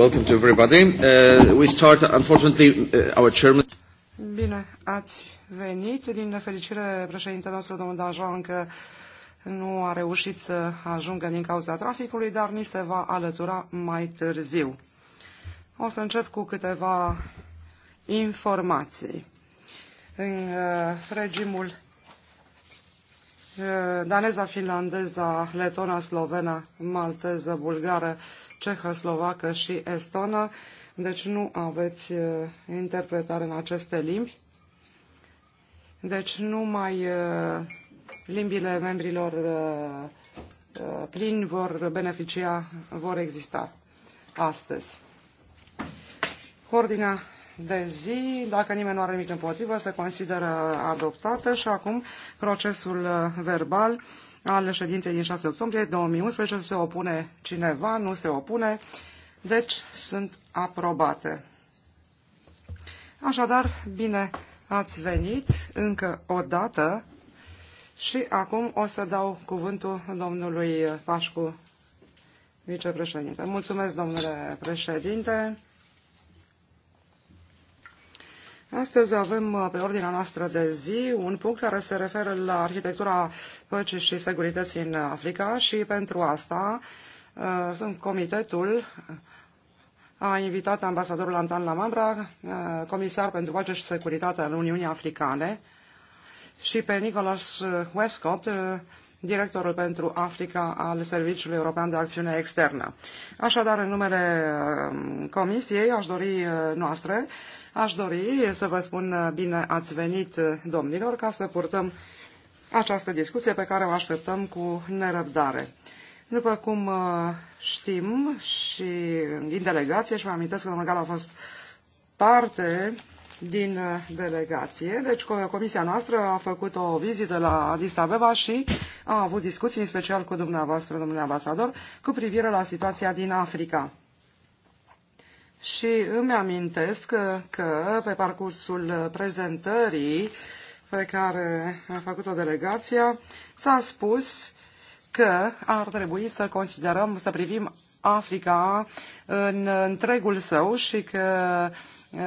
welcome to everybody. Uh, we start, unfortunately, uh, our chairman... Bine, ați venit. Din nefericire, președintele nostru, domnul Danjean, încă nu a reușit să ajungă din cauza traficului, dar ni se va alătura mai târziu. O să încep cu câteva informații. În uh, regimul daneza, finlandeza, letona, slovena, malteză, bulgară, cehă, slovacă și estonă. Deci nu aveți interpretare în aceste limbi. Deci numai limbile membrilor plini vor beneficia, vor exista astăzi. Ordinea de zi. Dacă nimeni nu are nimic împotrivă, se consideră adoptată și acum procesul uh, verbal al ședinței din 6 octombrie 2011 se opune cineva, nu se opune, deci sunt aprobate. Așadar, bine ați venit încă o dată și acum o să dau cuvântul domnului Pașcu, vicepreședinte. Mulțumesc, domnule președinte. Astăzi avem uh, pe ordinea noastră de zi un punct care se referă la arhitectura păcii și securității în Africa și pentru asta uh, sunt comitetul uh, a invitat ambasadorul Antan Lamabra, comisar pentru pace și securitate al Uniunii Africane, și pe Nicholas Westcott, directorul pentru Africa al Serviciului European de Acțiune Externă. Așadar, în numele Comisiei, aș dori noastre Aș dori să vă spun bine ați venit, domnilor, ca să purtăm această discuție pe care o așteptăm cu nerăbdare. După cum știm și din delegație, și vă amintesc că domnul Gal a fost parte din delegație. Deci comisia noastră a făcut o vizită la Addis Abeba și a avut discuții, în special cu dumneavoastră, domnule ambasador, cu privire la situația din Africa și îmi amintesc că pe parcursul prezentării pe care a făcut-o delegația s-a spus că ar trebui să considerăm, să privim Africa în întregul său și că uh,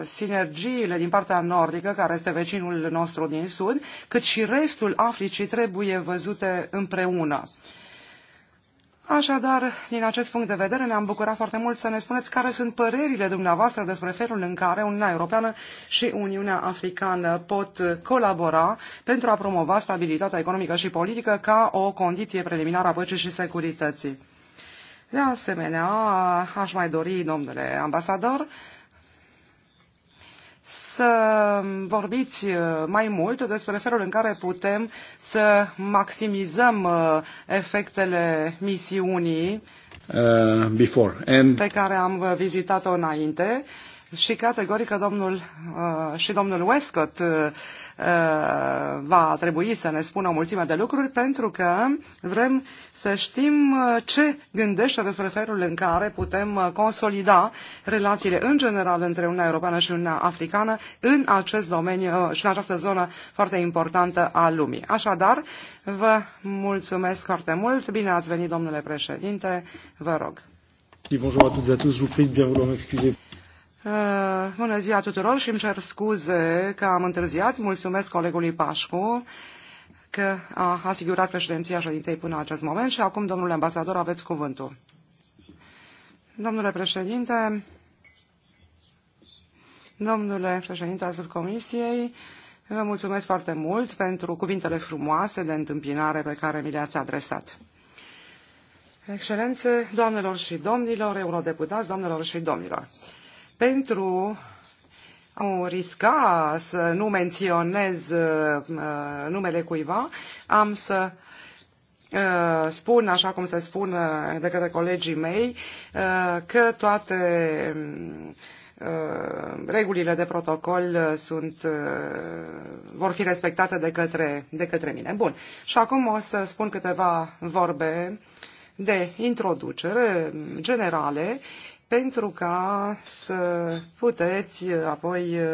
sinergiile din partea nordică, care este vecinul nostru din sud, cât și restul Africii trebuie văzute împreună. Uh, Așadar, din acest punct de vedere, ne-am bucurat foarte mult să ne spuneți care sunt părerile dumneavoastră despre felul în care Uniunea Europeană și Uniunea Africană pot colabora pentru a promova stabilitatea economică și politică ca o condiție preliminară a păcii și securității. De asemenea, aș mai dori, domnule ambasador, să vorbiți uh, mai mult despre felul în care putem să maximizăm uh, efectele misiunii uh, before. And... pe care am uh, vizitat-o înainte și categorică domnul uh, și domnul Westcott uh, Eh, va trebui să ne spună o mulțime de lucruri pentru că vrem să știm eh, ce gândește despre felul în care putem eh, consolida relațiile în general între Uniunea Europeană și Uniunea Africană în acest domeniu și în această zonă foarte importantă a lumii. Așadar, vă mulțumesc foarte mult. Bine ați venit, domnule președinte. Vă rog. Bonjour à toutes et à tous. Je vous prie de bien vouloir m'excuser. Uh, bună ziua tuturor și îmi cer scuze că am întârziat. Mulțumesc colegului Pașcu că a asigurat președinția ședinței până acest moment și acum, domnule ambasador, aveți cuvântul. Domnule președinte, domnule președinte al subcomisiei, vă mulțumesc foarte mult pentru cuvintele frumoase de întâmpinare pe care mi le-ați adresat. Excelențe, doamnelor și domnilor, eurodeputați, doamnelor și domnilor pentru a risca să nu menționez uh, uh, numele cuiva, am să uh, spun, așa cum se spun de către colegii mei, că toate regulile de protocol sunt, vor fi respectate de către, de către mine. Bun. Și acum o să spun câteva vorbe de introducere generale pentru ca să puteți uh, apoi uh,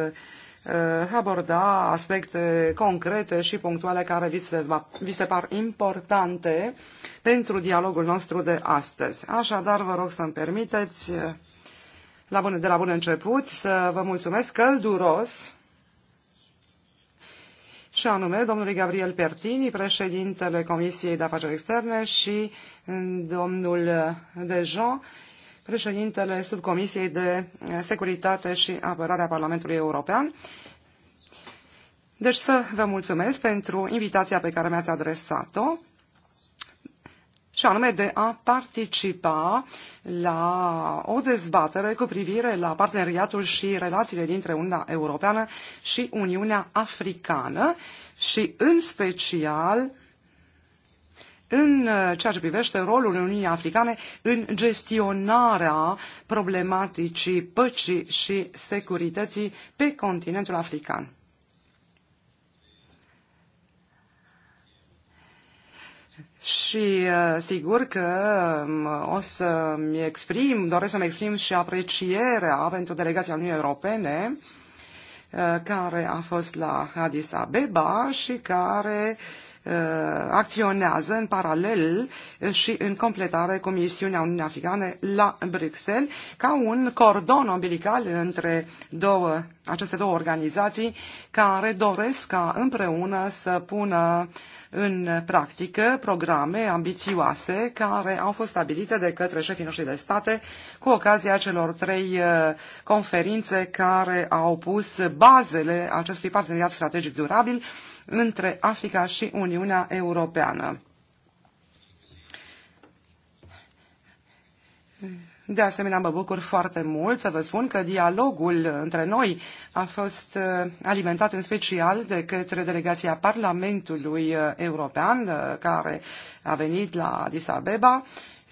uh, aborda aspecte concrete și punctuale care vi se, va, vi se par importante pentru dialogul nostru de astăzi. Așadar, vă rog să-mi permiteți la bun, de la bun început să vă mulțumesc călduros și anume domnului Gabriel Pertini, președintele Comisiei de Afaceri Externe și domnul Dejean, președintele Subcomisiei de eh, Securitate și Apărare a Parlamentului European. Deci să vă mulțumesc pentru invitația pe care mi-ați adresat-o și anume de a participa la o dezbatere cu privire la parteneriatul și relațiile dintre Uniunea Europeană și Uniunea Africană și în special în uh, ceea ce privește rolul Uniunii Africane în gestionarea problematicii păcii și securității pe continentul african. Și uh, sigur că um, o să-mi exprim, doresc să-mi exprim și aprecierea pentru delegația Uniunii Europene uh, care a fost la Addis Abeba și care uh, Uh, acționează în paralel și în completare cu misiunea Uniunii Africane la Bruxelles, ca un cordon umbilical între două, aceste două organizații care doresc ca împreună să pună în practică programe ambițioase care au fost stabilite de către șefii noștri de state cu ocazia celor trei uh, conferințe care au pus bazele acestui parteneriat strategic durabil între Africa și Uniunea Europeană. De asemenea, mă bucur foarte mult să vă spun că dialogul între noi a fost uh, alimentat în special de către delegația Parlamentului uh, European uh, care a venit la Addis Abeba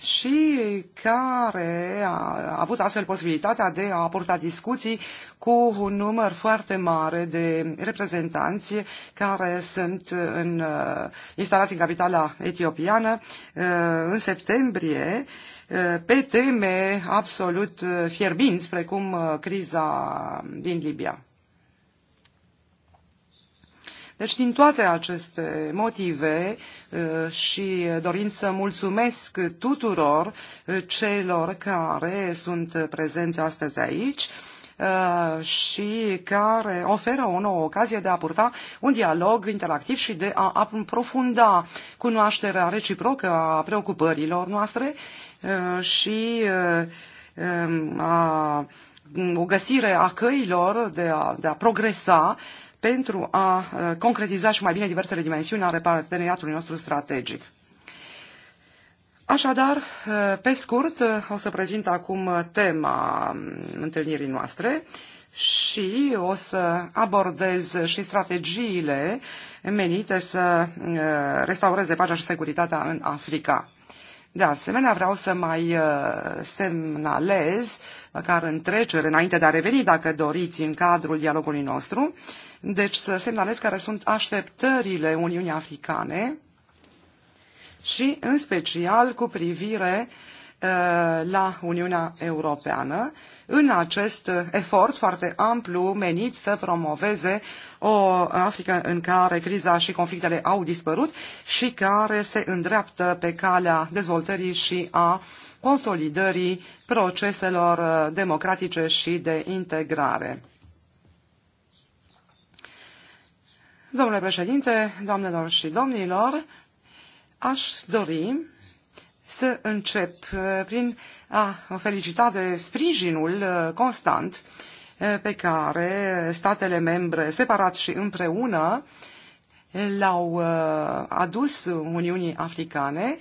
și care a avut astfel posibilitatea de a aporta discuții cu un număr foarte mare de reprezentanți care sunt în, uh, instalații în capitala etiopiană uh, în septembrie uh, pe teme absolut fierbinți, precum criza din Libia. Deci, din toate aceste motive uh, și dorind să mulțumesc tuturor uh, celor care sunt prezenți astăzi aici, uh, și care oferă o nouă ocazie de a purta un dialog interactiv și de a aprofunda cunoașterea reciprocă a preocupărilor noastre și um, a, o găsire a căilor de a, de a progresa pentru a uh, concretiza și mai bine diversele dimensiuni ale parteneriatului nostru strategic. Așadar, uh, pe scurt, uh, o să prezint acum tema um, întâlnirii noastre și o să abordez și strategiile menite să restaureze pacea și securitatea în Africa. De asemenea, vreau să mai uh, semnalez, măcar în trecere, înainte de a reveni, dacă doriți, în cadrul dialogului nostru, deci să semnalez care sunt așteptările Uniunii Africane și, în special, cu privire uh, la Uniunea Europeană în acest efort foarte amplu menit să promoveze o Africa în care criza și conflictele au dispărut și care se îndreaptă pe calea dezvoltării și a consolidării proceselor democratice și de integrare. Domnule președinte, doamnelor și domnilor, aș dori să încep uh, prin a o felicita de sprijinul uh, constant uh, pe care statele membre, separat și împreună, l-au adus Uniunii Africane,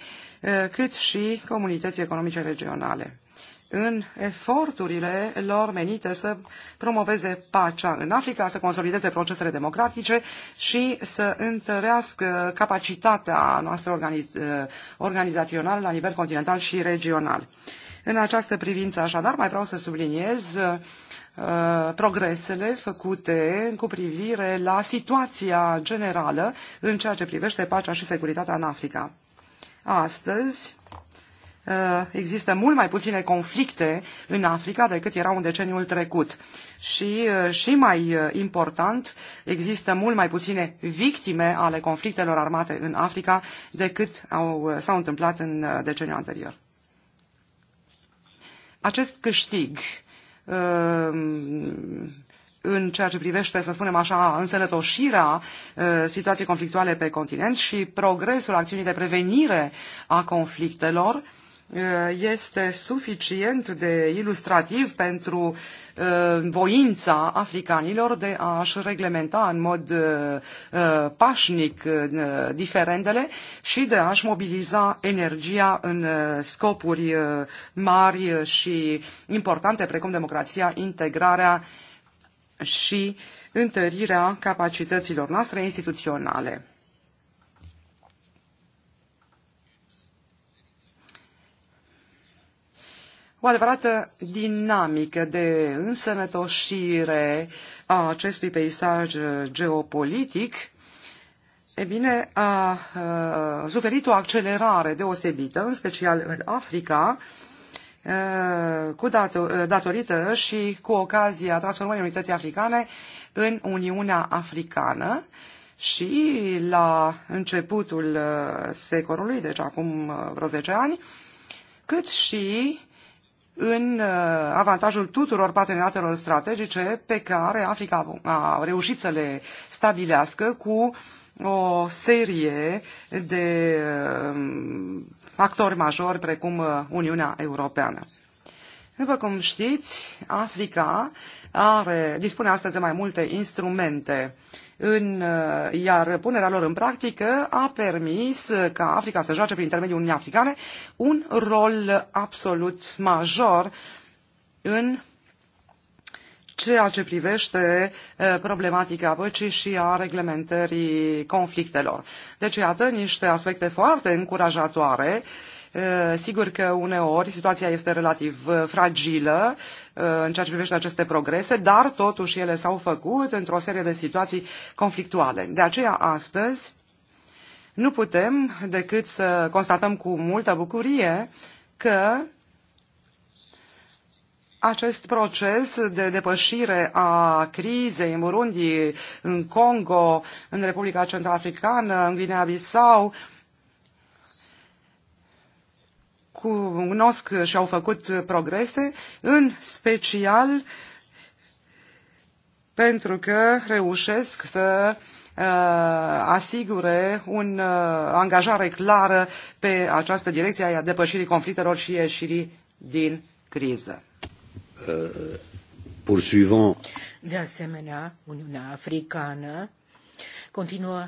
cât și comunității economice regionale în eforturile lor menite să promoveze pacea în Africa, să consolideze procesele democratice și să întărească capacitatea noastră organiz- eh, organizațională la nivel continental și regional. În această privință, așadar, mai vreau să subliniez eh, progresele făcute cu privire la situația generală în ceea ce privește pacea și securitatea în Africa. Astăzi, Uh, există mult mai puține conflicte în Africa decât erau în deceniul trecut. Și, uh, și mai uh, important, există mult mai puține victime ale conflictelor armate în Africa decât au, s-au întâmplat în deceniul anterior. Acest câștig în ceea ce privește, să spunem așa, însănătoșirea situației conflictuale pe continent și progresul acțiunii de prevenire a conflictelor Uh, este suficient de ilustrativ pentru uh, voința africanilor de a-și reglementa în mod uh, pașnic diferendele și de a-și mobiliza energia în scopuri mari și importante, precum democrația, integrarea și întărirea capacităților noastre instituționale. o adevărată dinamică de însănătoșire a acestui peisaj uh, geopolitic, e bine, a, a uh, suferit o accelerare deosebită, în special în Africa, uh, cu dator, datorită și cu ocazia transformării unității africane în Uniunea Africană și la începutul secolului, deci acum vreo 10 ani, cât și în uh, avantajul tuturor parteneriatelor strategice pe care Africa a reușit să le stabilească cu o serie de factori uh, majori precum uh, Uniunea Europeană. După cum știți, Africa are, dispune astăzi de mai multe instrumente în, uh, iar punerea lor în practică a permis ca Africa să joace prin intermediul Uniunii Africane un rol absolut major în ceea ce privește uh, problematica păcii și a reglementării conflictelor. Deci, iată niște aspecte foarte încurajatoare uh, Uh, sigur că uneori situația este relativ uh, fragilă uh, în ceea ce privește aceste progrese, dar totuși ele s-au făcut într-o serie de situații conflictuale. De aceea astăzi nu putem decât să constatăm cu multă bucurie că acest proces de depășire a crizei în Burundi, în Congo, în Republica Centrafricană, în Guinea-Bissau, cunosc și au făcut progrese, în special pentru că reușesc să uh, asigure un uh, angajare clară pe această direcție a depășirii conflictelor și ieșirii din criză. Uh, De asemenea, Uniunea Africană continuă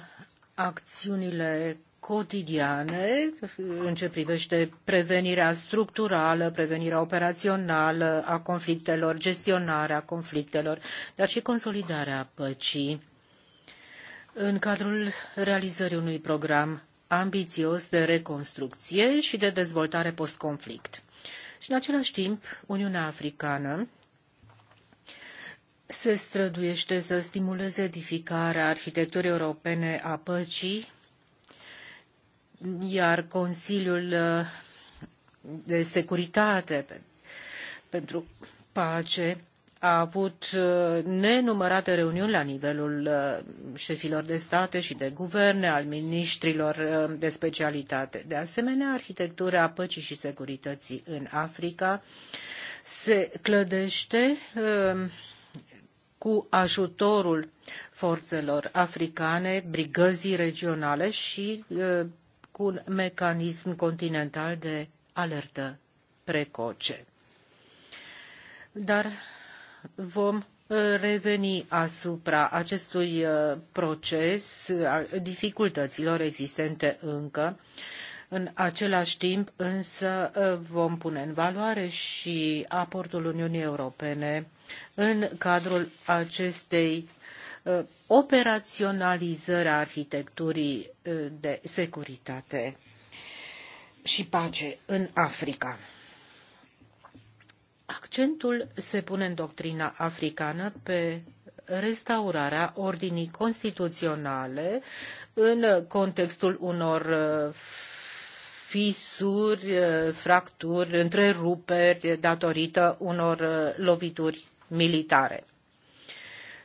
acțiunile cotidiane în ce privește prevenirea structurală, prevenirea operațională a conflictelor, gestionarea conflictelor, dar și consolidarea păcii în cadrul realizării unui program ambițios de reconstrucție și de dezvoltare post-conflict. Și în același timp, Uniunea Africană se străduiește să stimuleze edificarea arhitecturii europene a păcii iar Consiliul uh, de Securitate pentru Pace a avut uh, nenumărate reuniuni la nivelul uh, șefilor de state și de guverne, al miniștrilor de specialitate. De asemenea, arhitectura păcii și securității în Africa se clădește cu ajutorul forțelor africane, brigăzii regionale și cu un mecanism continental de alertă precoce. Dar vom uh, reveni asupra acestui uh, proces, dificultăților existente încă. În același timp, însă, uh, vom pune în valoare și aportul Uniunii Europene în cadrul acestei Uh, operaționalizarea arhitecturii uh, de securitate și pace în Africa. Accentul se pune în doctrina africană pe restaurarea ordinii constituționale în contextul unor uh, fisuri, fracturi, întreruperi datorită unor lovituri militare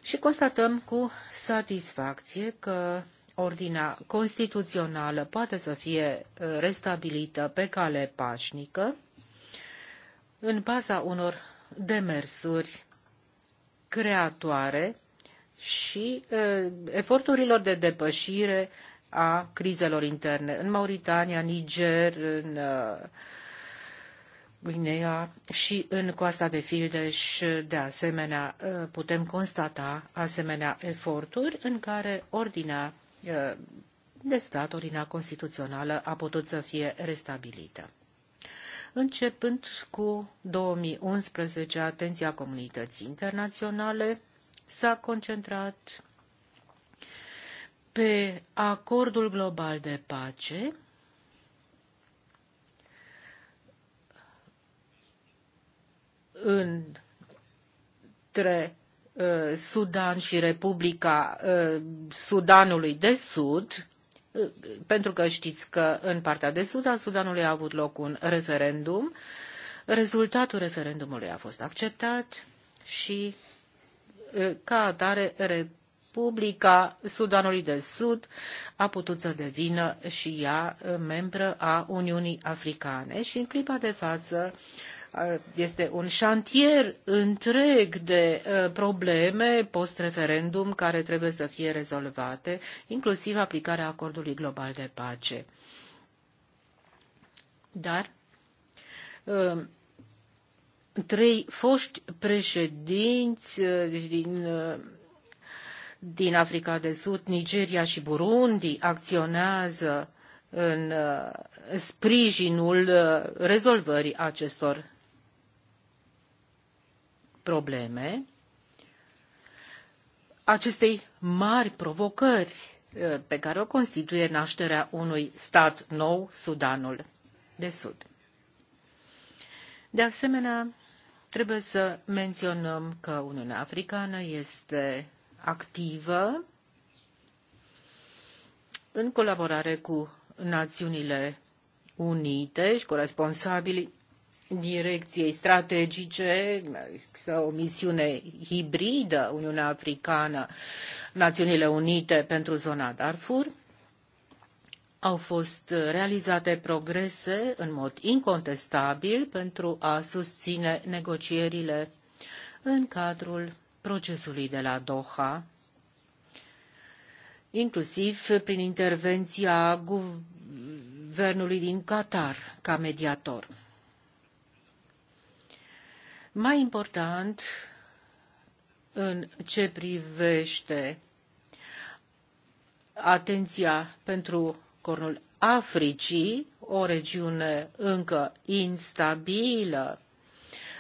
și constatăm cu satisfacție că ordinea constituțională poate să fie uh, restabilită pe cale pașnică în baza unor demersuri creatoare și uh, eforturilor de depășire a crizelor interne în Mauritania, Niger, în uh, Guinea și în coasta de Fildeș, de asemenea, ă, putem constata asemenea eforturi în care ordinea ă, de stat, ordinea constituțională a putut să fie restabilită. Începând cu 2011, atenția comunității internaționale s-a concentrat pe acordul global de pace între uh, Sudan și Republica uh, Sudanului de Sud, uh, pentru că știți că în partea de sud a Sudanului a avut loc un referendum. Rezultatul referendumului a fost acceptat și ca atare Republica Sudanului de Sud a putut să devină și ea membră a Uniunii Africane și în clipa de față este un șantier întreg de probleme post-referendum care trebuie să fie rezolvate, inclusiv aplicarea acordului global de pace. Dar trei foști președinți deci din din Africa de Sud, Nigeria și Burundi acționează în sprijinul rezolvării acestor probleme acestei mari provocări eh, pe care o constituie nașterea unui stat nou, Sudanul de Sud. De asemenea, trebuie să menționăm că Uniunea Africană este activă în colaborare cu Națiunile Unite și cu responsabilii direcției strategice, există o misiune hibridă Uniunea Africană, Națiunile Unite pentru zona Darfur. Au fost realizate progrese în mod incontestabil pentru a susține negocierile în cadrul procesului de la Doha, inclusiv prin intervenția guvernului din Qatar ca mediator. Mai important, în ce privește atenția pentru cornul Africii, o regiune încă instabilă,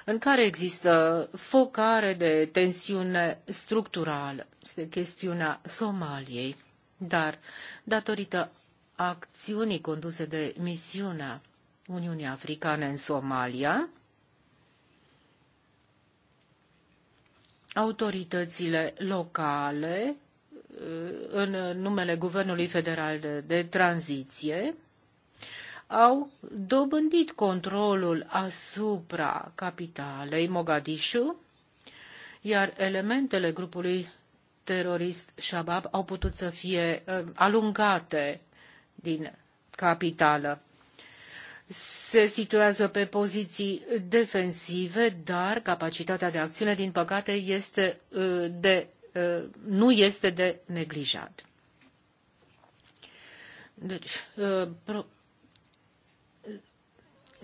în care există focare de tensiune structurală. Este chestiunea Somaliei, dar datorită acțiunii conduse de misiunea Uniunii Africane în Somalia, autoritățile locale uh, în numele Guvernului Federal de, de Tranziție au dobândit controlul asupra capitalei Mogadishu, iar elementele grupului terorist Shabab au putut să fie uh, alungate din capitală se situează pe poziții defensive, dar capacitatea de acțiune, din păcate, este uh, de, uh, nu este de neglijat. Deci, uh,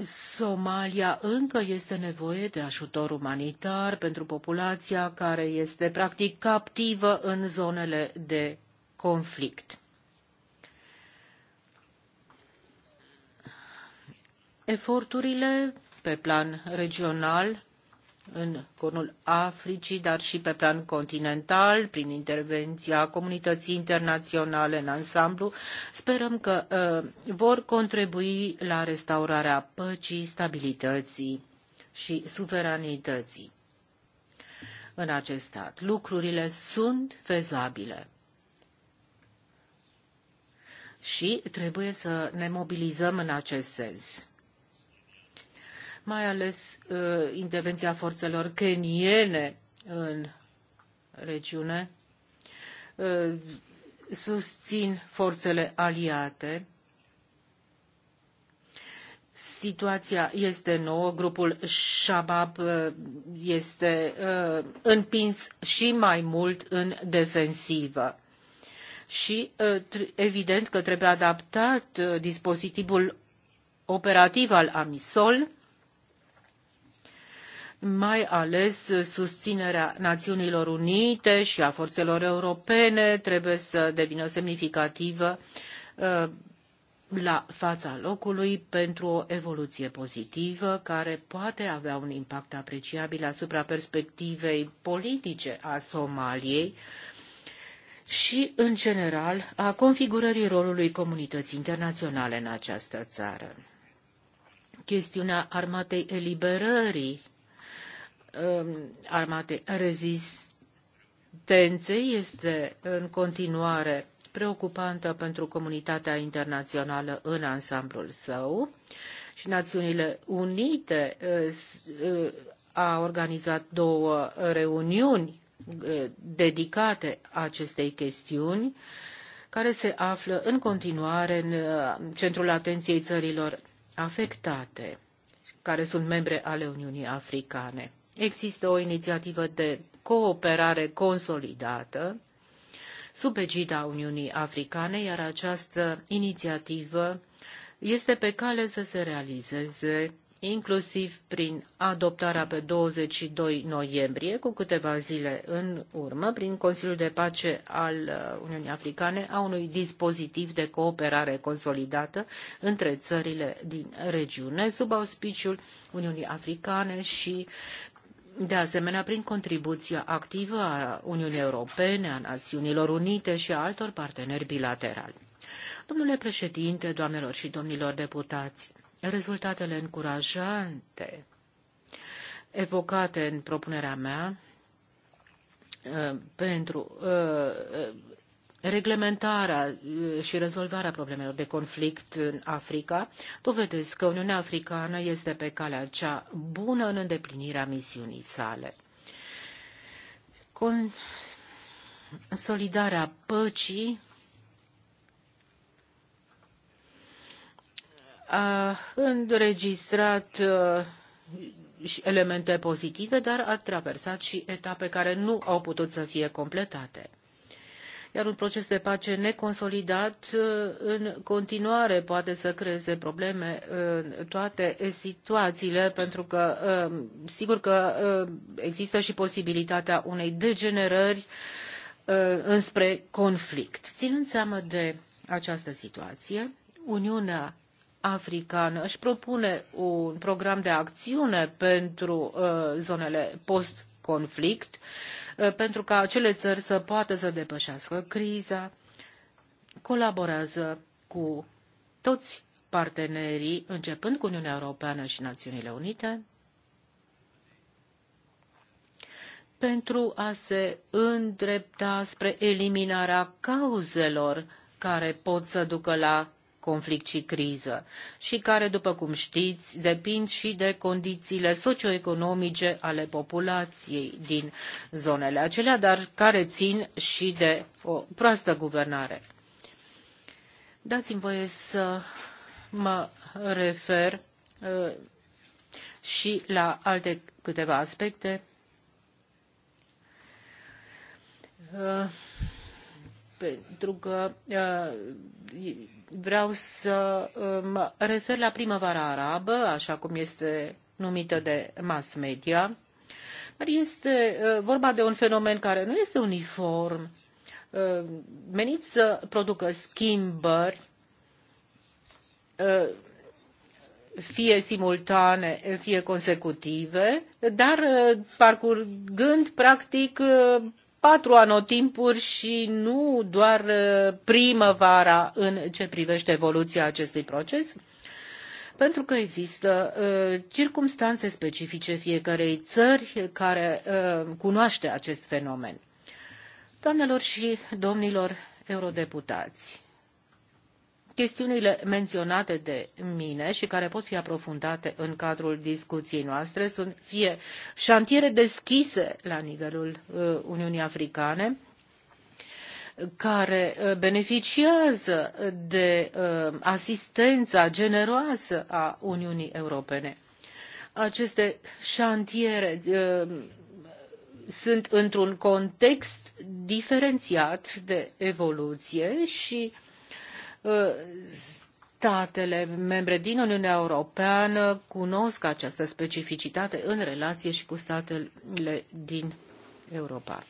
Somalia încă este nevoie de ajutor umanitar pentru populația care este practic captivă în zonele de conflict. eforturile pe plan regional în cornul Africii, dar și pe plan continental, prin intervenția comunității internaționale în ansamblu, sperăm că uh, vor contribui la restaurarea păcii, stabilității și suveranității în acest stat. Lucrurile sunt fezabile. Și trebuie să ne mobilizăm în acest sens mai ales uh, intervenția forțelor keniene în regiune. Uh, susțin forțele aliate. Situația este nouă, grupul Shabab uh, este împins și mai mult în defensivă și evident că trebuie adaptat dispozitivul operativ al amisol mai ales susținerea Națiunilor Unite și a forțelor europene trebuie să devină semnificativă uh, la fața locului pentru o evoluție pozitivă care poate avea un impact apreciabil asupra perspectivei politice a Somaliei și, în general, a configurării rolului comunității internaționale în această țară. Chestiunea armatei eliberării Um, armatei rezistențe este în continuare preocupantă pentru comunitatea internațională în ansamblul său și Națiunile Unite uh, uh, a organizat două reuniuni uh, dedicate acestei chestiuni, care se află în continuare în centrul atenției țărilor afectate, care sunt membre ale Uniunii Africane există o inițiativă de cooperare consolidată sub egida Uniunii Africane, iar această inițiativă este pe cale să se realizeze inclusiv prin adoptarea pe 22 noiembrie, cu câteva zile în urmă, prin Consiliul de Pace al uh, Uniunii Africane, a unui dispozitiv de cooperare consolidată între țările din regiune, sub auspiciul Uniunii Africane și de asemenea prin contribuția activă a Uniunii Europene, a Națiunilor Unite și a altor parteneri bilaterali. Domnule președinte, doamnelor și domnilor deputați, rezultatele încurajante evocate în propunerea mea uh, pentru uh, reglementarea uh, și rezolvarea problemelor de conflict în Africa dovedesc că Uniunea Africană este pe calea cea bună în îndeplinirea misiunii sale. Consolidarea păcii a înregistrat uh, și elemente pozitive, dar a traversat și etape care nu au putut să fie completate iar un proces de pace neconsolidat uh, în continuare poate să creeze probleme uh, în toate situațiile, pentru că uh, sigur că există și posibilitatea unei degenerări înspre conflict. Ținând seama de această situație, Uniunea africană își propune un program de acțiune pentru uh, zonele post-conflict. Uh, Uh, pentru ca acele țări să poată să depășească criza. Colaborează cu toți partenerii, începând cu Uniunea Europeană și Națiunile Unite, pentru a se îndrepta spre eliminarea cauzelor care pot să ducă la conflict și criză și care, după cum știți, depind și de condițiile socioeconomice ale populației din zonele acelea, dar care țin și de o proastă guvernare. Dați-mi voie să mă refer uh, și la alte câteva aspecte. Uh, pentru că uh, vreau să mă um, refer la primăvara arabă, așa cum este numită de mass media, dar este uh, vorba de un fenomen care nu este uniform, uh, menit să producă schimbări uh, fie simultane, fie consecutive, dar parcurgând practic patru anotimpuri și nu doar uh, primăvara în ce privește evoluția acestui proces? pentru că există uh, circumstanțe specifice fiecarei țări care uh, cunoaște acest fenomen. Doamnelor și domnilor eurodeputați, Chestiunile menționate de mine și care pot fi aprofundate în cadrul discuției noastre sunt fie șantiere deschise la nivelul uh, Uniunii Africane, care uh, beneficiază de uh, asistența generoasă a Uniunii Europene. Aceste șantiere sunt într-un context diferențiat de evoluție și statele membre din Uniunea Europeană cunosc această specificitate în relație și cu statele din Europa.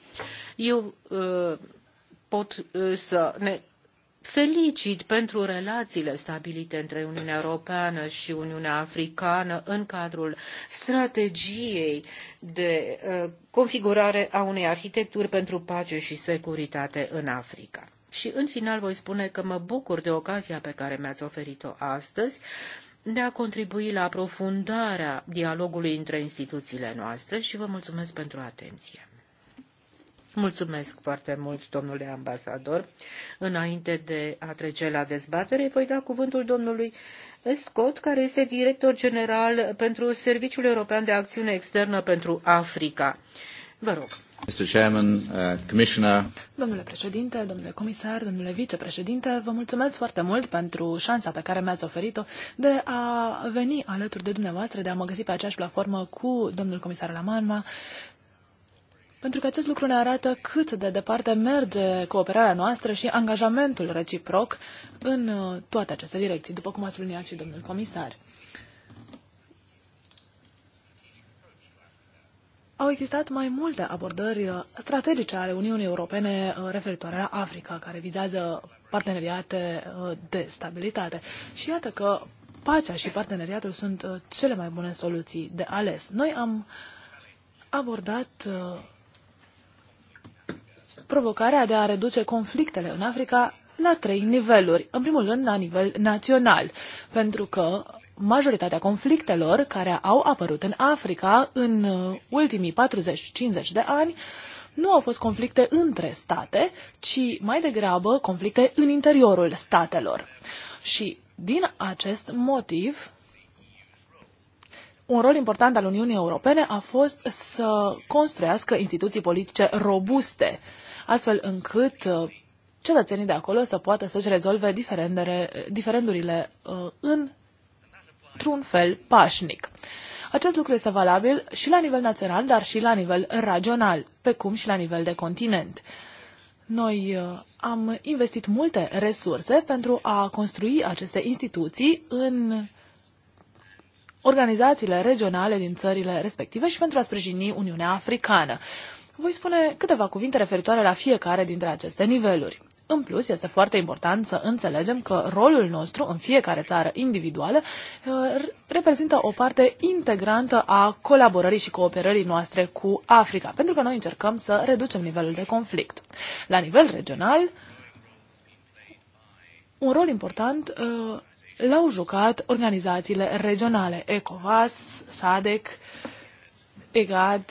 Eu uh, pot uh, să ne felicit pentru relațiile stabilite între Uniunea Europeană și Uniunea Africană în cadrul strategiei de uh, configurare a unei arhitecturi pentru pace și securitate în Africa. Și în final voi spune că mă bucur de ocazia pe care mi-ați oferit-o astăzi de a contribui la aprofundarea dialogului între instituțiile noastre și vă mulțumesc pentru atenție. Mulțumesc foarte mult, domnule ambasador. Înainte de a trece la dezbatere, voi da cuvântul domnului Scott, care este director general pentru Serviciul European de Acțiune Externă pentru Africa. Vă rog. Mr. Chairman, uh, Commissioner. Domnule președinte, domnule comisar, domnule vicepreședinte, vă mulțumesc foarte mult pentru șansa pe care mi-ați oferit-o de a veni alături de dumneavoastră, de a mă găsi pe aceeași platformă cu domnul comisar Lamanma, pentru că acest lucru ne arată cât de departe merge cooperarea noastră și angajamentul reciproc în uh, toate aceste direcții, după cum a subliniat și domnul comisar. au existat mai multe abordări uh, strategice ale Uniunii Europene uh, referitoare la Africa, care vizează parteneriate uh, de stabilitate. Și iată că pacea și parteneriatul sunt cele mai bune soluții de ales. Noi am abordat provocarea de a reduce conflictele în Africa la trei niveluri. În primul rând, la nivel național, pentru că majoritatea conflictelor care au apărut în Africa în uh, ultimii 40-50 de ani nu au fost conflicte între state, ci mai degrabă conflicte în interiorul statelor. Și din acest motiv, un rol important al Uniunii Europene a fost să construiască instituții politice robuste, astfel încât uh, cetățenii de acolo să poată să-și rezolve diferendurile uh, în într-un fel pașnic. Acest lucru este valabil și la nivel național, dar și la nivel regional, pe cum și la nivel de continent. Noi uh, am investit multe resurse pentru a construi aceste instituții în organizațiile regionale din țările respective și pentru a sprijini Uniunea Africană. Voi spune câteva cuvinte referitoare la fiecare dintre aceste niveluri. În plus, este foarte important să înțelegem că rolul nostru în fiecare țară individuală uh, reprezintă o parte integrantă a colaborării și cooperării noastre cu Africa, pentru că noi încercăm să reducem nivelul de conflict. La nivel regional, un rol important uh, l-au jucat organizațiile regionale, ECOWAS, SADEC, EGAD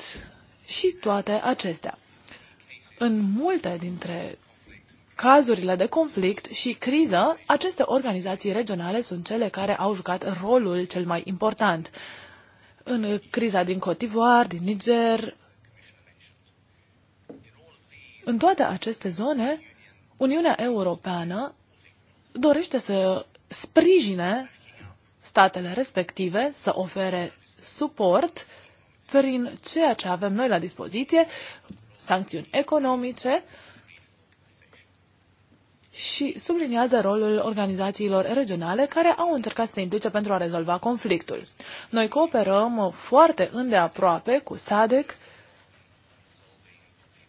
și toate acestea. În multe dintre cazurile de conflict și criză, aceste organizații regionale sunt cele care au jucat rolul cel mai important. În criza din Cotivoar, d'Ivoire, din Niger, în toate aceste zone, Uniunea Europeană dorește să sprijine statele respective, să ofere suport prin ceea ce avem noi la dispoziție, sancțiuni economice, uh, și subliniază rolul organizațiilor regionale care au încercat să se implice pentru a rezolva conflictul. Noi cooperăm foarte îndeaproape cu SADC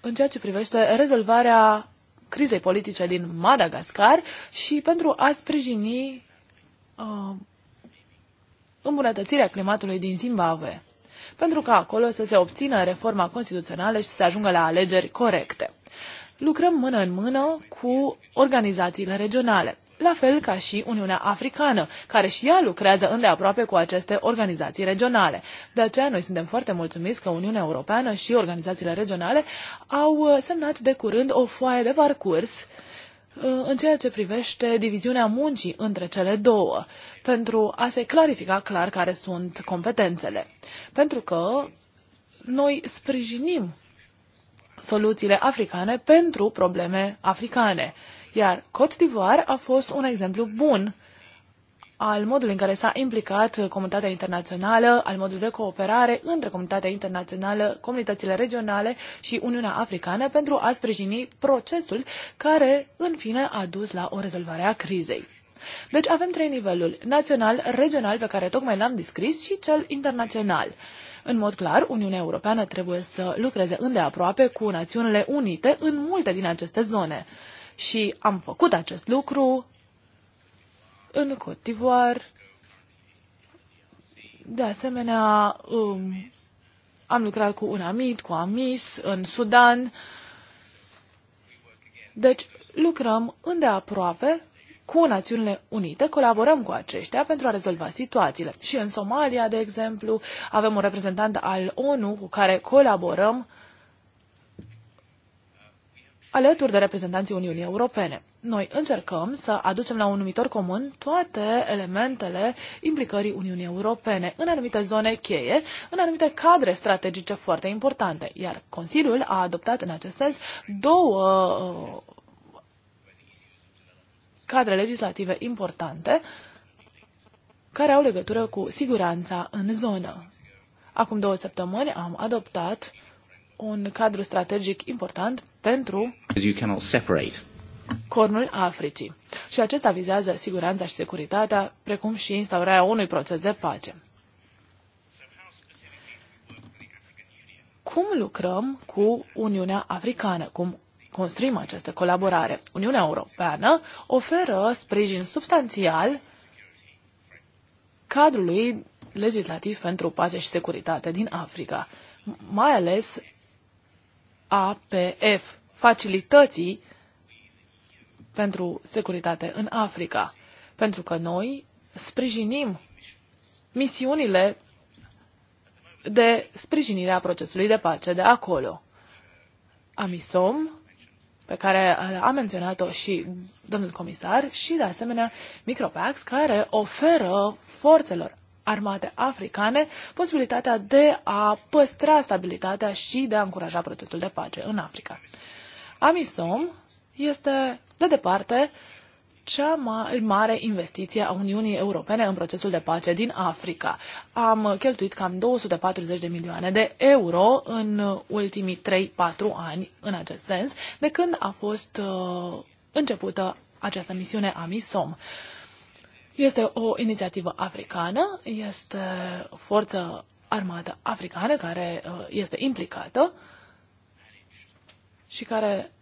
în ceea ce privește rezolvarea crizei politice din Madagascar și pentru a sprijini uh, îmbunătățirea climatului din Zimbabwe, pentru ca acolo să se obțină reforma constituțională și să se ajungă la alegeri corecte lucrăm mână în mână cu organizațiile regionale, la fel ca și Uniunea Africană, care și ea lucrează îndeaproape cu aceste organizații regionale. De aceea noi suntem foarte mulțumiți că Uniunea Europeană și organizațiile regionale au uh, semnat de curând o foaie de parcurs uh, în ceea ce privește diviziunea muncii între cele două, pentru a se clarifica clar care sunt competențele. Pentru că noi sprijinim soluțiile africane pentru probleme africane. Iar Cote d'Ivoire a fost un exemplu bun al modului în care s-a implicat comunitatea internațională, al modului de cooperare între comunitatea internațională, comunitățile regionale și Uniunea Africană pentru a sprijini procesul care, în fine, a dus la o rezolvare a crizei. Deci avem trei niveluri, național, regional, pe care tocmai l-am descris, și cel internațional. În mod clar, Uniunea Europeană trebuie să lucreze îndeaproape cu Națiunile Unite în multe din aceste zone. Și am făcut acest lucru în Côte d'Ivoire. De asemenea, um, am lucrat cu un amit, cu Amis, în Sudan. Deci, lucrăm îndeaproape cu Națiunile Unite, colaborăm cu aceștia pentru a rezolva situațiile. Și în Somalia, de exemplu, avem un reprezentant al ONU cu care colaborăm alături de reprezentanții Uniunii Europene. Noi încercăm să aducem la un numitor comun toate elementele implicării Uniunii Europene în anumite zone cheie, în anumite cadre strategice foarte importante, iar Consiliul a adoptat în acest sens două uh, cadre legislative importante care au legătură cu siguranța în zonă. Acum două săptămâni am adoptat un cadru strategic important pentru Cornul Africii. Și acesta vizează siguranța și securitatea, precum și instaurarea unui proces de pace. Cum lucrăm cu Uniunea Africană? Cum construim această colaborare. Uniunea Europeană oferă sprijin substanțial cadrului legislativ pentru pace și securitate din Africa, mai ales APF, facilității pentru securitate în Africa, pentru că noi sprijinim misiunile de sprijinire a procesului de pace de acolo. Amisom pe care uh, a menționat-o și domnul comisar și, de asemenea, Micropax, care oferă forțelor armate africane posibilitatea de a păstra stabilitatea și de a încuraja procesul de pace în Africa. Amisom este, de departe, uh, cea mai mare investiție a Uniunii Europene în procesul de pace din Africa. Am cheltuit cam 240 de milioane de euro în ultimii 3-4 ani în acest sens, de când a fost uh, începută această misiune a MISOM. Este o inițiativă africană, este o forță armată africană care uh, este implicată și care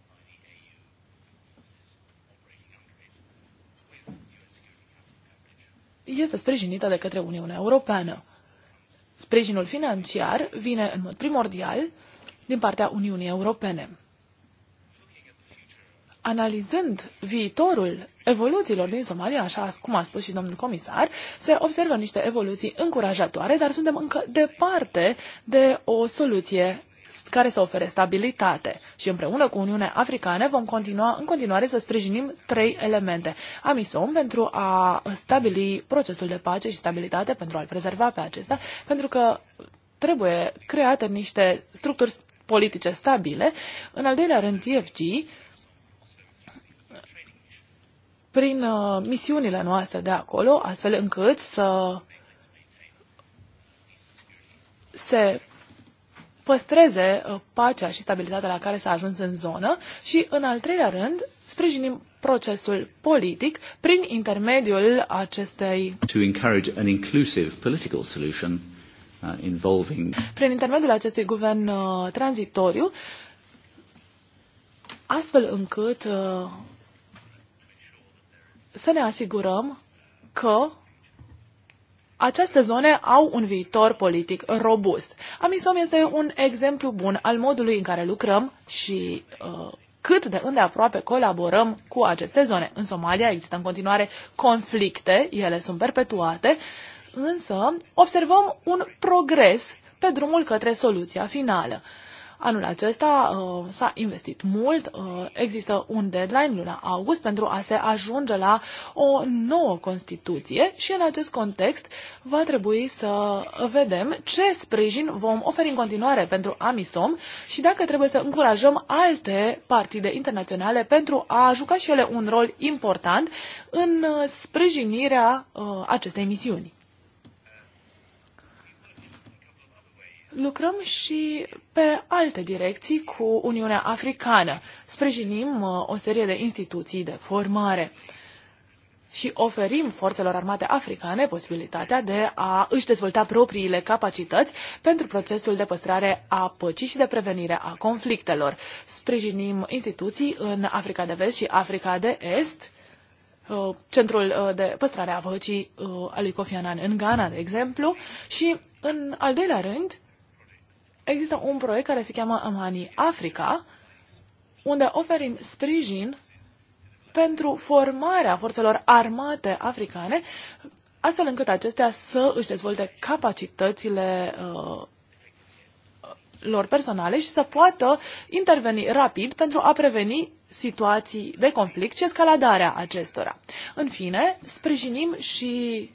este sprijinită de către Uniunea Europeană. Sprijinul financiar vine în mod primordial din partea Uniunii Europene. Analizând viitorul evoluțiilor din Somalia, așa cum a spus și domnul comisar, se observă niște evoluții încurajatoare, dar suntem încă departe de o soluție care să ofere stabilitate și împreună cu Uniunea Africană vom continua în continuare să sprijinim trei elemente. Amisom pentru a stabili procesul de pace și stabilitate, pentru a-l prezerva pe acesta, pentru că trebuie create niște structuri politice stabile. În al doilea rând, TFG, prin uh, misiunile noastre de acolo, astfel încât să se păstreze uh, pacea și stabilitatea la care s-a ajuns în zonă și, în al treilea rând, sprijinim procesul politic prin intermediul acestei to encourage an inclusive political solution uh, involving prin intermediul acestui guvern uh, tranzitoriu astfel încât uh, să ne asigurăm că aceste zone au un viitor politic robust. Amisom este un exemplu bun al modului în care lucrăm și uh, cât de îndeaproape colaborăm cu aceste zone. În Somalia există în continuare conflicte, ele sunt perpetuate, însă observăm un progres pe drumul către soluția finală. Anul acesta uh, s-a investit mult, uh, există un deadline luna august pentru a se ajunge la o nouă Constituție și în acest context va trebui să vedem ce sprijin vom oferi în continuare pentru Amisom și dacă trebuie să încurajăm alte partide internaționale pentru a juca și ele un rol important în uh, sprijinirea uh, acestei misiuni. lucrăm și pe alte direcții cu Uniunea Africană. Sprijinim uh, o serie de instituții de formare și oferim forțelor armate africane posibilitatea de a își dezvolta propriile capacități pentru procesul de păstrare a păcii și de prevenire a conflictelor. Sprijinim instituții în Africa de Vest și Africa de Est, uh, Centrul uh, de Păstrare a Păcii al lui Kofi Annan în Ghana, de exemplu, și, în al doilea rând, există un proiect care se cheamă Amani Africa, unde oferim sprijin pentru formarea forțelor armate africane, astfel încât acestea să își dezvolte capacitățile uh, lor personale și să poată interveni rapid pentru a preveni situații de conflict și escaladarea acestora. În fine, sprijinim și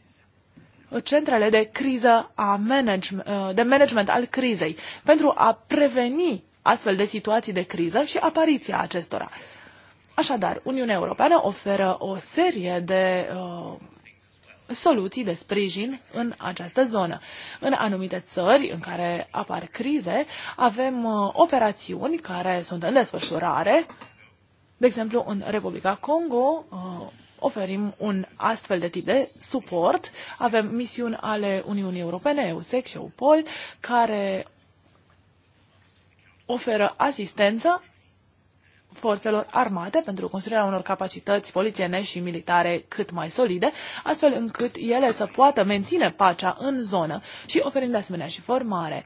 centrele de criză a management, de management al crizei pentru a preveni astfel de situații de criză și apariția acestora. Așadar, Uniunea Europeană oferă o serie de uh, soluții de sprijin în această zonă. În anumite țări în care apar crize, avem uh, operațiuni care sunt în desfășurare. De exemplu, în Republica Congo, uh, oferim un astfel de tip de suport. Avem misiuni ale Uniunii Europene, EUSEC și EUPOL, care oferă asistență forțelor armate pentru construirea unor capacități polițiene și militare cât mai solide, astfel încât ele să poată menține pacea în zonă și oferind de asemenea și formare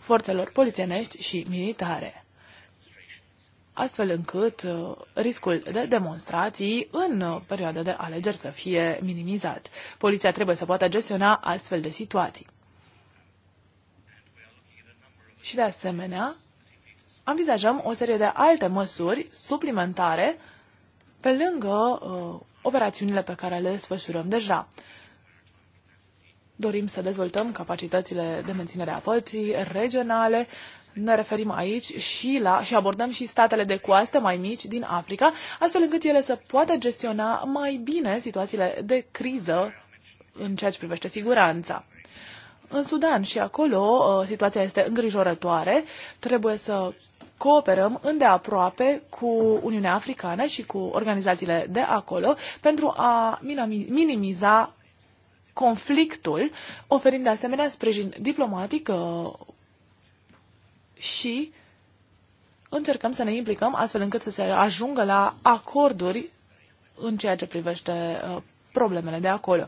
forțelor polițienești și militare astfel încât uh, riscul de demonstrații în uh, perioada de alegeri să fie minimizat. Poliția trebuie să poată gestiona astfel de situații. Și de asemenea, envizajăm o serie de alte măsuri suplimentare pe lângă uh, operațiunile pe care le desfășurăm deja. Dorim să dezvoltăm capacitățile de menținere a pății regionale, ne referim aici și la și abordăm și statele de coastă mai mici din Africa, astfel încât ele să poată gestiona mai bine situațiile de criză în ceea ce privește siguranța. În Sudan și acolo uh, situația este îngrijorătoare. Trebuie să cooperăm îndeaproape cu Uniunea Africană și cu organizațiile de acolo pentru a minimiza conflictul, oferind de asemenea sprijin diplomatic uh, și încercăm să ne implicăm astfel încât să se ajungă la acorduri în ceea ce privește uh, problemele de acolo.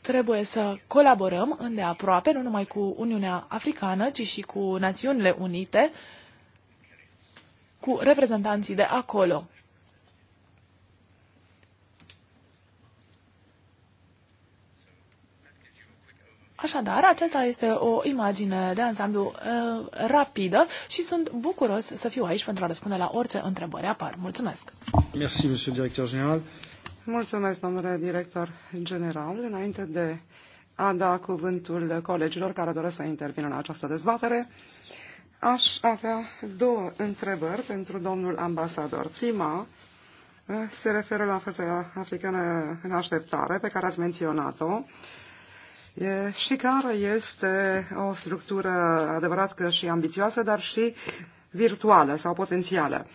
Trebuie să colaborăm îndeaproape, nu numai cu Uniunea Africană, ci și cu Națiunile Unite, cu reprezentanții de acolo. Așadar, aceasta este o imagine de ansamblu uh, rapidă și sunt bucuros să fiu aici pentru a răspunde la orice întrebări apar. Mulțumesc! Merci, monsieur director general. Mulțumesc, domnule director general. Înainte de a da cuvântul colegilor care doresc să intervină în această dezbatere, aș avea două întrebări pentru domnul ambasador. Prima uh, se referă la forța africană în așteptare, pe care ați menționat-o și care este o structură adevărat că și ambițioasă, dar și virtuală sau potențială.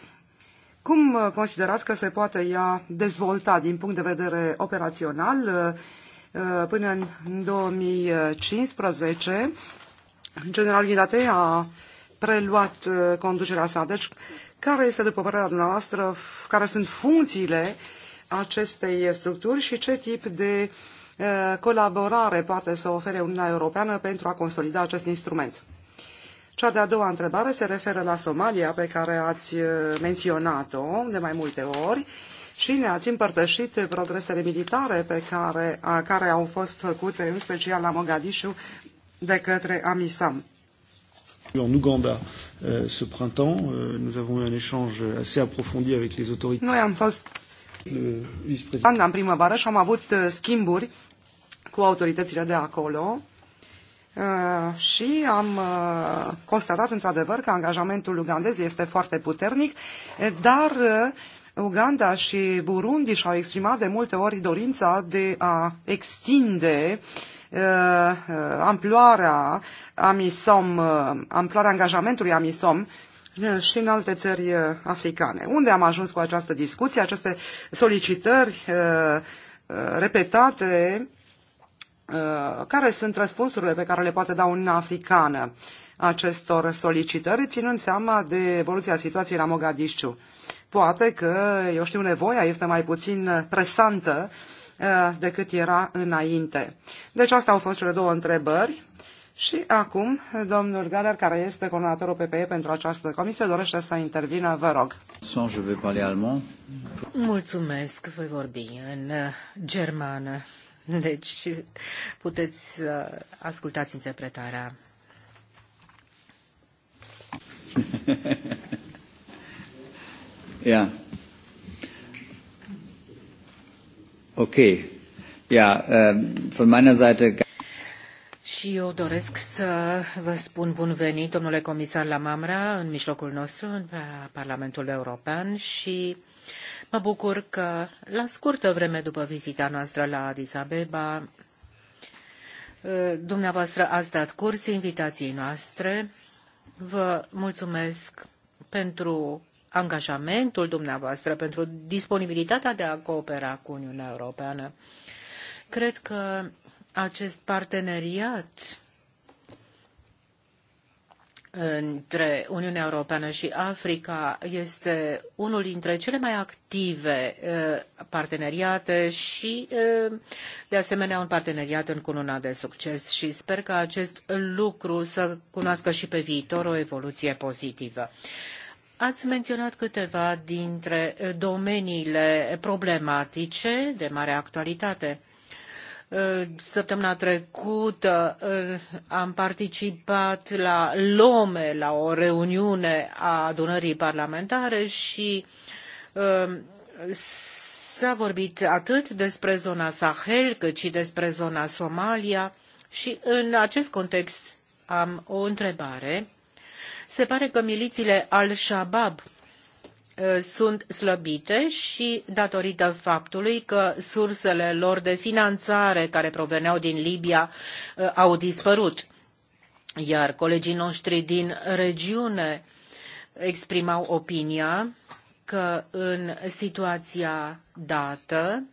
Cum uh, considerați că se poate ea dezvolta din punct de vedere operațional uh, uh, până în 2015? General Ghidate a preluat conducerea sa. Deci, care este, după părerea dumneavoastră, care sunt funcțiile acestei structuri și ce tip de uh, Uh, colaborare poate să ofere Uniunea Europeană pentru a consolida acest instrument? Cea de-a doua întrebare se referă la Somalia, pe care ați uh, menționat-o de mai multe ori și ne-ați împărtășit progresele militare pe care, a, care au fost făcute, în special la Mogadishu, de către AMISAM. En uh, ce printemps, nous avons eu un échange assez approfondi avec les autorités. Noi am fost în primăvară și am avut schimburi cu autoritățile de acolo uh, și am uh, constatat într-adevăr că angajamentul ugandez este foarte puternic, dar uh, Uganda și Burundi și-au exprimat de multe ori dorința de a extinde amploarea Amisom, amploarea angajamentului Amisom și în alte țări africane. Unde am ajuns cu această discuție, aceste solicitări repetate Uh, care sunt răspunsurile pe care le poate da Uniunea Africană acestor solicitări, ținând seama de evoluția situației la Mogadisciu. Poate că, eu știu, nevoia este mai puțin presantă uh, decât era înainte. Deci asta au fost cele două întrebări. Și acum, domnul Galer, care este coordonatorul PPE pentru această comisie, dorește să intervină, vă rog. Mulțumesc, voi vorbi în germană. Deci puteți să uh, ascultați interpretarea. Ok. Ia, yeah, uh, von meiner Seite. Și eu doresc să vă spun bun venit, domnule comisar Lamamra, în mijlocul nostru, în Parlamentul European și uh, Mă bucur că la scurtă vreme după vizita noastră la Addis Abeba, ă, dumneavoastră ați dat curs invitației noastre. Vă mulțumesc pentru angajamentul dumneavoastră, pentru disponibilitatea de a coopera cu Uniunea Europeană. Cred că acest parteneriat între Uniunea Europeană și Africa este unul dintre cele mai active uh, parteneriate și, uh, de asemenea, un parteneriat încununat de succes și sper că acest lucru să cunoască și pe viitor o evoluție pozitivă. Ați menționat câteva dintre uh, domeniile problematice de mare actualitate Săptămâna trecută am participat la Lome, la o reuniune a adunării parlamentare și um, s-a vorbit atât despre zona Sahel cât și despre zona Somalia și în acest context am o întrebare. Se pare că milițiile Al-Shabaab Uh, sunt slăbite și datorită faptului că sursele lor de finanțare care proveneau din Libia uh, au dispărut. Iar colegii noștri din regiune exprimau opinia că în situația dată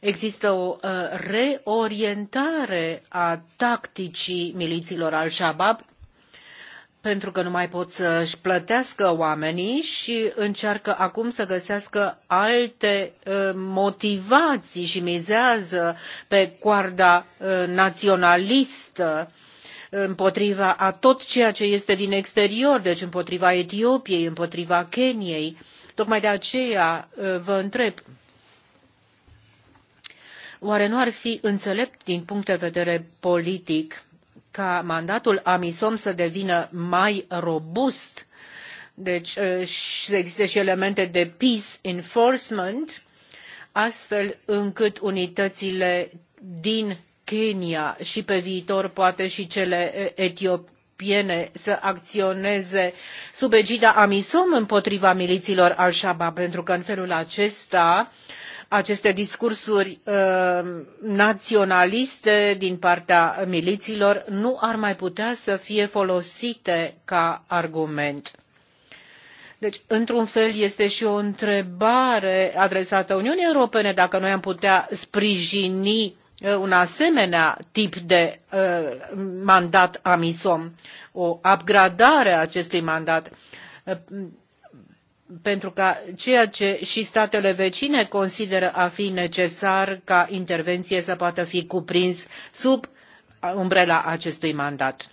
există o uh, reorientare a tacticii miliților al Shabab pentru că nu mai pot să-și plătească oamenii și încearcă acum să găsească alte uh, motivații și mizează pe coarda uh, naționalistă uh, împotriva a tot ceea ce este din exterior, deci împotriva Etiopiei, împotriva Keniei. Tocmai de aceea vă întreb, oare nu ar fi înțelept din punct de vedere politic ca mandatul AMISOM să devină mai robust. Deci uh, există și elemente de peace enforcement, astfel încât unitățile din Kenya și pe viitor poate și cele uh, etiopiene să acționeze sub egida AMISOM împotriva miliților al Shabab, pentru că în felul acesta aceste discursuri uh, naționaliste din partea miliților nu ar mai putea să fie folosite ca argument. Deci, într-un fel, este și o întrebare adresată Uniunii Europene dacă noi am putea sprijini uh, un asemenea tip de uh, mandat amisom, o upgradare a acestui mandat. Uh, pentru ca ceea ce și statele vecine consideră a fi necesar ca intervenție să poată fi cuprins sub umbrela acestui mandat.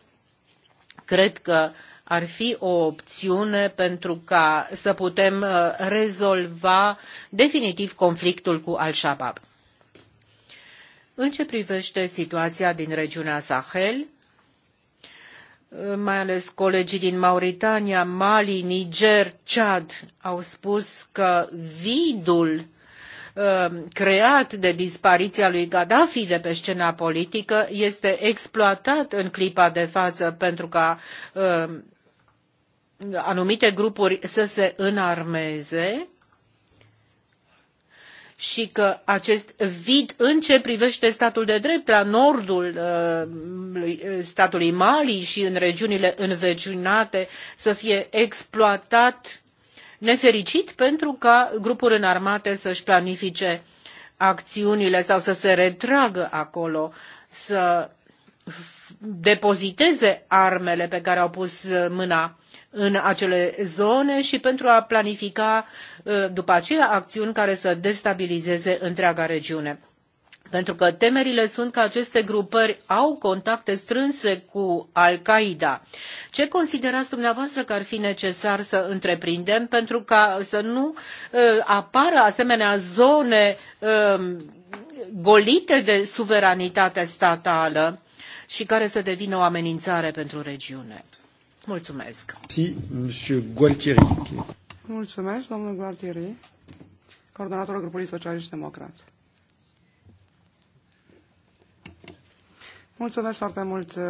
Cred că ar fi o opțiune pentru ca să putem uh, rezolva definitiv conflictul cu Al-Shabaab. În ce privește situația din regiunea Sahel, mai ales colegii din Mauritania, Mali, Niger, Chad au spus că vidul um, creat de dispariția lui Gaddafi de pe scena politică este exploatat în clipa de față pentru ca um, anumite grupuri să se înarmeze și că acest vid în ce privește statul de drept la nordul uh, uh, statului Mali și în regiunile învecinate să fie exploatat nefericit pentru ca grupuri înarmate să-și planifice acțiunile sau să se retragă acolo, să depoziteze armele pe care au pus mâna în acele zone și pentru a planifica ă, după aceea acțiuni care să destabilizeze întreaga regiune. Pentru că temerile sunt că aceste grupări au contacte strânse cu Al-Qaeda. Ce considerați dumneavoastră că ar fi necesar să întreprindem pentru ca să nu uh, apară asemenea zone uh, golite de suveranitate statală și care să devină o amenințare pentru regiune? Mulțumesc. Si, monsieur Gualtieri. Mulțumesc, domnul Gualtieri, coordonatorul grupului socialist democrat. Mulțumesc foarte mult uh,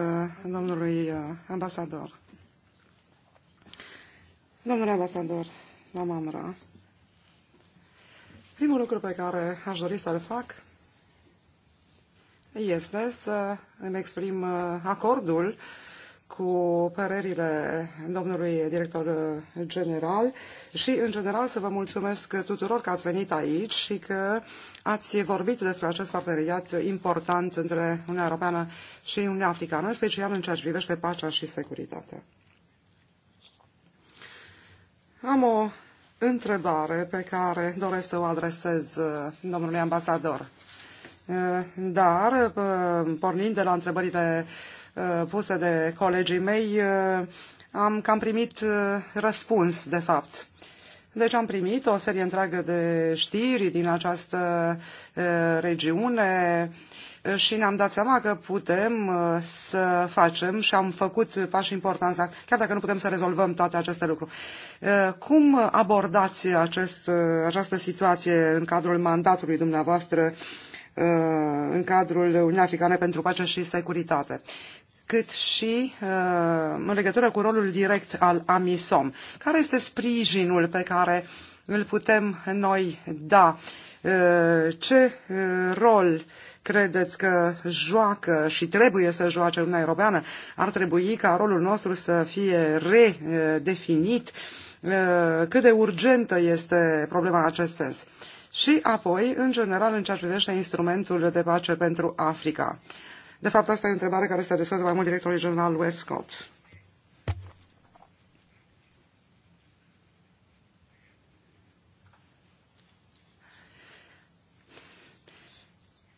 domnului uh, ambasador. Domnule ambasador, la Mamra, primul lucru pe care aș dori să-l fac este să îmi exprim uh, acordul cu părerile domnului director general și, în general, să vă mulțumesc tuturor că ați venit aici și că ați vorbit despre acest parteneriat important între Uniunea Europeană și Uniunea Africană, în special în ceea ce privește pacea și securitatea. Am o întrebare pe care doresc să o adresez uh, domnului ambasador. Uh, dar, uh, pornind de la întrebările Uh, puse de colegii mei, uh, am cam primit uh, răspuns, de fapt. Deci am primit o serie întreagă de știri din această regiune și ne-am dat seama că putem să facem și am făcut pași importanți, chiar dacă nu putem să rezolvăm toate aceste lucruri. Cum abordați acest, această situație în cadrul mandatului dumneavoastră în cadrul Uniunii Africane pentru Pace și Securitate? cât și uh, în legătură cu rolul direct al AMISOM. Care este sprijinul pe care îl putem noi da? Uh, ce uh, rol credeți că joacă și trebuie să joace Uniunea Europeană? Ar trebui ca rolul nostru să fie redefinit? Uh, cât de urgentă este problema în acest sens? Și apoi, în general, în ceea ce privește instrumentul de pace pentru Africa. De fapt, asta e o întrebare care se adresează mai mult directorului general Westcott.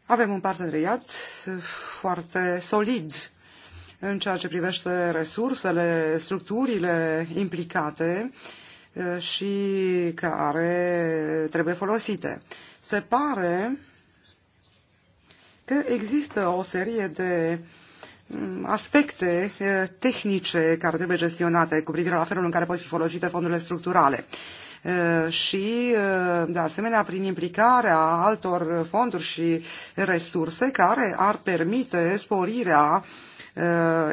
Avem un parteneriat foarte solid în ceea ce privește resursele, structurile implicate eh, și care trebuie folosite. Se pare că există o serie de mm, aspecte tehnice care trebuie gestionate cu privire la felul în care pot fi folosite fondurile structurale și, de asemenea, prin implicarea altor fonduri și resurse care ar permite sporirea Uh,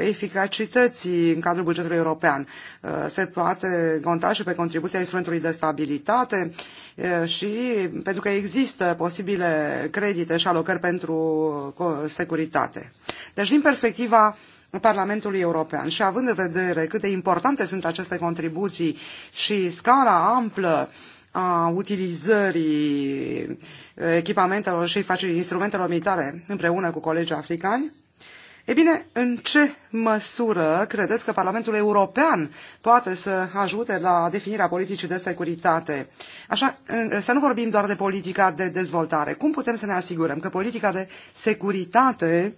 eficacității în cadrul bugetului european. Uh, se poate conta și pe contribuția instrumentului de stabilitate uh, și pentru că există posibile credite și alocări pentru securitate. Deci, din perspectiva Parlamentului European și având în vedere cât de importante sunt aceste contribuții și scara amplă a utilizării echipamentelor și instrumentelor militare împreună cu colegii africani, E bine, în ce măsură credeți că Parlamentul European poate să ajute la definirea politicii de securitate? Așa, să nu vorbim doar de politica de dezvoltare. Cum putem să ne asigurăm că politica de securitate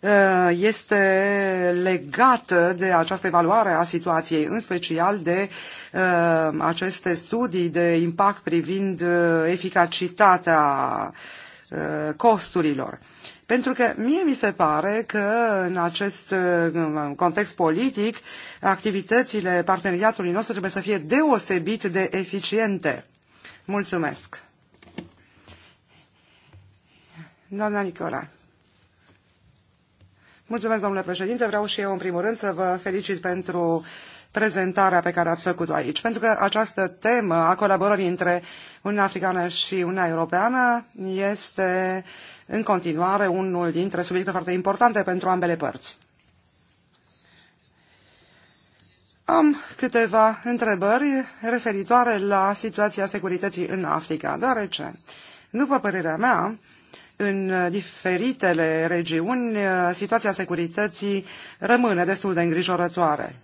uh, este legată de această evaluare a situației, în special de uh, aceste studii de impact privind uh, eficacitatea costurilor. Pentru că mie mi se pare că în acest uh, context politic activitățile parteneriatului nostru trebuie să fie deosebit de eficiente. Mulțumesc. Doamna Nicola. Mulțumesc, domnule președinte. Vreau și eu, în primul rând, să vă felicit pentru prezentarea pe care ați făcut-o aici. Pentru că această temă a colaborării între Uniunea Africană și Uniunea Europeană este uh, în continuare unul dintre subiecte foarte importante pentru ambele părți. Am câteva întrebări referitoare la situația securității în Africa, deoarece, după părerea mea, în diferitele regiuni, situația securității rămâne destul de îngrijorătoare.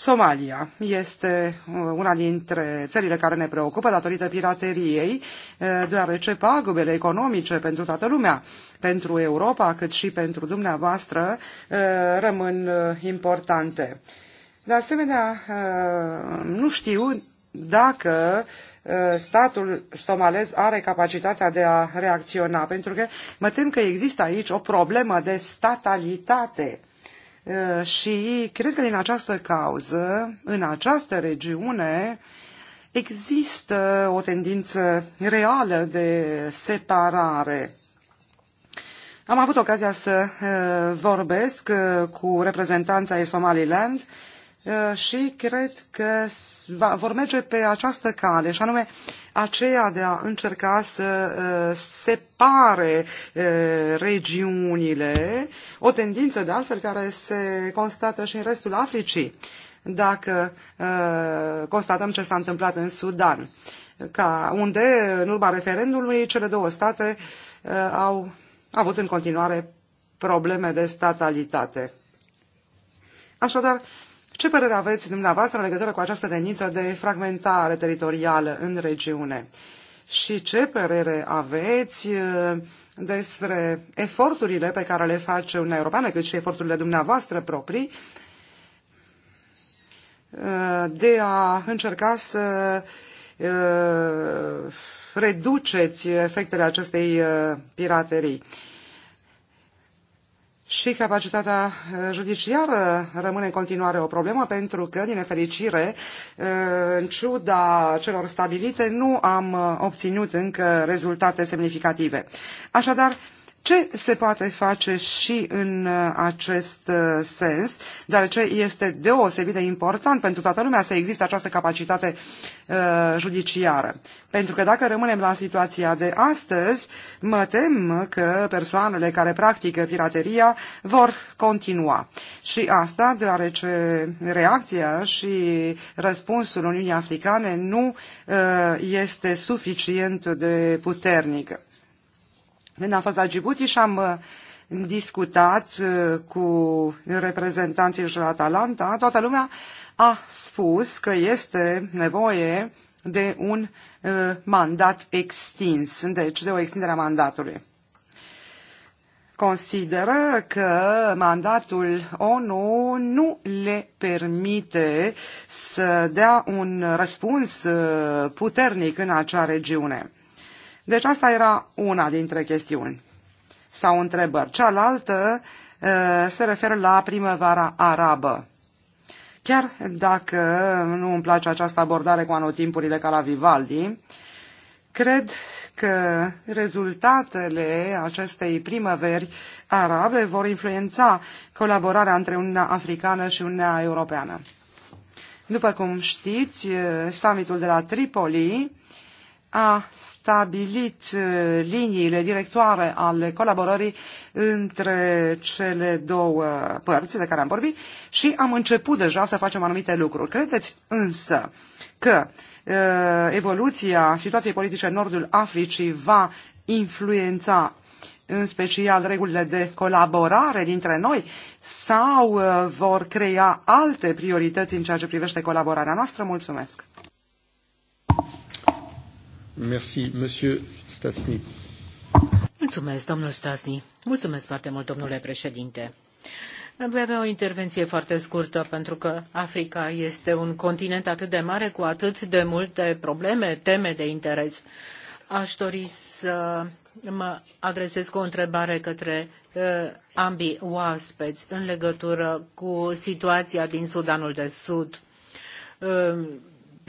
Somalia este uh, una dintre țările care ne preocupă datorită pirateriei, uh, deoarece pagubele economice pentru toată lumea, pentru Europa, cât și pentru dumneavoastră, uh, rămân importante. De asemenea, nu știu dacă statul somalez are capacitatea de a reacționa, pentru că mă tem că există aici o problemă de statalitate Uh, și cred că din această cauză, în această regiune, există o tendință reală de separare. Am avut ocazia să uh, vorbesc uh, cu reprezentanța ai Somaliland și cred că vor merge pe această cale, și anume aceea de a încerca să uh, separe uh, regiunile, o tendință de altfel care se constată și în restul Africii, dacă uh, constatăm ce s-a întâmplat în Sudan, ca unde, în urma referendumului, cele două state au avut în continuare probleme de statalitate. Așadar, uh, ce părere aveți dumneavoastră în legătură cu această tendință de fragmentare teritorială în regiune? Și ce părere aveți uh, despre eforturile pe care le face Uniunea Europeană, cât și eforturile dumneavoastră proprii, uh, de a încerca să uh, reduceți efectele acestei piraterii? și capacitatea uh, judiciară rămâne în continuare o problemă pentru că, din nefericire, uh, în ciuda celor stabilite, nu am uh, obținut încă rezultate semnificative. Așadar, ce se poate face și în uh, acest uh, sens, dar ce este deosebit de important pentru toată lumea să existe această capacitate uh, judiciară. Pentru că dacă rămânem la situația de astăzi, mă tem că persoanele care practică pirateria vor continua. Și asta deoarece reacția și răspunsul Uniunii Africane nu este suficient de puternic. Când am fost la Djibouti și am uh, discutat uh, cu reprezentanții și Atalanta, toată lumea a spus că este nevoie de un uh, mandat extins, deci de o extindere a mandatului. Consideră că mandatul ONU nu le permite să dea un răspuns puternic în acea regiune. Deci asta era una dintre chestiuni sau întrebări. Cealaltă se referă la primăvara arabă. Chiar dacă nu îmi place această abordare cu anotimpurile ca la Vivaldi, cred că rezultatele acestei primăveri arabe vor influența colaborarea între Uniunea Africană și Uniunea Europeană. După cum știți, summitul de la Tripoli a stabilit uh, liniile directoare ale colaborării între cele două părți de care am vorbit și am început deja să facem anumite lucruri. Credeți însă că uh, evoluția situației politice în nordul Africii va influența în special regulile de colaborare dintre noi sau uh, vor crea alte priorități în ceea ce privește colaborarea noastră? Mulțumesc! Merci, Monsieur Mulțumesc, domnul Stasni. Mulțumesc foarte mult, domnule președinte. Voi avea o intervenție foarte scurtă, pentru că Africa este un continent atât de mare, cu atât de multe probleme, teme de interes. Aș dori să mă adresez cu o întrebare către uh, ambii oaspeți în legătură cu situația din Sudanul de Sud. Uh,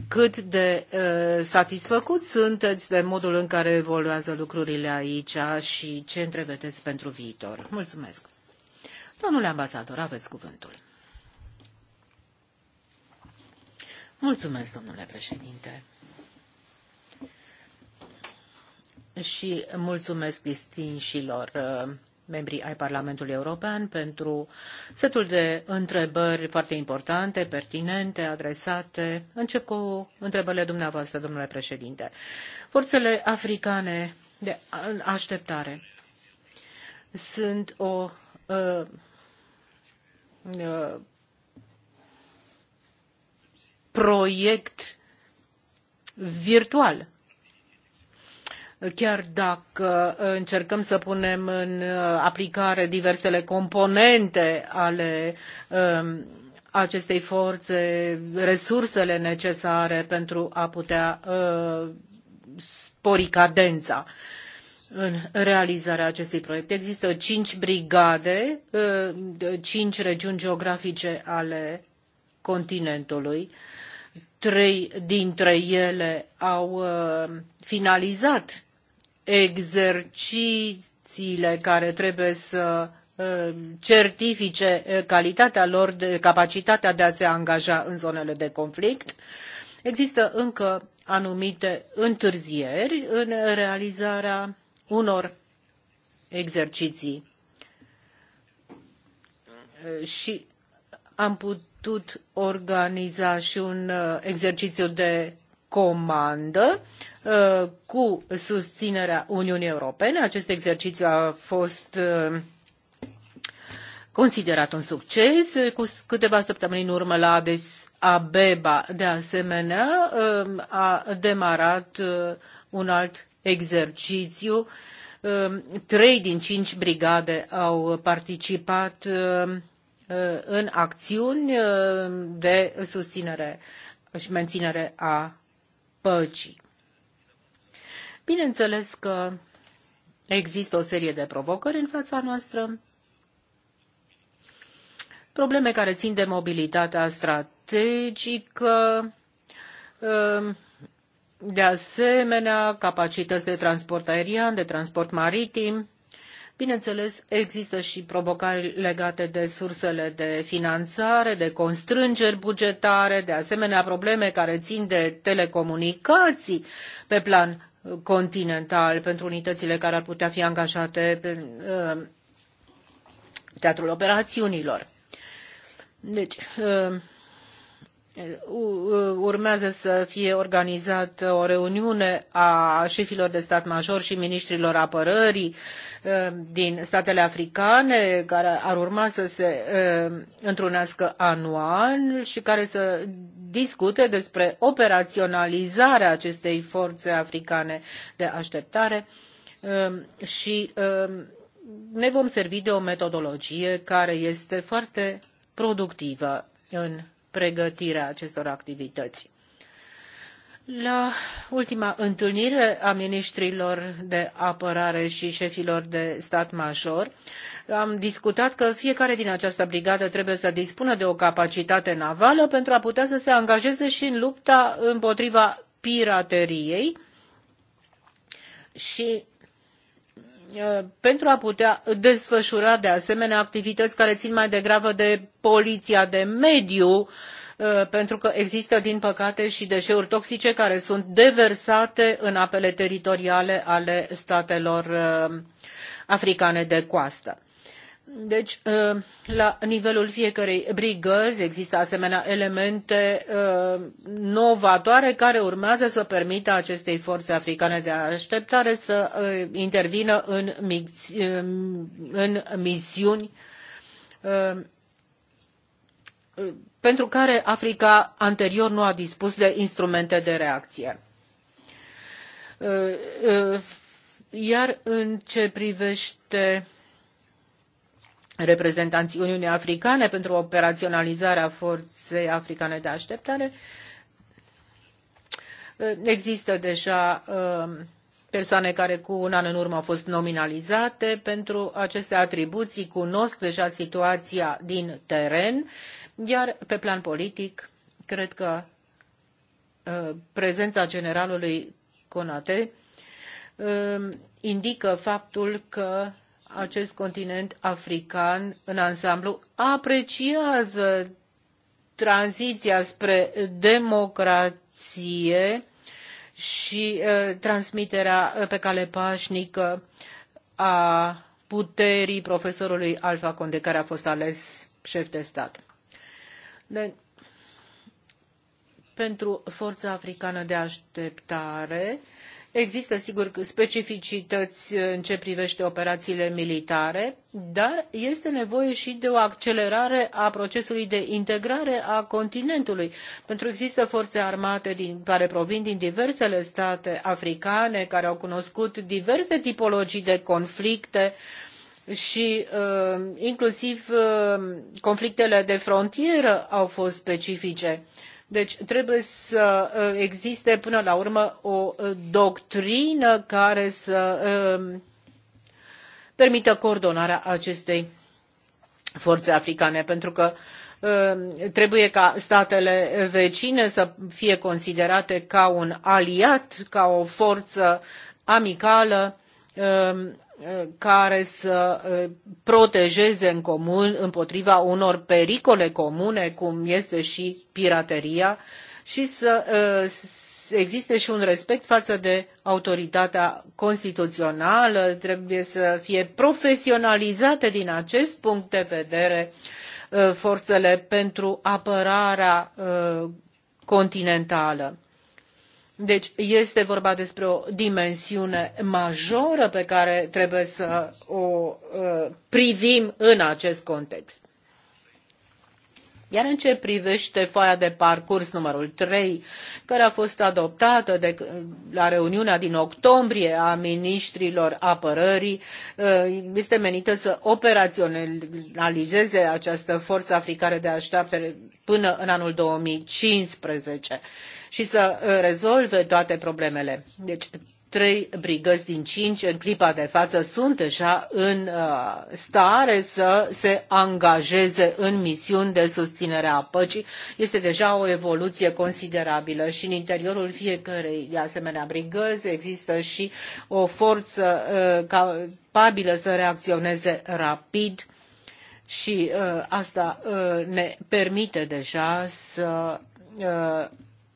cât de uh, satisfăcut sunteți de modul în care evoluează lucrurile aici și ce întrevedeți pentru viitor. Mulțumesc. Domnule ambasador, aveți cuvântul. Mulțumesc, domnule președinte. Și mulțumesc distinșilor uh, membrii ai Parlamentului European pentru setul de întrebări foarte importante, pertinente, adresate. Încep cu întrebările dumneavoastră, domnule președinte. Forțele africane de așteptare sunt o uh, uh, proiect virtual chiar dacă uh, încercăm să punem în uh, aplicare diversele componente ale um, acestei forțe, resursele necesare pentru a putea uh, spori cadența în realizarea acestui proiect. Există cinci brigade, cinci regiuni geografice ale continentului. Trei dintre ele au finalizat exercițiile care trebuie să uh, certifice uh, calitatea lor, de, capacitatea de a se angaja în zonele de conflict. Există încă anumite întârzieri în realizarea unor exerciții. Uh, și am putut organiza și un exercițiu de comandă uh, cu susținerea Uniunii Europene. Acest exercițiu a fost uh, considerat un succes. Cu câteva săptămâni în urmă la Addis Abeba, de asemenea, um, a demarat uh, un alt exercițiu. Um, trei din cinci brigade au participat um, în acțiuni de susținere și menținere a păcii. Bineînțeles că există o serie de provocări în fața noastră, probleme care țin de mobilitatea strategică, um, de asemenea capacități de transport aerian, de transport maritim, Bineînțeles, există și provocări legate de sursele de finanțare, de constrângeri bugetare, de asemenea probleme care in de telecomunicații pe plan uh, continental pentru unitățile care ar putea fi angajate pe uh, teatrul operaiunilor Deci, uh, urmează să fie organizată o reuniune a șefilor de stat major și ministrilor apărării uh, din statele africane, care ar urma să se uh, întrunească anual și care să discute despre operaționalizarea acestei forțe africane de așteptare um, și um, ne vom servi de o metodologie care este foarte productivă în pregătirea acestor activități. La ultima întâlnire a ministrilor de apărare și șefilor de stat major, am discutat că fiecare din această brigadă trebuie să dispună de o capacitate navală pentru a putea să se angajeze și în lupta împotriva pirateriei și Uh, pentru a putea desfășura de asemenea activități care țin mai degrabă de poliția de mediu, uh, pentru că există, din păcate, și deșeuri toxice care sunt deversate în apele teritoriale ale statelor uh, africane de coastă. Deci, ă, la nivelul fiecărei brigăzi există asemenea elemente ă, novatoare care urmează să permită acestei forțe africane de așteptare să ă, intervină în, în misiuni pentru care Africa anterior nu a dispus de instrumente de reacție. Iar în ce privește reprezentanții Uniunii Africane pentru operaționalizarea forței africane de așteptare. Există deja um, persoane care cu un an în urmă au fost nominalizate pentru aceste atribuții, cunosc deja situația din teren, iar pe plan politic, cred că uh, prezența generalului Conate um, indică faptul că acest continent african în ansamblu apreciază tranziția spre democrație și uh, transmiterea uh, pe cale pașnică a puterii profesorului Alfa Conde, care a fost ales șef de stat. De, deci, pentru forța africană de așteptare, Există, sigur, specificități în ceea ce privește operațiile militare, dar este nevoie și de o accelerare a procesului de integrare a continentului, pentru că există forțe armate care provin din diversele state africane, care au cunoscut diverse tipologii de conflicte, și uh, inclusiv uh, conflictele de frontieră au fost specifice. Deci trebuie să uh, existe până la urmă o uh, doctrină care să uh, permită coordonarea acestei forțe africane, pentru că trebuie ca statele vecine să fie considerate ca un aliat, ca o forță amicală care să protejeze în comun împotriva unor pericole comune, cum este și pirateria, și să existe și un respect față de autoritatea constituțională, trebuie să fie profesionalizate din acest punct de vedere forțele pentru apărarea continentală. Deci este vorba despre o dimensiune majoră pe care trebuie să o uh, privim în acest context. Iar în ce privește foaia de parcurs numărul 3, care a fost adoptată de, la reuniunea din octombrie a ministrilor apărării, uh, este menită să operaționalizeze această forță africană de așteptare până în anul 2015 și să uh, rezolve toate problemele. Deci trei brigăzi din cinci în clipa de față sunt deja în uh, stare să se angajeze în misiuni de susținere a păcii. Este deja o evoluție considerabilă și în interiorul fiecărei de asemenea brigăzi există și o forță uh, capabilă să reacționeze rapid și asta ne permite deja să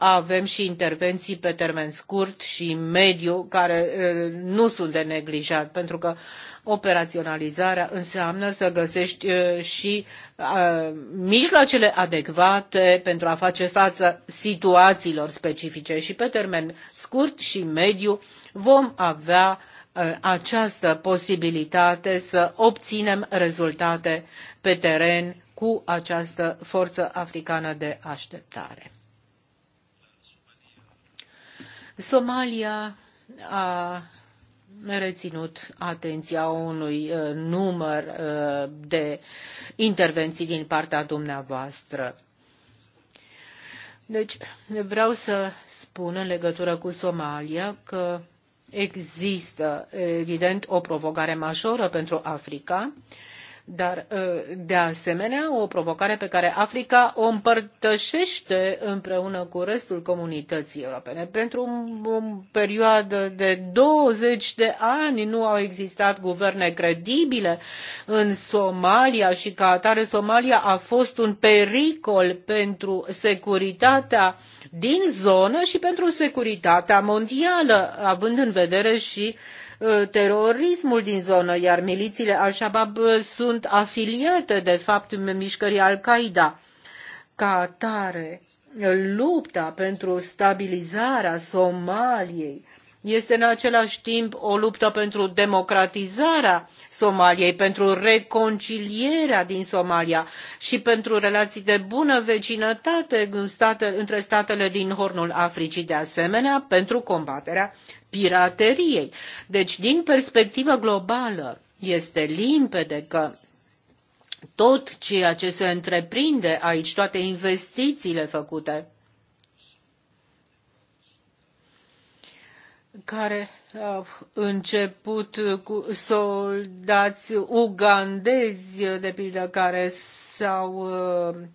avem și intervenții pe termen scurt și mediu care uh, nu sunt de neglijat, pentru că operaționalizarea înseamnă să găsești uh, și uh, mijloacele adecvate pentru a face față situațiilor specifice și pe termen scurt și mediu vom avea această posibilitate să obținem rezultate pe teren cu această forță africană de așteptare. Somalia a reținut atenția unui uh, număr uh, de intervenții din partea dumneavoastră. Deci, vreau să spun în legătură cu Somalia că există, evident, o provocare majoră pentru Africa, uh, dar ă, de asemenea o provocare pe care Africa o împărtășește împreună cu restul comunității europene. Pentru o perioadă de 20 de ani nu au existat guverne credibile în Somalia și ca atare Somalia a fost un pericol pentru securitatea din zonă și pentru securitatea mondială, având în vedere și uh, Uh, terorismul din zonă, iar milițiile Al-Shabaab uh, sunt afiliate, de fapt, mișcării Al-Qaeda. Ca atare, lupta pentru stabilizarea Somaliei este în același timp o luptă pentru democratizarea Somaliei, pentru reconcilierea din Somalia și pentru relații de bună vecinătate în state, între statele din Hornul Africii, de asemenea pentru combaterea pirateriei. Deci, din perspectivă globală, este limpede că tot ceea ce se întreprinde aici, toate investițiile făcute, care au început cu soldați ugandezi, de pildă, care s-au uh,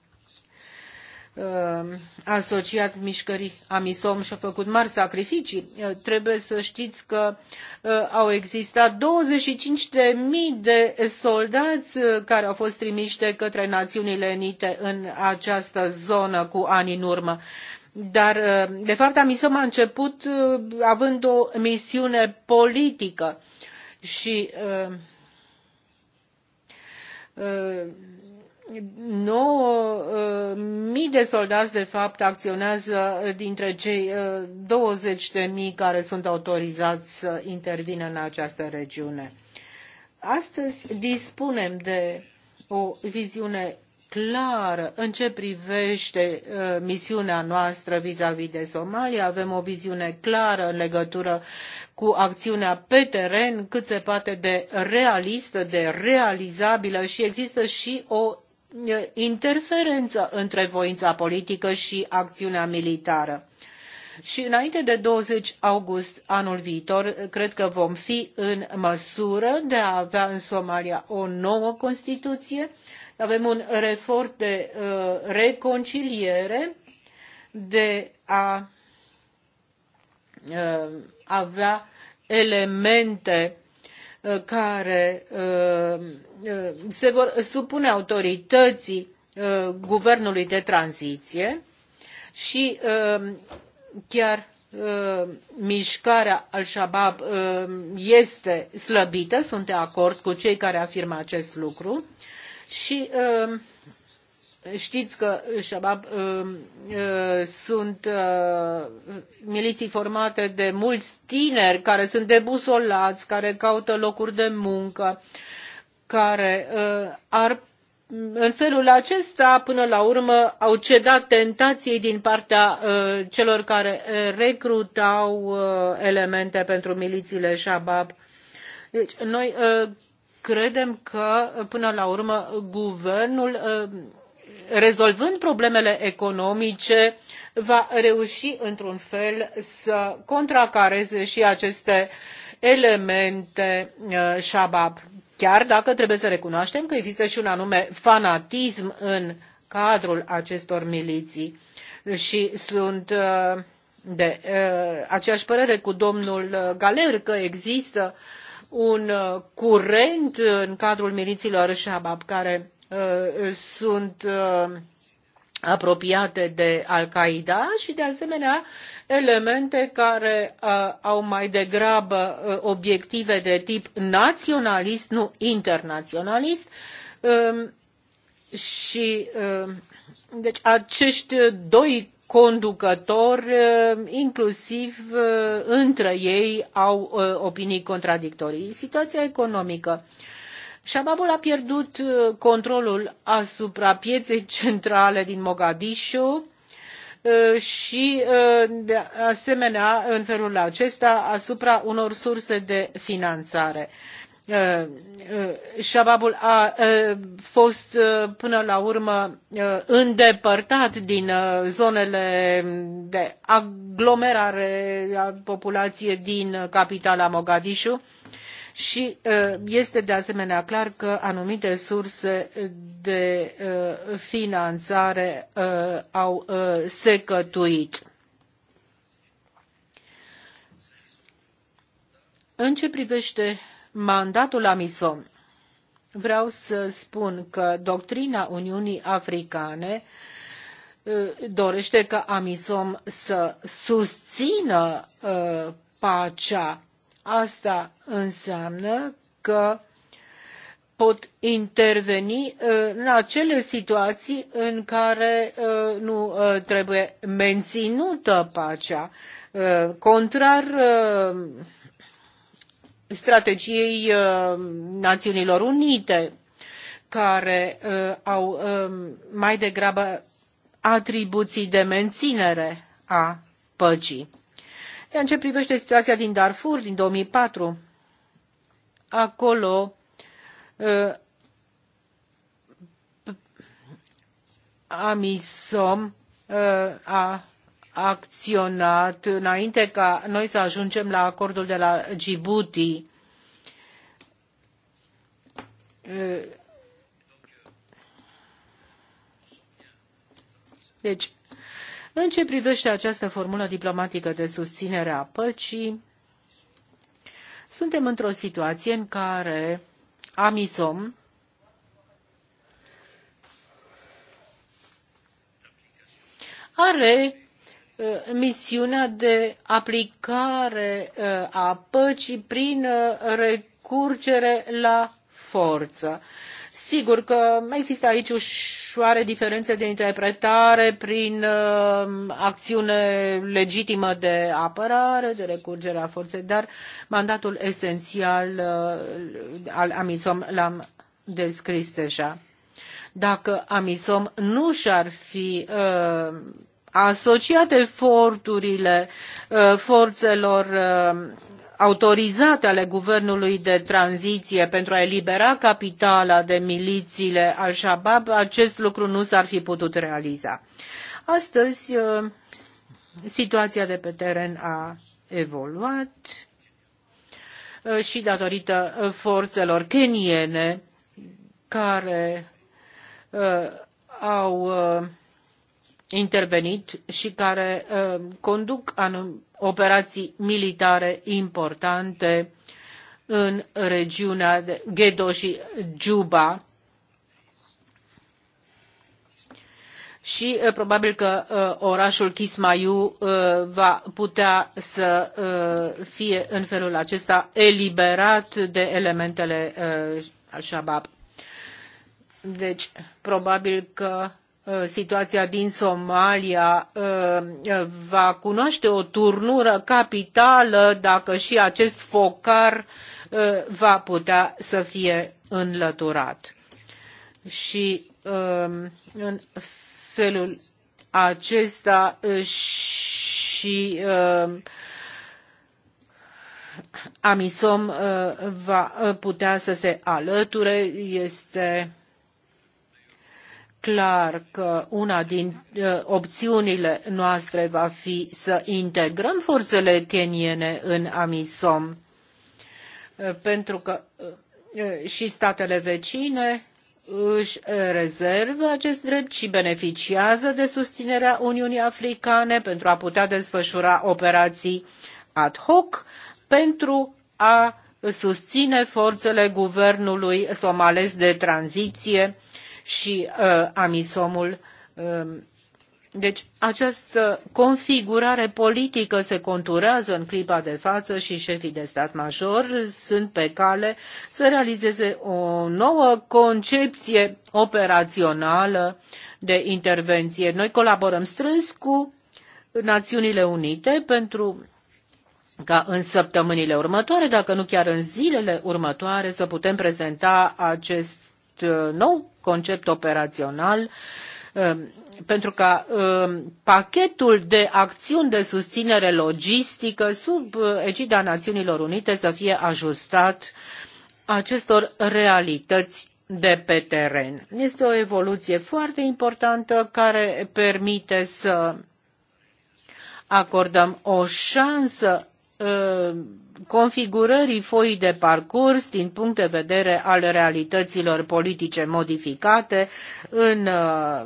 Uh, asociat mișcării Amisom și a făcut mari sacrificii. Uh, trebuie să știți că uh, au existat 25.000 de mii de soldați care au fost trimiși de către Națiunile Unite în această zonă cu ani în urmă. Dar, de fapt, Amisom a început având o misiune politică și Uh, mii de soldați, de fapt, acționează dintre cei 20 uh, de mii care sunt autorizați să intervină în această regiune. Astăzi dispunem de o viziune clară în ce privește uh, misiunea noastră vizavi de Somalia. Avem o viziune clară în legătură cu acțiunea pe teren, cât se poate de realistă, de realizabilă și există și o interferență între voința politică și acțiunea militară. Și înainte de 20 august anul viitor, cred că vom fi în măsură de a avea în Somalia o nouă Constituție, avem un efort de uh, reconciliere, de a uh, avea elemente Uh, care uh, uh, se vor supune autorității guvernului de tranziție și chiar mișcarea al Shabab este slăbită, sunt de acord cu cei care afirmă acest lucru și uh, Știți că eh, Shabab eh, eh, sunt miliții formate de mulți tineri care sunt debusolați, care caută locuri de muncă, care ar în felul acesta, până la urmă, au cedat tentației din partea uh, celor care recrutau uh, elemente pentru milițiile Shabab. Deci, noi uh, credem că, până la urmă, guvernul rezolvând problemele economice, va reuși într-un fel să contracareze și aceste elemente uh, șabab. Chiar dacă trebuie să recunoaștem că există și un anume fanatism în cadrul acestor miliții. Și sunt uh, de uh, aceeași părere cu domnul Galer că există un curent în cadrul milițiilor Shabab care Uh, sunt uh, apropiate de Al-Qaeda și, de asemenea, elemente care uh, au mai degrabă obiective de tip naționalist, nu internaționalist. Um, și, um, deci, acești doi conducători, inclusiv între ei au opinii contradictorii. Situația economică. Shababul a pierdut uh, controlul asupra pieței centrale din Mogadishu uh, și, uh, de asemenea, în felul acesta, asupra unor surse de finanțare. Shababul a fost până la urmă îndepărtat din zonele de aglomerare a populației din capitala Mogadishu și uh, este de asemenea clar că anumite surse de uh, finanțare uh, au secătuit. În ce privește mandatul AMISOM, vreau să spun că doctrina Uniunii Africane dorește ca AMISOM să susțină pacea Asta înseamnă că pot interveni uh, în acele situații în care uh, nu uh, trebuie menținută pacea, contrar strategiei Națiunilor Unite, care au um, mai degrabă atribuții de menținere a păcii. Iar în ce privește situația din Darfur din 2004, acolo uh, Amisom uh, a acționat înainte ca noi să ajungem la acordul de la Djibouti. Uh, deci, în ce privește această formulă diplomatică de susținere a păcii, suntem într-o situație în care AMISOM are uh, misiunea de aplicare uh, a păcii prin uh, recurgere la forță. Sigur că există aici ușoare diferențe de interpretare prin uh, acțiune legitimă de apărare, de recurgere a forței, dar mandatul esențial uh, al AMISOM l-am descris deja. Dacă AMISOM nu și-ar fi uh, asociat eforturile uh, forțelor uh, autorizate ale guvernului de tranziție pentru a elibera capitala de milițiile Al-Shabaab, acest lucru nu s-ar fi putut realiza. Astăzi, uh, situația de pe teren a evoluat uh, și datorită uh, forțelor keniene care au intervenit și care conduc anum- operații militare importante în regiunea de Gedo și Juba. Și eh, probabil că eh, orașul Kismayu eh, va putea să fie în felul acesta eliberat de elementele al Shabab. Deci, probabil că Uh, situația din Somalia uh, uh, va cunoaște o turnură capitală dacă și acest focar va putea să fie înlăturat. Și um, în felul acesta și um, Amisom va putea să se alăture. Este clar că una din uh, opțiunile noastre va fi să integrăm forțele keniene în AMISOM, uh, pentru că uh, și statele vecine își rezervă acest drept și beneficiază de susținerea Uniunii Africane pentru a putea desfășura operații ad hoc pentru a susține forțele guvernului somalez de tranziție uh, și uh, Amisomul. Uh, deci această configurare politică se conturează în clipa de față și șefii de stat major sunt pe cale să realizeze o nouă concepție operațională de intervenție. Noi colaborăm strâns cu Națiunile Unite pentru ca în săptămânile următoare, dacă nu chiar în zilele următoare, să putem prezenta acest Uh, nou concept operațional um, pentru ca um, pachetul de acțiuni de susținere logistică sub uh, egida Națiunilor Unite să fie ajustat acestor realități de pe teren. Este o evoluție foarte importantă care permite să acordăm o șansă uh, configurării foii de parcurs din punct de vedere al realităților politice modificate în uh,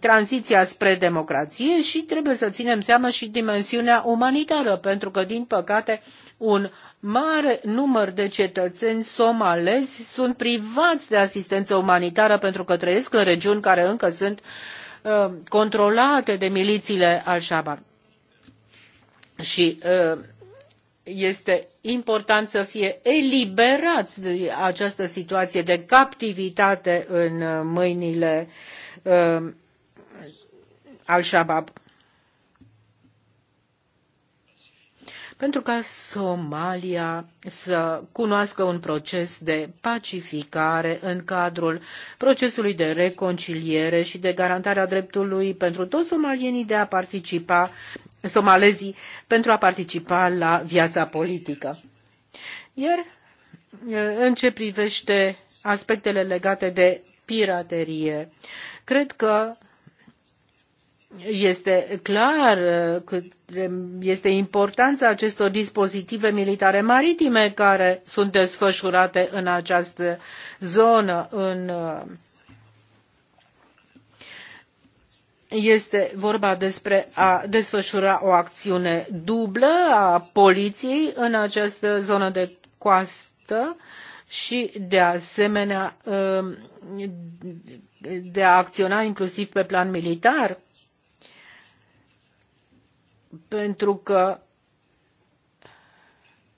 tranziția spre democrație și trebuie să ținem seama și dimensiunea umanitară, pentru că, din păcate, un mare număr de cetățeni somalezi sunt privați de asistență umanitară pentru că trăiesc în regiuni care încă sunt uh, controlate de milițiile al Shabab Și uh, este important să fie eliberați de această situație de captivitate în uh, mâinile uh, al-Shabaab. Pentru ca Somalia să cunoască un proces de pacificare în cadrul procesului de reconciliere și de garantarea dreptului pentru toți somalienii de a participa somalezii pentru a participa la viața politică. Iar eh, în ce privește aspectele legate de piraterie, cred că este clar că este importanța acestor dispozitive militare maritime care sunt desfășurate în această zonă, în este vorba despre a desfășura o acțiune dublă a poliției în această zonă de coastă și, de asemenea, um, de a acționa inclusiv pe plan militar, pentru că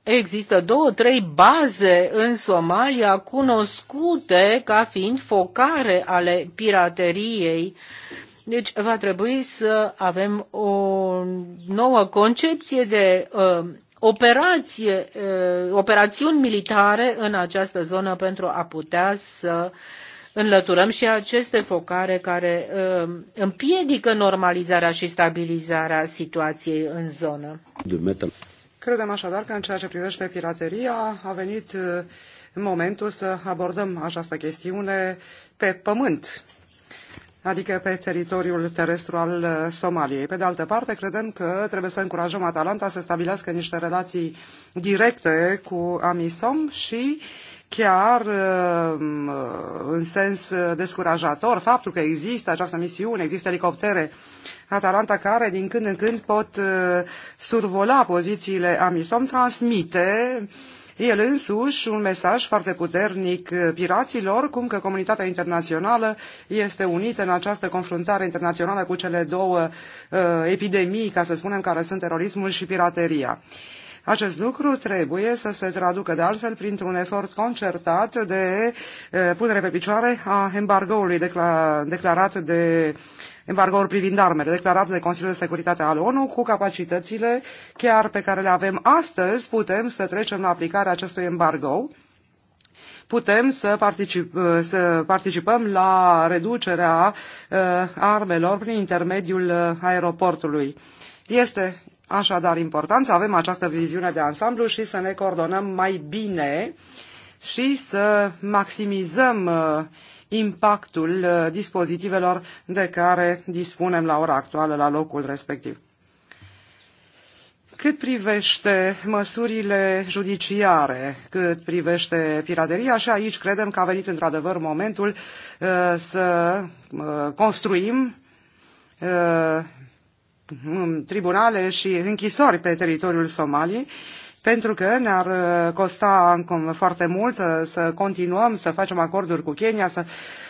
există două, trei baze în Somalia cunoscute ca fiind focare ale pirateriei deci va trebui să avem o nouă concepție de uh, operație, uh, operațiuni militare în această zonă pentru a putea să înlăturăm și aceste focare care uh, împiedică normalizarea și stabilizarea situației în zonă. Credem așadar că în ceea ce privește pirateria a venit uh, momentul să abordăm această chestiune pe pământ adică pe teritoriul terestru al uh, Somaliei. Pe de altă parte, credem că trebuie să încurajăm Atalanta să stabilească niște relații directe cu Amisom și chiar uh, în sens uh, descurajator faptul că există această misiune, există elicoptere Atalanta care din când în când pot survola pozițiile Amisom, transmite uh, el însuși un mesaj foarte puternic uh, piraților, cum că comunitatea internațională este unită în această confruntare internațională cu cele două uh, epidemii, ca să spunem, care sunt terorismul și pirateria. Acest lucru trebuie să se traducă de altfel printr-un efort concertat de uh, punere pe picioare a embargoului declarat de embargoul privind armele declarat de Consiliul de Securitate al ONU cu capacitățile chiar pe care le avem astăzi, putem să trecem la aplicarea acestui embargo putem să, particip, să participăm la reducerea uh, armelor prin intermediul uh, aeroportului. Este așadar important să avem această viziune de ansamblu și să ne coordonăm mai bine și să maximizăm uh, impactul uh, dispozitivelor de care dispunem la ora actuală la locul respectiv. Cât privește măsurile judiciare, cât privește pirateria, și aici credem că a venit într-adevăr momentul uh, să uh, construim uh, tribunale și închisori pe teritoriul Somaliei, pentru că ne-ar uh, costa foarte mult să, să continuăm să facem acorduri cu Kenya, să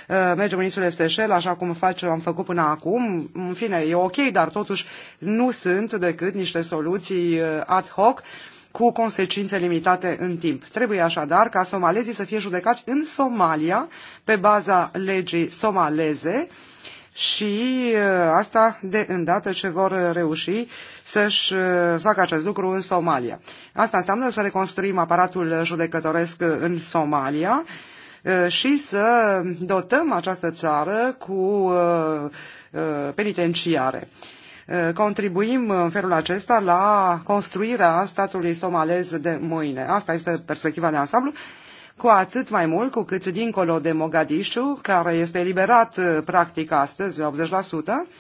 uh, mergem în insulele Seychelles, așa cum facem, am făcut până acum. În fine, e ok, dar totuși nu sunt decât niște soluții uh, ad hoc cu consecințe limitate în timp. Trebuie așadar ca somalezii să fie judecați în Somalia pe baza legii somaleze, și uh, asta de îndată ce vor uh, reuși să-și uh, facă acest lucru în Somalia. Asta înseamnă să reconstruim aparatul judecătoresc în Somalia și să dotăm această țară cu penitenciare. Contribuim în felul acesta la construirea statului somalez de mâine. Asta este perspectiva de ansamblu cu atât mai mult cu cât dincolo de Mogadishu, care este eliberat uh, practic astăzi, 80%,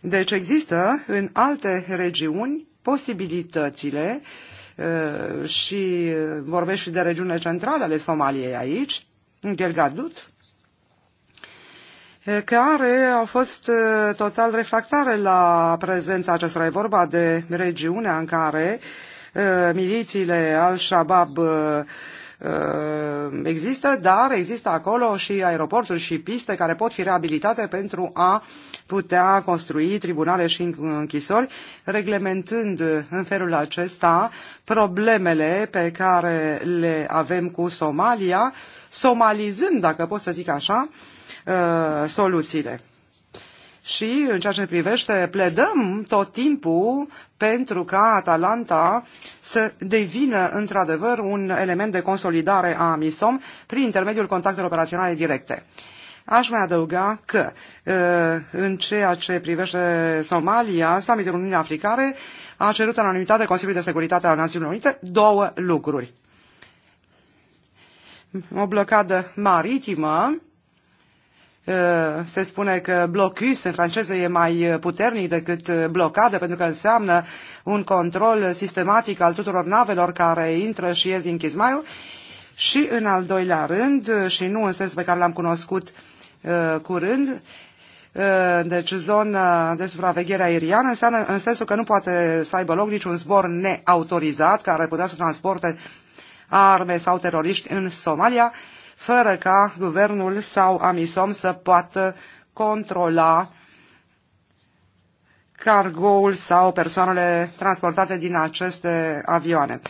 deci există în alte regiuni posibilitățile uh, și uh, vorbesc și de regiunile centrale ale Somaliei aici, în Gelgadut, care au fost total refractare la prezența acestora. E vorba de regiunea în care milițiile al-Shabaab Uh, există, dar există acolo și aeroporturi și piste care pot fi reabilitate pentru a putea construi tribunale și închisori, reglementând în felul acesta problemele pe care le avem cu Somalia, somalizând, dacă pot să zic așa, uh, soluțiile și în ceea ce privește pledăm tot timpul pentru ca Atalanta să devină într-adevăr un element de consolidare a MISOM prin intermediul contactelor operaționale directe. Aș mai adăuga că uh, în ceea ce privește Somalia, summitul Uniunii Africare a cerut în anumitate Consiliului de Securitate al Națiunilor Unite două lucruri. O blocadă maritimă Eh, se spune că blocus în franceză e mai puternic decât blocadă, pentru că înseamnă un control sistematic al tuturor navelor care intră și ies din Chizmaiu. Și în al doilea rând, și nu în sens pe care l-am cunoscut eh, curând, eh, deci zona de supraveghere aeriană înseamnă în sensul că nu poate să aibă loc niciun zbor neautorizat care putea să transporte arme sau teroriști în Somalia, fără ca guvernul sau Amisom să poată controla cargoul sau persoanele transportate din aceste avioane.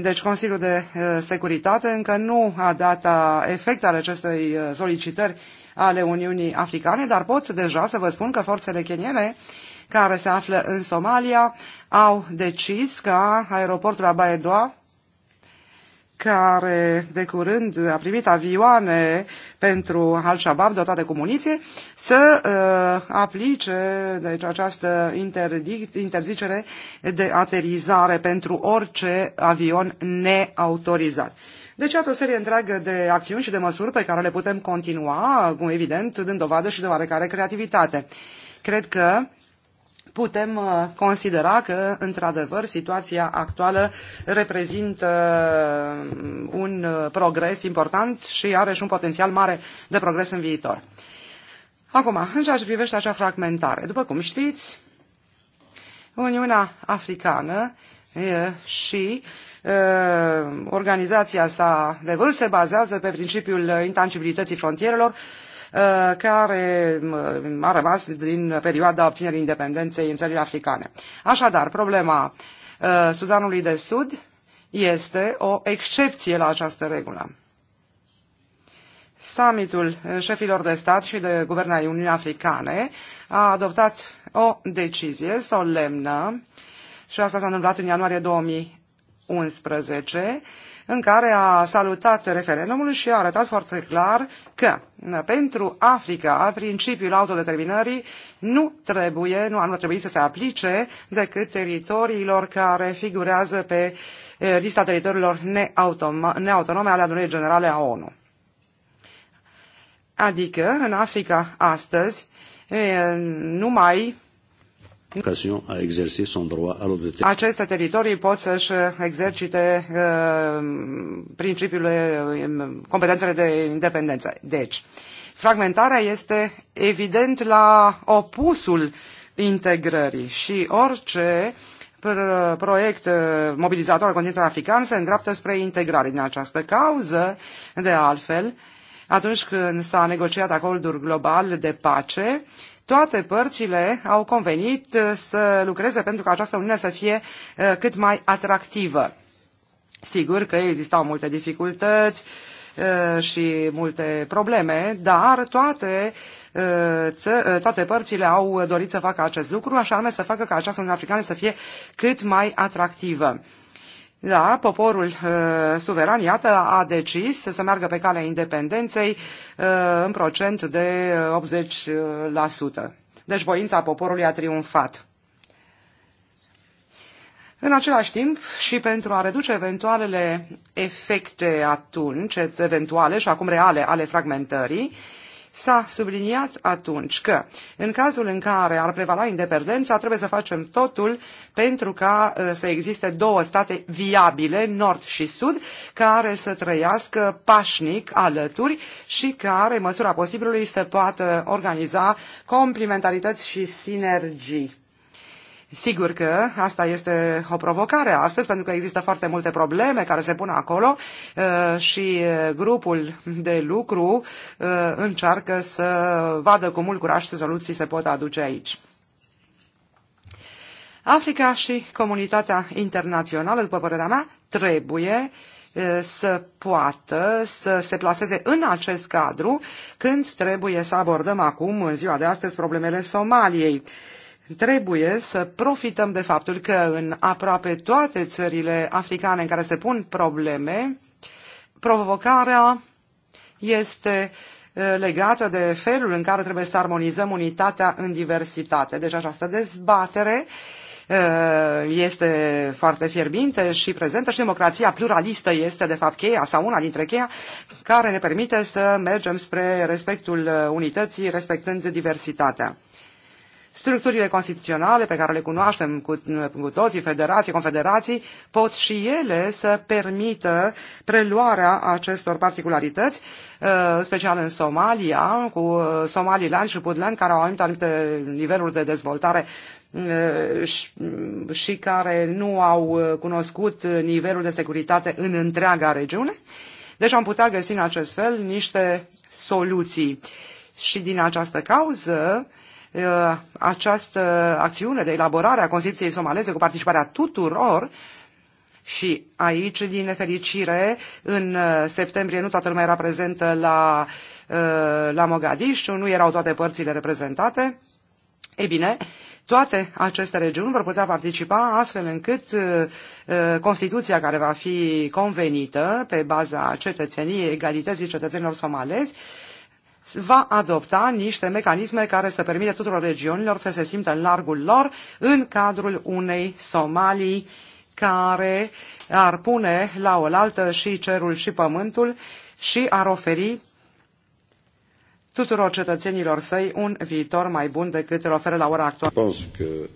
Deci Consiliul de Securitate încă nu a dat efect ale acestei solicitări ale Uniunii Africane, dar pot deja să vă spun că forțele keniene care se află în Somalia au decis ca aeroportul Abaedoa care de curând a primit avioane pentru Al-Shabaab dotate cu muniție, să uh, aplice deci, această interzicere de aterizare pentru orice avion neautorizat. Deci, iată o serie întreagă de acțiuni și de măsuri pe care le putem continua, cum evident, dând dovadă și de oarecare creativitate. Cred că uh, putem uh, considera că, într-adevăr, situația actuală reprezintă uh, un uh, progres important și are și un potențial mare de progres în viitor. Acum, în ceea ce privește acea fragmentare, după cum știți, Uniunea Africană și organizația sa de vârf se bazează pe principiul intangibilității frontierelor Uh, care uh, a rămas din perioada obținerii independenței în țările africane. Așadar, problema uh, Sudanului de Sud este o excepție la această regulă. Summitul șefilor de stat și de guvern ai Uniunii Africane a adoptat o decizie solemnă și asta s-a întâmplat în ianuarie 2011 în care a salutat referendumul și a arătat foarte clar că pentru Africa principiul autodeterminării nu trebuie, nu ar trebui să se aplice decât teritoriilor care figurează pe lista teritoriilor neautonome ale adunării generale a ONU. Adică, în Africa astăzi, numai vocation à son droit Aceste teritorii pot să-și exercite uh, principiile, um, competențele de independență. Deci, fragmentarea este evident la opusul integrării și orice proiect uh, mobilizator al continentului african se îndreaptă spre integrare. Din această cauză, de altfel, atunci când s-a negociat acordul global de pace, toate părțile au convenit uh, să lucreze pentru ca această uniune să fie uh, cât mai atractivă. Sigur că existau multe dificultăți uh, și multe probleme, dar toate, toate părțile au dorit să facă acest lucru, așa anume să facă ca această Uniune Africană să fie cât mai atractivă. Da, poporul uh, suveran, iată, a decis să meargă pe calea independenței uh, în procent de 80%. Uh, deci voința poporului a triumfat. În același timp și pentru a reduce eventualele efecte atunci, eventuale și acum reale ale fragmentării, uh, S-a subliniat atunci că, în cazul în care ar prevala independența, trebuie să facem totul pentru ca uh, să existe două state viabile, nord și sud, care să trăiască pașnic alături și care, în măsura posibilului, să poată organiza complementarități și sinergii. Sigur că asta este o provocare astăzi, pentru că există foarte multe probleme care se pun acolo uh, și grupul de lucru uh, încearcă să vadă cu mult curaj ce soluții se pot aduce aici. Africa și comunitatea internațională, după părerea mea, trebuie uh, să poată să se plaseze în acest cadru când trebuie să abordăm acum, în ziua de astăzi, problemele Somaliei. Uh, Trebuie să profităm de faptul că în aproape toate țările africane în care se pun probleme, provocarea este legată de felul în care trebuie să armonizăm unitatea în diversitate. Deci această dezbatere este foarte fierbinte și prezentă și democrația pluralistă este de fapt cheia sau una dintre cheia care ne permite să mergem spre respectul unității respectând diversitatea. Structurile constituționale pe care le cunoaștem cu, cu toții, federații, confederații, pot și ele să permită preluarea acestor particularități, uh, special în Somalia, cu uh, Somaliland și Puntland, care au anumite, anumite niveluri de dezvoltare uh, și care nu au cunoscut nivelul de securitate în întreaga regiune. Deci am putea găsi în acest fel niște soluții. Și din această cauză, Uh, această acțiune de elaborare a Constituției somaleze cu participarea tuturor și aici, din nefericire, în uh, septembrie nu toată lumea era prezentă la, uh, la Mogadishu, nu erau toate părțile reprezentate. Ei bine, toate aceste regiuni vor putea participa astfel încât Constituția care va fi convenită pe baza cetățeniei, egalității cetățenilor somalezi, va adopta niște mecanisme care să permită tuturor regiunilor să se simtă în largul lor în cadrul unei Somalii care ar pune la oaltă și cerul și pământul și ar oferi tuturor cetățenilor săi un viitor mai bun decât îl oferă la ora actuală. De...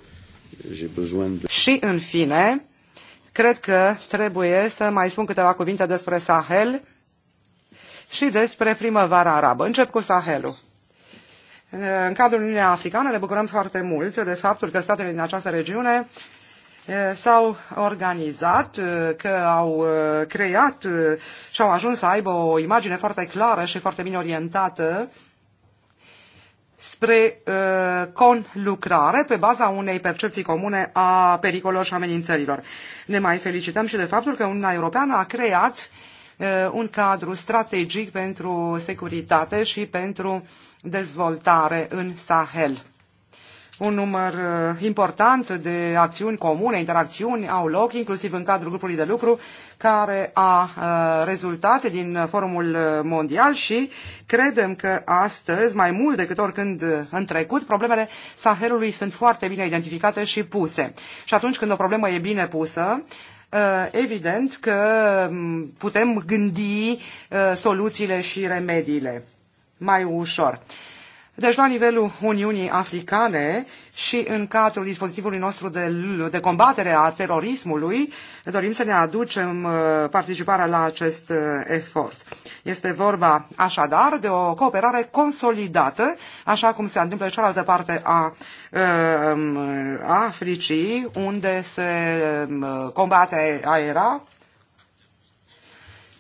Și în fine, cred că trebuie să mai spun câteva cuvinte despre Sahel și despre primăvara arabă. Încep cu Sahelul. În cadrul Uniunii Africane ne bucurăm foarte mult de faptul că statele din această regiune s-au organizat, că au creat și au ajuns să aibă o imagine foarte clară și foarte bine orientată spre conlucrare pe baza unei percepții comune a pericolor și amenințărilor. Ne mai felicităm și de faptul că Uniunea Europeană a creat uh, Uh, un cadru strategic pentru securitate și pentru dezvoltare în Sahel. Un număr uh, important de acțiuni comune, interacțiuni au loc, inclusiv în cadrul grupului de lucru, care a uh, rezultat din Forumul Mondial și credem că astăzi, mai mult decât oricând în trecut, problemele Sahelului sunt foarte bine identificate și puse. Și atunci când o problemă e bine pusă, Uh, evident că mm, putem gândi uh, soluțiile și remediile mai ușor. Deci, la nivelul Uniunii Africane și în cadrul dispozitivului nostru de, de combatere a terorismului, dorim să ne aducem uh, participarea la acest uh, efort. Este vorba așadar de o cooperare consolidată, așa cum se întâmplă în cealaltă parte a uh, Africii, unde se combate aera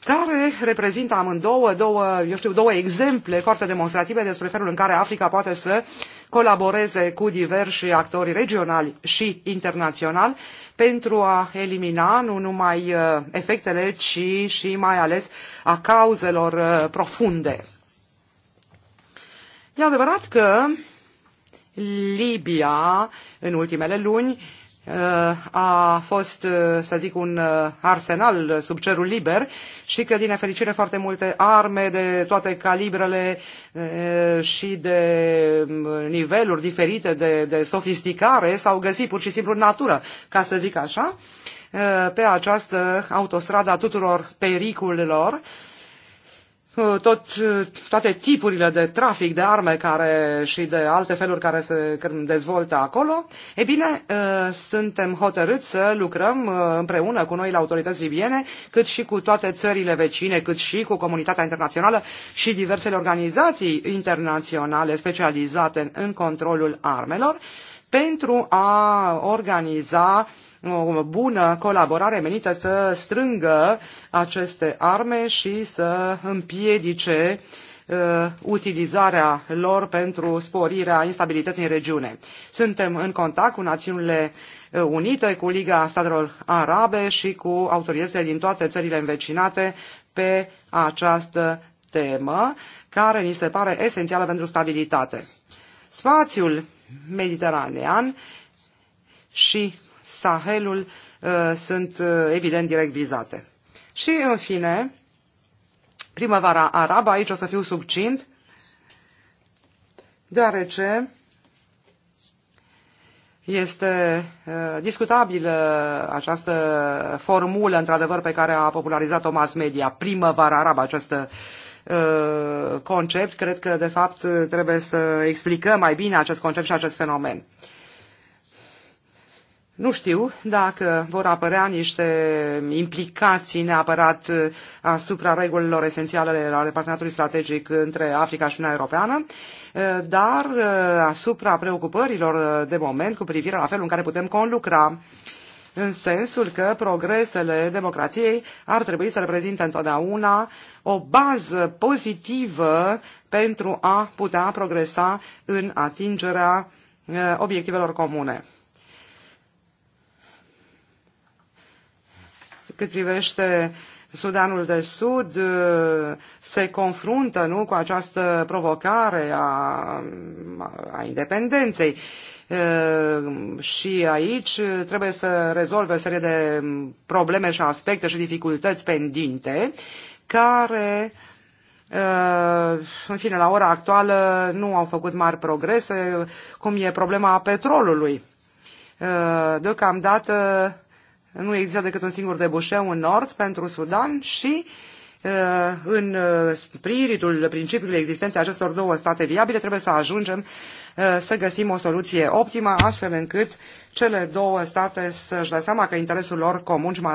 care reprezintă amândouă două, eu știu, două exemple foarte demonstrative despre felul în care Africa poate să colaboreze cu diversi actori regionali și internaționali pentru a elimina nu numai uh, efectele, ci și mai ales a cauzelor uh, profunde. E adevărat că Libia în ultimele luni Uh, a fost, uh, să zic, un uh, arsenal sub cerul liber și că, din nefericire, foarte multe arme de toate calibrele și de um, niveluri diferite de, de sofisticare s-au găsit pur și simplu în natură, ca să zic așa, pe această autostradă a tuturor pericolelor Ă, tot, ă, toate tipurile de trafic de arme care, și de alte feluri care se dezvoltă acolo, e bine, ă, suntem hotărâți să lucrăm împreună cu la autorități libiene, cât și cu toate țările vecine, cât și cu comunitatea internațională și diversele organizații internaționale specializate în controlul armelor, pentru a organiza uh, o bună colaborare menită să strângă aceste arme și să împiedice uh, utilizarea lor pentru sporirea instabilității în regiune. Suntem în contact cu Națiunile Unite, cu Liga Statelor Arabe și cu autoritățile din toate țările învecinate pe această temă, care ni se pare esențială pentru stabilitate. Spațiul mediteranean și Sahelul uh, sunt uh, evident direct vizate. Și în fine, primăvara arabă, aici o să fiu subcint, deoarece este uh, discutabilă această formulă, într-adevăr, pe care a popularizat-o mass media, primăvara arabă, această concept. Cred că, de fapt, trebuie să explicăm mai bine acest concept și acest fenomen. Nu știu dacă vor apărea niște implicații neapărat uh, asupra regulilor esențiale ale partenerului strategic între Africa și Uniunea Europeană, uh, dar uh, asupra preocupărilor de moment cu privire la felul în care putem conlucra în sensul că progresele democrației ar trebui să reprezinte întotdeauna o bază pozitivă pentru a putea progresa în atingerea obiectivelor comune. cât privește Sudanul de Sud uh, se confruntă nu, cu această provocare a, a independenței. Uh, și aici trebuie să rezolve o serie de probleme și aspecte și dificultăți pendinte care uh, în fine, la ora actuală nu au făcut mari progrese, cum e problema petrolului. Deocamdată nu există decât un singur debușeu în nord pentru Sudan și uh, în uh, spiritul principiului existenței acestor două state viabile trebuie să ajungem uh, să găsim o soluție optimă astfel încât cele două state să-și dea seama că interesul lor comun și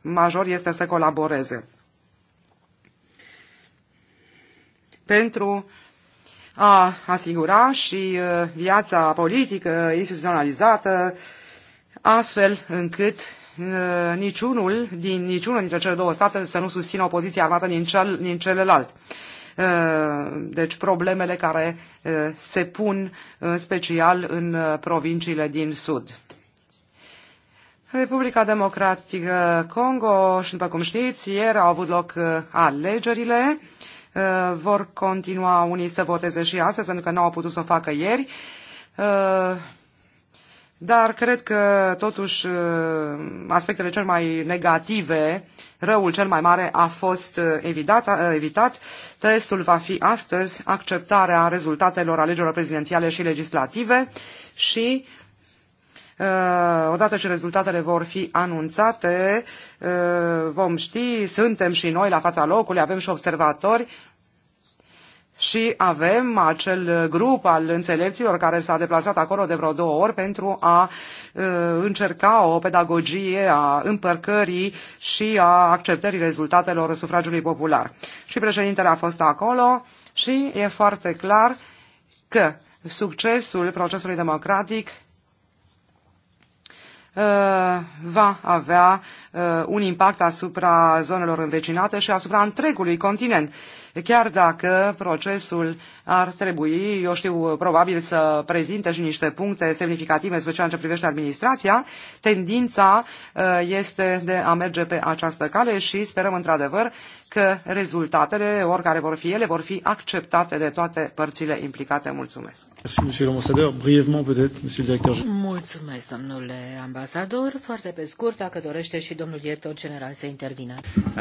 major este să colaboreze. Pentru a asigura și viața politică instituționalizată astfel încât niciunul din niciunul dintre cele două state să nu susțină o poziție armată din, cel, din celălalt. Deci problemele care se pun în special în uh, provinciile din sud. Republica Democratică Congo, și după cum știți, ieri au avut loc uh, alegerile. Uh, vor continua unii să voteze și astăzi, pentru că nu au putut să o facă ieri dar cred că totuși uh, aspectele cel mai negative, răul cel mai mare a fost uh, evitat, uh, evitat. Testul va fi astăzi acceptarea rezultatelor alegerilor prezidențiale și legislative și odată ce rezultatele vor fi anunțate, vom ști, suntem și noi la fața locului, avem și observatori, și avem acel grup al înțelepților care s-a deplasat acolo de vreo două ori pentru a uh, încerca o pedagogie a împărcării și a acceptării rezultatelor sufragiului popular. Și președintele a fost acolo și e foarte clar că succesul procesului democratic uh, va avea uh, un impact asupra zonelor învecinate și asupra întregului continent chiar dacă procesul ar trebui, eu știu, probabil să prezinte și niște puncte semnificative, special în ce privește administrația, tendința uh, este de a merge pe această cale și sperăm într-adevăr că rezultatele, oricare vor fi ele, vor fi acceptate de toate părțile implicate. Mulțumesc. Mulțumesc, domnule ambasador. Foarte pe scurt, dacă dorește și domnul director general să intervină.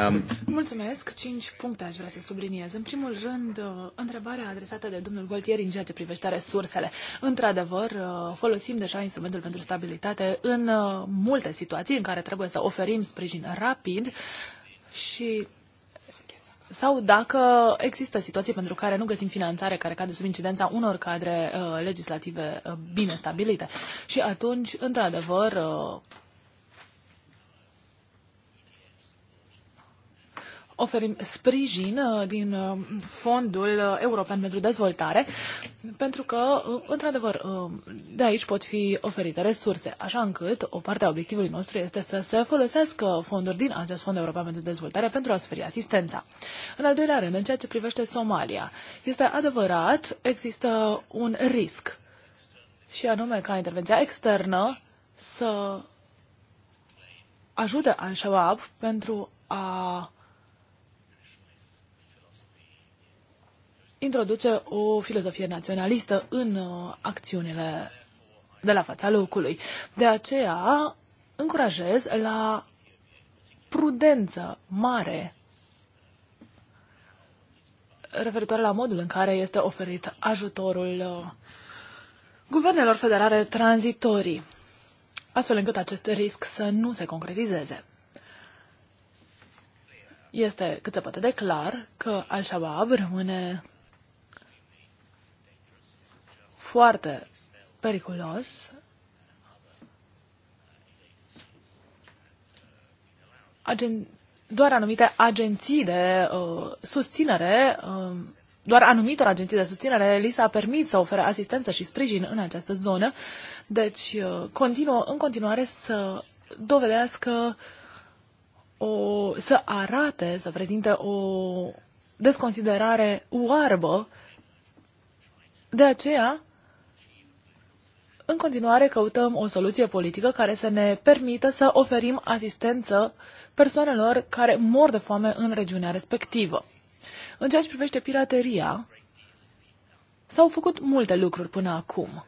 Um. Mulțumesc. Cinci puncte aș vrea să subliniez subliniez. În primul rând, uh, întrebarea adresată de domnul Goltier în ceea ce privește resursele. Într-adevăr, uh, folosim deja instrumentul pentru stabilitate în uh, multe situații în care trebuie să oferim sprijin rapid și sau dacă există situații pentru care nu găsim finanțare care cade sub incidența unor cadre uh, legislative uh, bine stabilite. Și atunci, într-adevăr, uh, oferim sprijin uh, din uh, Fondul uh, European pentru Dezvoltare, pentru că, într-adevăr, de aici pot fi oferite resurse, așa încât o parte a obiectivului nostru este să se folosească fonduri din acest Fond European pentru Dezvoltare pentru a oferi asistența. În al doilea rând, în ceea ce privește Somalia, este adevărat, există un risc și anume ca intervenția externă să ajute al Shabaab pentru a introduce o filozofie naționalistă în uh, acțiunile de la fața locului. De aceea încurajez la prudență mare referitoare la modul în care este oferit ajutorul uh, guvernelor federale tranzitorii, astfel încât acest risc să nu se concretizeze. Este cât se poate de clar că Al-Shabaab rămâne foarte periculos. Agen- doar anumite agenții de uh, susținere, uh, doar anumitor agenții de susținere li s-a permis să ofere asistență și sprijin în această zonă. Deci, uh, continuă în continuare să dovedească o, să arate, să prezinte o desconsiderare oarbă. De aceea, în continuare căutăm o soluție politică care să ne permită să oferim asistență persoanelor care mor de foame în regiunea respectivă. În ceea ce privește pirateria, s-au făcut multe lucruri până acum.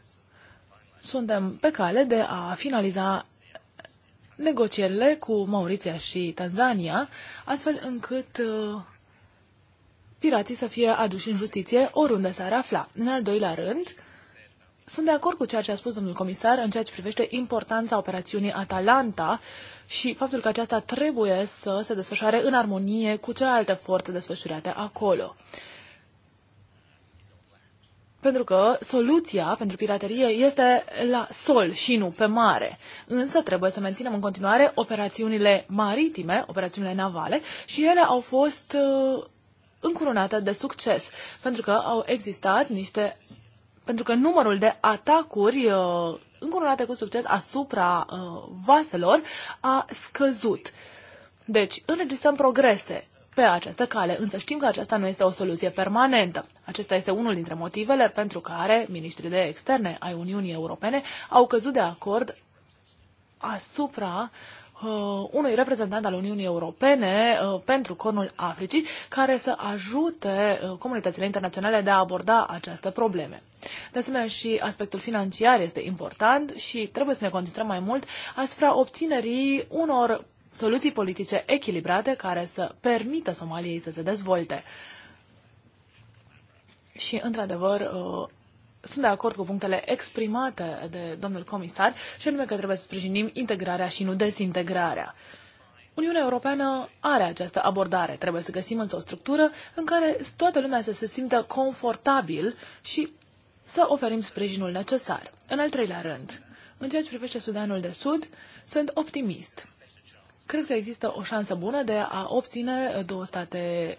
Suntem pe cale de a finaliza negocierile cu Mauriția și Tanzania, astfel încât uh, pirații să fie aduși în justiție oriunde s-ar afla. În al doilea rând, sunt de acord cu ceea ce a spus domnul comisar în ceea ce privește importanța operațiunii Atalanta și faptul că aceasta trebuie să se desfășoare în armonie cu celelalte forțe desfășurate acolo. Pentru că soluția pentru piraterie este la sol și nu pe mare. Însă trebuie să menținem în continuare operațiunile maritime, operațiunile navale și ele au fost uh, încurunate de succes, pentru că au existat niște pentru că numărul de atacuri uh, încoronate cu succes asupra uh, vaselor a scăzut. Deci, înregistrăm progrese pe această cale, însă știm că aceasta nu este o soluție permanentă. Acesta este unul dintre motivele pentru care ministrii de externe ai Uniunii Europene au căzut de acord asupra uh, uh, unui reprezentant al Uniunii Europene uh, pentru Cornul Africii care să ajute uh, comunitățile internaționale de a aborda aceste probleme. De asemenea, și aspectul financiar este important și trebuie să ne concentrăm mai mult asupra obținerii unor soluții politice echilibrate care să permită Somaliei să se dezvolte. Și, într-adevăr, uh, sunt de acord cu punctele exprimate de domnul comisar și anume că trebuie să sprijinim integrarea și nu dezintegrarea. Uniunea Europeană are această abordare. Trebuie să găsim însă o structură în care toată lumea să se simtă confortabil și să oferim sprijinul necesar. În al treilea rând, în ceea ce privește Sudanul de Sud, sunt optimist. Cred că există o șansă bună de a obține două state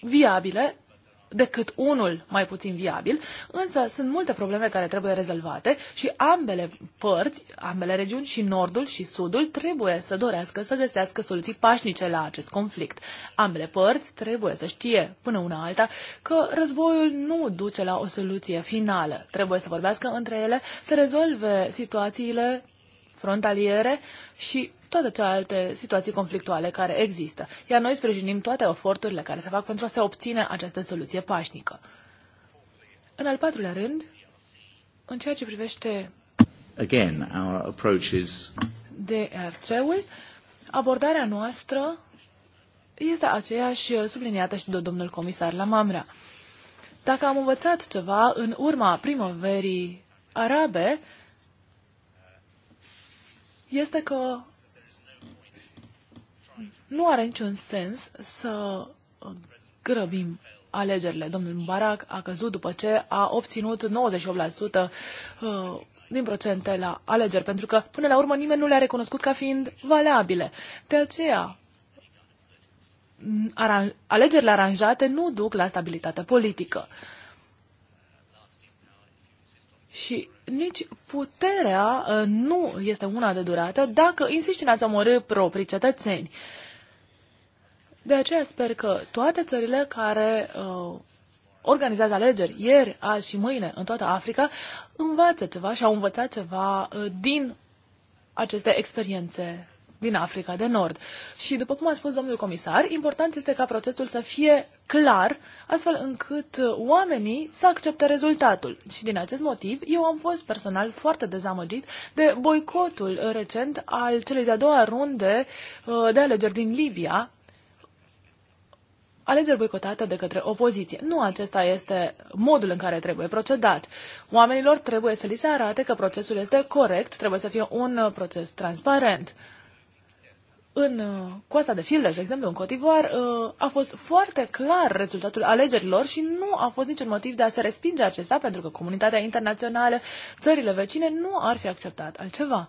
viabile decât unul mai puțin viabil, însă sunt multe probleme care trebuie rezolvate și ambele părți, ambele regiuni și nordul și sudul trebuie să dorească să găsească soluții pașnice la acest conflict. Ambele părți trebuie să știe până una alta că războiul nu duce la o soluție finală. Trebuie să vorbească între ele, să rezolve situațiile frontaliere și toate celelalte situații conflictuale care există. Iar noi sprijinim toate eforturile care se fac pentru a se obține această soluție pașnică. În al patrulea rând, în ceea ce privește Again, our approach is... DRC-ul, abordarea noastră este aceeași subliniată și de domnul comisar la Mamrea. Dacă am învățat ceva în urma primăverii arabe, este că nu are niciun sens să uh, grăbim alegerile. Domnul Mubarak a căzut după ce a obținut 98% uh, din procente la alegeri, pentru că până la urmă nimeni nu le-a recunoscut ca fiind valabile. De aceea, alegerile aranjate nu duc la stabilitate politică. Și nici puterea uh, nu este una de durată dacă insisti în a-ți omorâ proprii cetățeni. Uh, de aceea sper că toate țările care uh, organizează alegeri ieri, azi și mâine în toată Africa învață ceva și au învățat ceva uh, din aceste experiențe din Africa de Nord. Și după cum a spus domnul comisar, important este ca procesul să fie clar, astfel încât uh, oamenii să accepte rezultatul. Și din acest motiv, eu am fost personal foarte dezamăgit de boicotul uh, recent al celei de-a doua runde uh, de alegeri din Libia, alegeri boicotate de către opoziție. Nu acesta este modul în care trebuie procedat. Oamenilor trebuie să li se arate că procesul este corect, trebuie să fie un uh, proces transparent. În uh, coasta de Fildeș, de exemplu, în Cotivoar, uh, a fost foarte clar rezultatul alegerilor și nu a fost niciun motiv de a se respinge acesta, pentru că comunitatea internațională, țările vecine nu ar fi acceptat altceva.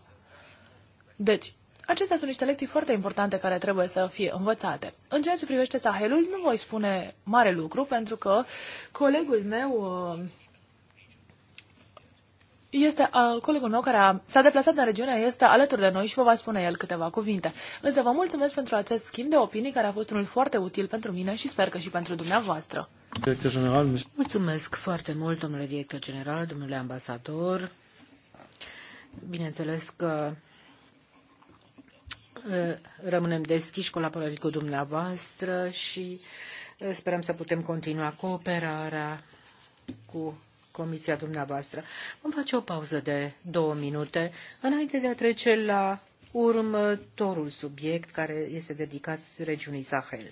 Deci, Acestea sunt niște lecții foarte importante care trebuie să fie învățate. În ceea ce privește Sahelul, nu voi spune mare lucru, pentru că colegul meu uh, este uh, colegul meu care a, s-a deplasat în regiune, este alături de noi și vă va spune el câteva cuvinte. Însă vă mulțumesc pentru acest schimb de opinii care a fost unul foarte util pentru mine și sper că și pentru dumneavoastră. Director general, mulțumesc foarte mult, domnule director general, domnule ambasador. Bineînțeles că Eh, rămânem deschiși colaborării cu dumneavoastră și eh, sperăm să putem continua cooperarea cu comisia dumneavoastră. Vom face o pauză de două minute înainte de a trece la următorul subiect care este dedicat regiunii Sahel.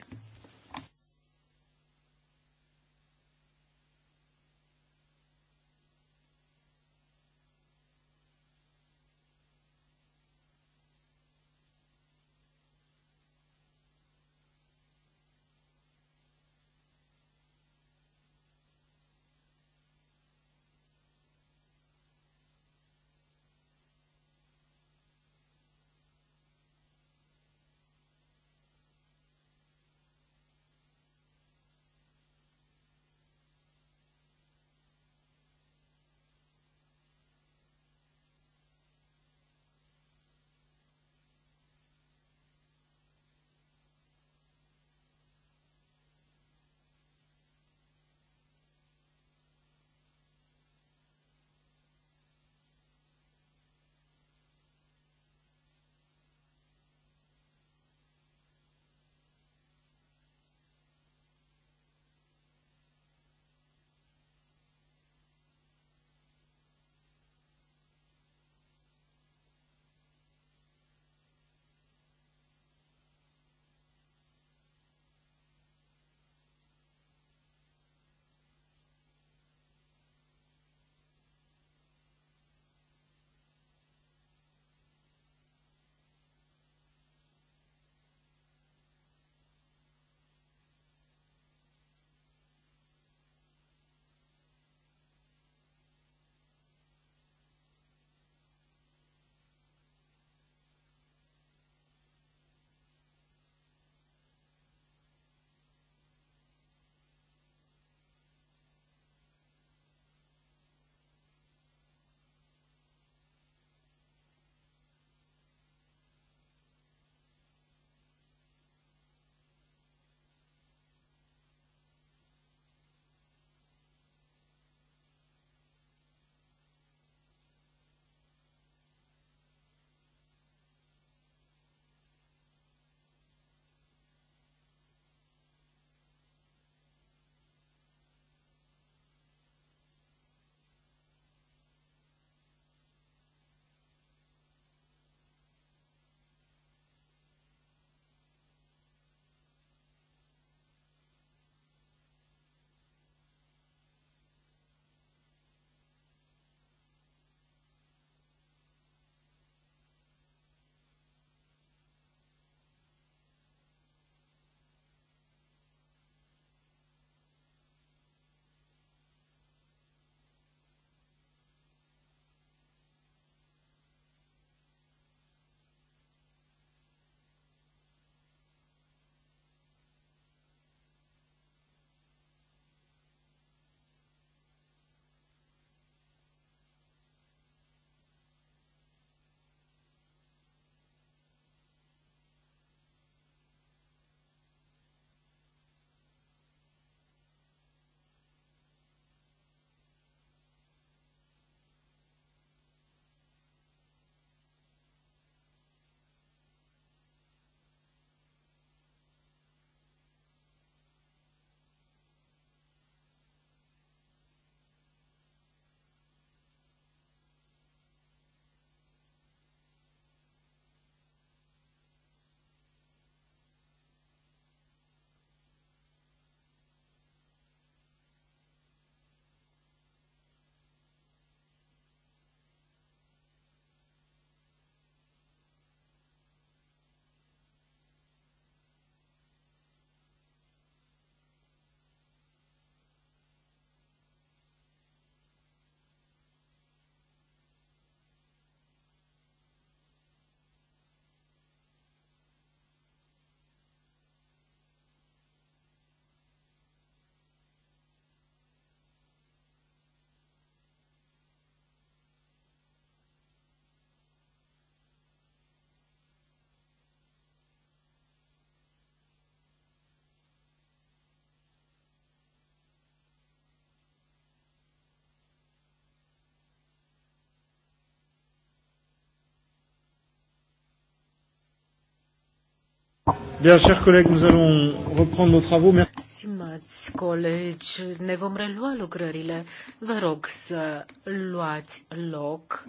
Bien, chers collègues, nous allons reprendre nos travaux. Merci. Stimați colegi, ne vom relua lucrările. Vă rog să luați loc.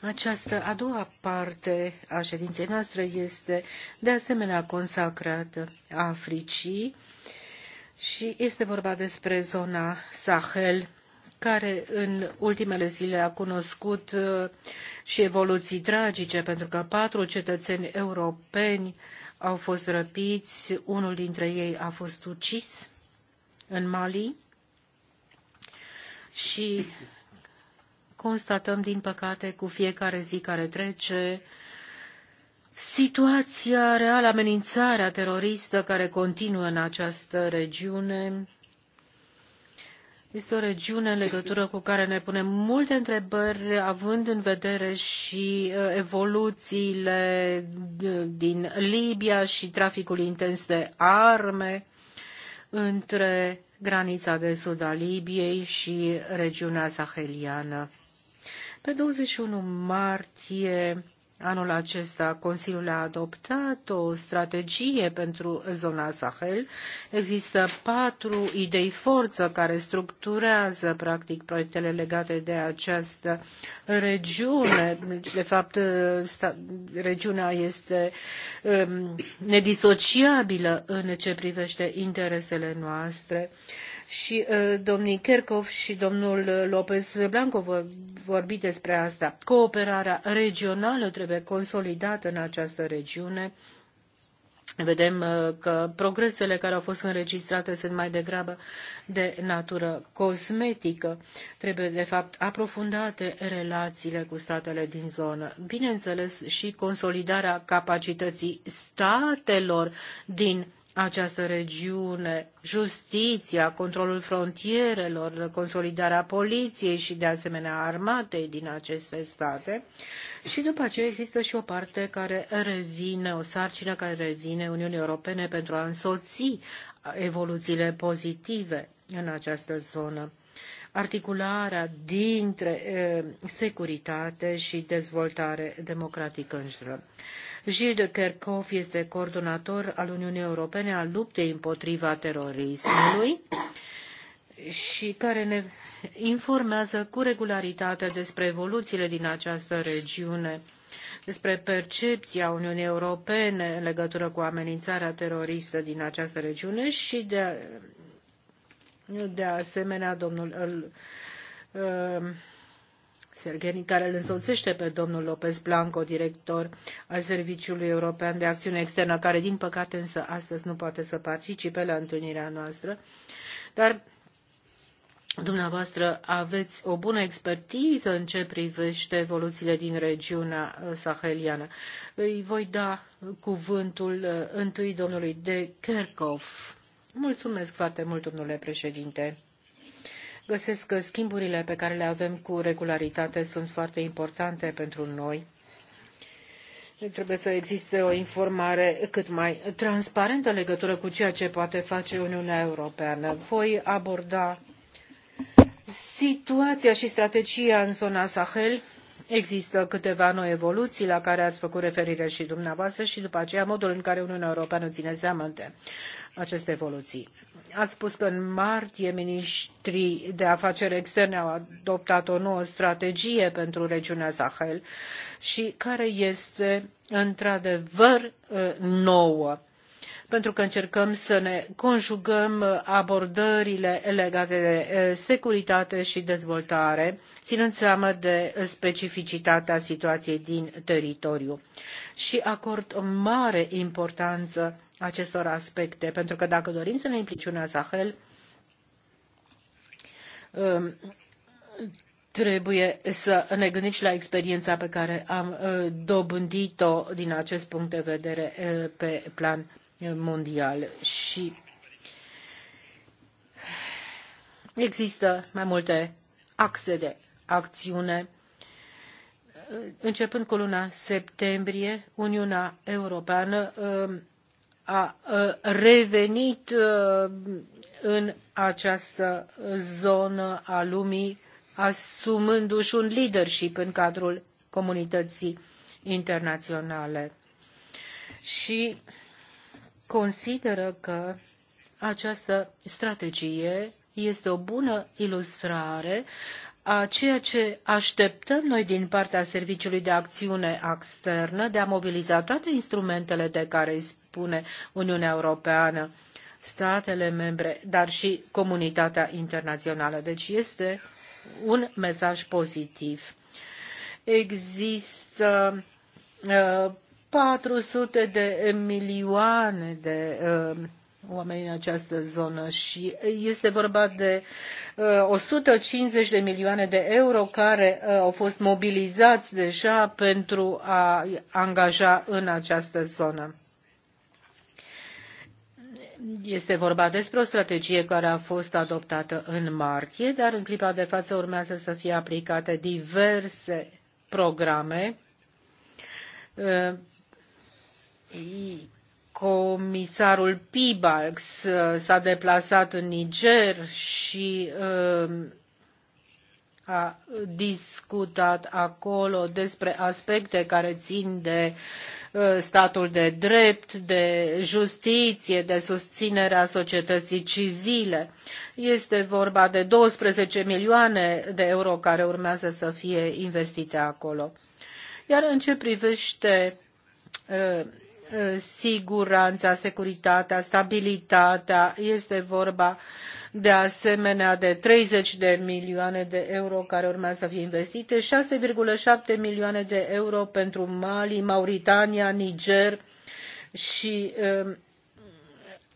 Această a doua parte a ședinței noastre este de asemenea consacrată Africii și este vorba despre zona Sahel care în ultimele zile a cunoscut uh, și evoluții tragice, pentru că patru cetățeni europeni au fost răpiți, unul dintre ei a fost ucis în Mali și constatăm, din păcate, cu fiecare zi care trece, situația reală, amenințarea teroristă care continuă în această regiune, este o regiune în legătură cu care ne punem multe întrebări, având în vedere și uh, evoluțiile uh, din Libia și traficul intens de arme între granița de sud a Libiei și regiunea saheliană. Pe 21 martie Anul acesta Consiliul a adoptat o strategie pentru zona Sahel. Există patru idei forță care structurează practic proiectele legate de această regiune. Deci, de fapt, sta, regiunea este um, nedisociabilă în ce privește interesele noastre. Uh, și uh, domnii Kerkov și domnul uh, López Blanco vor vorbi despre asta. Cooperarea regională trebuie consolidată în această regiune. Vedem uh, că progresele care au fost înregistrate sunt mai degrabă de natură cosmetică. Trebuie, de fapt, aprofundate relațiile cu statele din zonă. Bineînțeles, și consolidarea capacității statelor din această regiune, justiția, controlul frontierelor, consolidarea poliției și de asemenea armatei din aceste state. Și după aceea există și o parte care revine, o sarcină care revine Uniunii Europene pentru a însoți evoluțiile pozitive în această zonă articularea dintre e, eh, securitate și dezvoltare democratică în jură. Gilles de Kerchove este coordonator al Uniunii Europene al luptei împotriva terorismului și care ne informează cu regularitate despre evoluțiile din această regiune, despre percepția Uniunii Europene în legătură cu amenințarea teroristă din această regiune și de, de asemenea domnul uh, Sergeni, care îl însoțește pe domnul Lopez Blanco, director al Serviciului European de Acțiune Externă, care din păcate însă astăzi nu poate să participe la întâlnirea noastră. Dar Dumneavoastră aveți o bună expertiză în ce privește evoluțiile din regiunea uh, saheliană. Îi voi da uh, cuvântul uh, întâi domnului de Kerkov. Mulțumesc foarte mult, domnule președinte. Găsesc că schimburile pe care le avem cu regularitate sunt foarte importante pentru noi. Trebuie să existe o informare cât mai transparentă în legătură cu ceea ce poate face Uniunea Europeană. Voi aborda situația și strategia în zona Sahel. Există câteva noi evoluții la care ați făcut referire și dumneavoastră și după aceea modul în care Uniunea Europeană ține seama de aceste evoluții. Ați spus că în martie ministrii de afaceri externe au adoptat o nouă strategie pentru regiunea Sahel și care este într-adevăr ă, nouă pentru că încercăm să ne conjugăm abordările legate de ă, securitate și dezvoltare, ținând seama de specificitatea situației din teritoriu. Și acord o mare importanță acestor aspecte, pentru că dacă dorim să ne implicăm Sahel, um, trebuie să ne gândim și la experiența pe care am uh, dobândit-o din acest punct de vedere uh, pe plan uh, mondial și există mai multe axe de acțiune. Începând cu luna septembrie, Uniunea Europeană um, a revenit în această zonă a lumii, asumându-și un leadership în cadrul comunității internaționale. Și consideră că această strategie este o bună ilustrare a ceea ce așteptăm noi din partea Serviciului de Acțiune Externă de a mobiliza toate instrumentele de care spune Uniunea Europeană, statele membre, dar și comunitatea internațională. Deci este un mesaj pozitiv. Există uh, 400 de milioane de uh, oameni în această zonă și este vorba de uh, o sută cincizeci de milioane de euro care uh, au fost mobilizați deja pentru a angaja în această zonă. Este vorba despre o strategie care a fost adoptată în martie, dar în clipa de față urmează să fie aplicate diverse programe. Uh, comisarul Piebalgs uh, s-a deplasat în Niger și uh, a discutat acolo despre aspecte care țin de uh, statul de drept, de justiție, de susținerea societății civile. Este vorba de 12 milioane de euro care urmează să fie investite acolo. Iar în ce privește uh, siguranța, securitatea, stabilitatea. Este vorba de asemenea de 30 de milioane de euro care urmează să fie investite, 6,7 milioane de euro pentru Mali, Mauritania, Niger și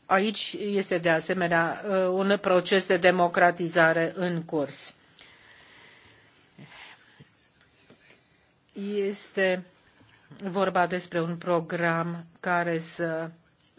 aici este de asemenea un proces de democratizare în curs. Este vorba despre un program care să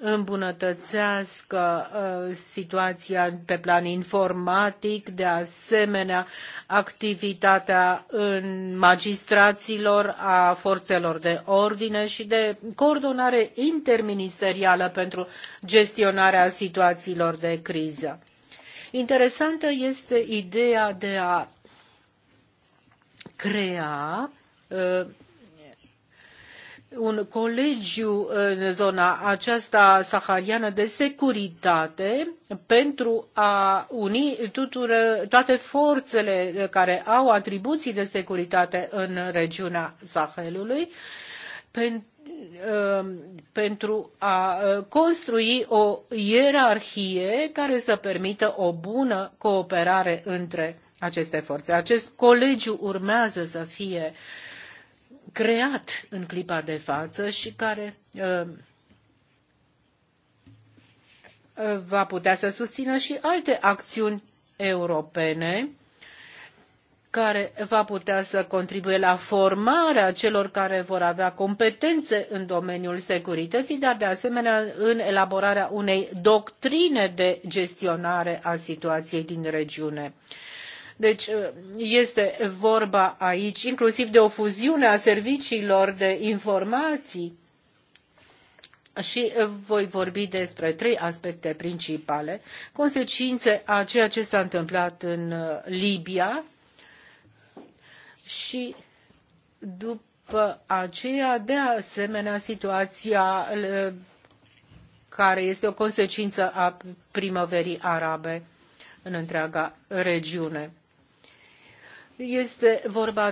îmbunătățească uh, situația pe plan informatic, de asemenea activitatea în magistraților, a forțelor de ordine și de coordonare interministerială pentru gestionarea situațiilor de criză. Interesantă este ideea de a crea uh, un colegiu în zona aceasta sahariană de securitate pentru a uni toate forțele care au atribuții de securitate în regiunea Sahelului pentru um, pentru a uh, construi o ierarhie care să permită o bună cooperare între aceste forțe. Acest colegiu urmează să fie uh, creat în clipa de față și care uh, uh, va putea să susțină și alte acțiuni europene care va putea să contribuie la formarea celor care vor avea competențe în domeniul securității, dar de asemenea în elaborarea unei doctrine de gestionare a situației din regiune. Deci ă, este vorba aici inclusiv de o fuziune a serviciilor de informații și ă, voi vorbi despre trei aspecte principale consecințe a ceea ce s a întâmplat în ă, libia și după aceea de asemenea situația care este o consecință a primăverii arabe în întreaga regiune este vorba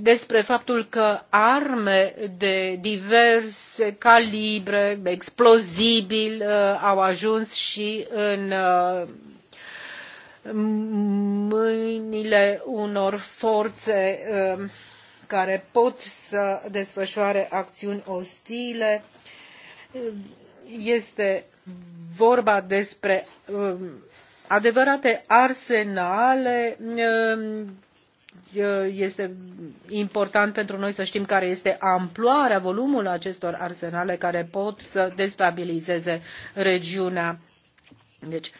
despre, faptul că arme de diverse calibre, explozibili, uh, au ajuns și în uh, mâinile unor forțe uh, care pot să desfășoare acțiuni ostile. Este vorba despre adevărate arsenale um, uh, este important pentru noi să știm care este amploarea, volumul acestor arsenale care pot să destabilizeze regiunea. Deci,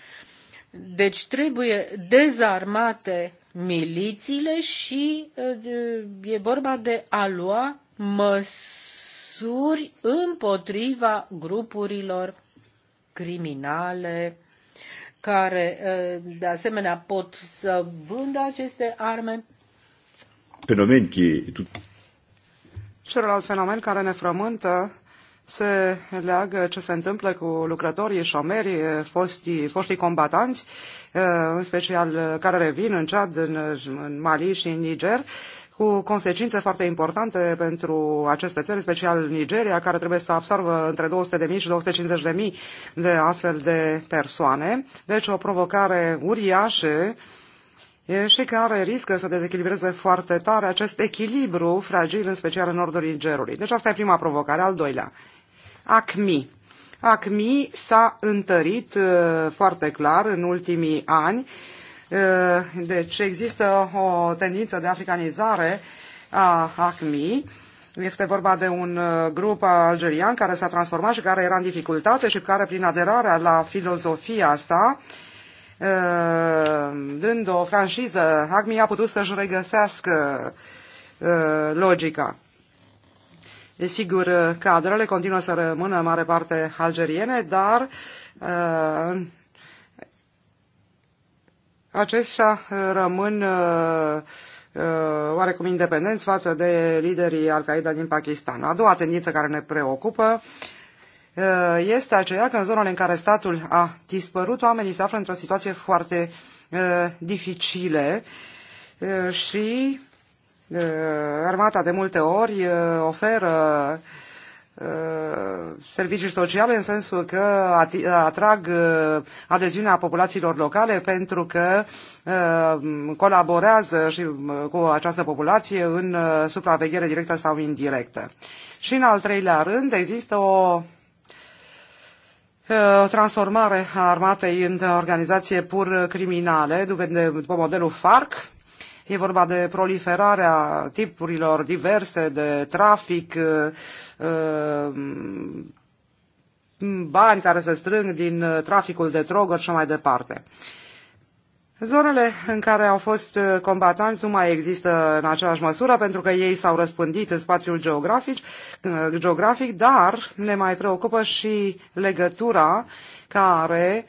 deci trebuie dezarmate milițiile și uh, e vorba de a lua măsuri împotriva grupurilor criminale care de asemenea pot să vândă aceste arme. Fenomen care... Celălalt fenomen care ne frământă se leagă ce se întâmplă cu lucrătorii, șomerii, foștii, foștii combatanți, în special care revin în Chad, în, Mali și în Niger, cu consecințe foarte importante pentru aceste țări, în special Nigeria, care trebuie să absorbă între 200.000 și 250.000 de astfel de persoane. Deci o provocare uriașă și care riscă să dezechilibreze foarte tare acest echilibru fragil, în special în nordul Nigerului. Deci asta e prima provocare. Al doilea, ACMI. ACMI s-a întărit uh, foarte clar în ultimii ani Eh, deci există o tendință de africanizare a ACMI. Este vorba de un eh, grup algerian care s-a transformat și care era în dificultate și care prin aderarea la filozofia sa, eh, dând o franciză, ACMI a putut să-și regăsească logica. Desigur, cadrele continuă să rămână în mare parte algeriene, dar aceștia uh, rămân uh, uh, oarecum independenți față de liderii Al-Qaeda din Pakistan. A doua tendință care ne preocupă este aceea că în zonele în care statul a dispărut, oamenii se află într-o situație foarte dificile și armata de multe ori oferă uh, Uh, servicii sociale în sensul că atrag uh, adeziunea populațiilor locale pentru că uh, colaborează și cu această populație în supraveghere directă sau indirectă. Și în al treilea rând există o o transformare a armatei în organizație pur criminale, după modelul FARC, E vorba de proliferarea tipurilor diverse de trafic, Ehm, bani care se strâng din uh, traficul de droguri și mai departe. Zonele în care au fost uh, combatanți nu mai există în aceeași măsură pentru că ei s-au răspândit în spațiul geografic, uh, geografic, dar ne mai preocupă și legătura care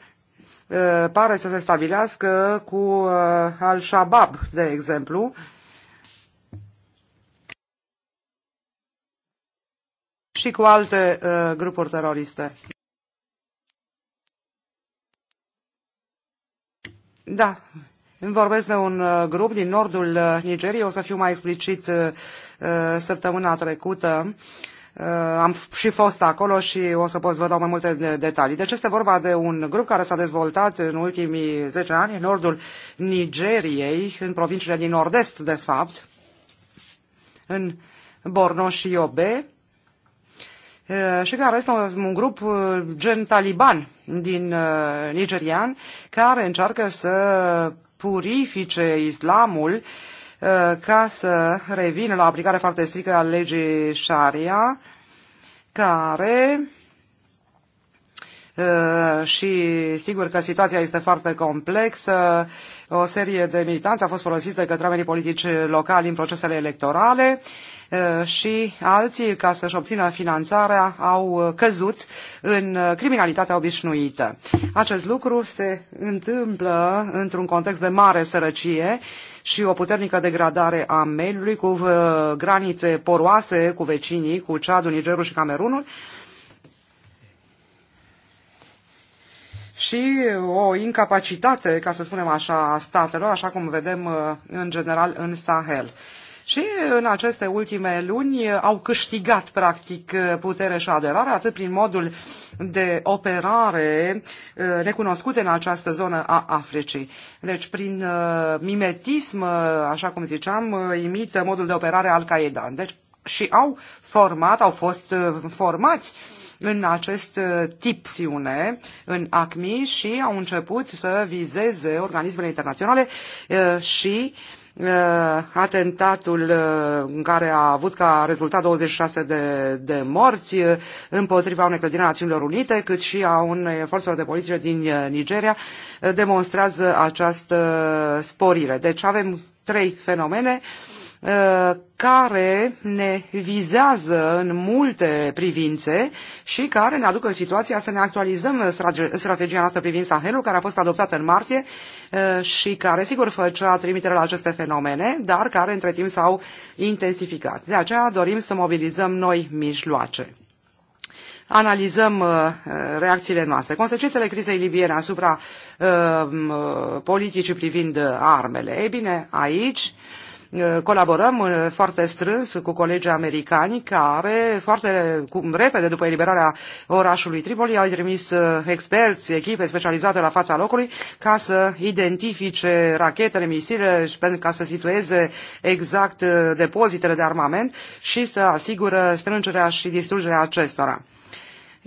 pare să se stabilească cu Al-Shabaab, de exemplu, și cu alte uh, grupuri teroriste. Da, îmi vorbesc de un uh, grup din nordul uh, Nigeriei, o să fiu mai explicit uh, uh săptămâna trecută. Uh, am și fost acolo și o să pot vă dau mai multe de detalii. Deci este vorba de un grup care s-a dezvoltat în ultimii 10 ani în nordul Nigeriei, în provinciile din nord-est, de fapt, în Borno și Iobe și care este un grup gen taliban din nigerian care încearcă să purifice islamul ca să revină la aplicare foarte strictă a legii Sharia care și sigur că situația este foarte complexă. O serie de militanți a fost folosiți de către oamenii politici locali în procesele electorale și alții, ca să-și obțină finanțarea, au căzut în criminalitatea obișnuită. Acest lucru se întâmplă într-un context de mare sărăcie și o puternică degradare a mediului cu granițe poroase cu vecinii, cu Ceadul, Nigerul și Camerunul, și o incapacitate, ca să spunem așa, a statelor, așa cum vedem în general în Sahel. Și în aceste ultime luni au câștigat practic putere și aderare, atât prin modul de operare uh, recunoscute în această zonă a Africii. Deci prin uh, mimetism, uh, așa cum ziceam, imită modul de operare al Qaeda. Deci și au format, au fost formați în acest tip siune, în ACMI și au început să vizeze organismele internaționale și uh, Uh, atentatul uh, în care a avut ca rezultat 26 de, de morți uh, împotriva unei clădiri a Națiunilor Unite, cât și a unei forțelor de poliție din Nigeria, demonstrează această sporire. Deci avem trei fenomene uh, Uh, care ne vizează în multe privințe și care ne aduc în situația să ne actualizăm strategia noastră privind Sahelul, care a fost adoptată în martie uh, și care, sigur, făcea trimitere la aceste fenomene, dar care între timp s-au intensificat. De aceea dorim să mobilizăm noi mijloace analizăm uh, reacțiile noastre. Consecințele crizei libiene asupra uh, politicii privind armele. Ei bine, aici uh, Eh, colaborăm eh, foarte strâns cu colegii americani care foarte cum, repede după eliberarea orașului Tripoli au trimis eh, experți, echipe specializate la fața locului ca să identifice rachetele, misile și pentru ca să situeze exact depozitele de armament și să asigură strângerea și distrugerea acestora.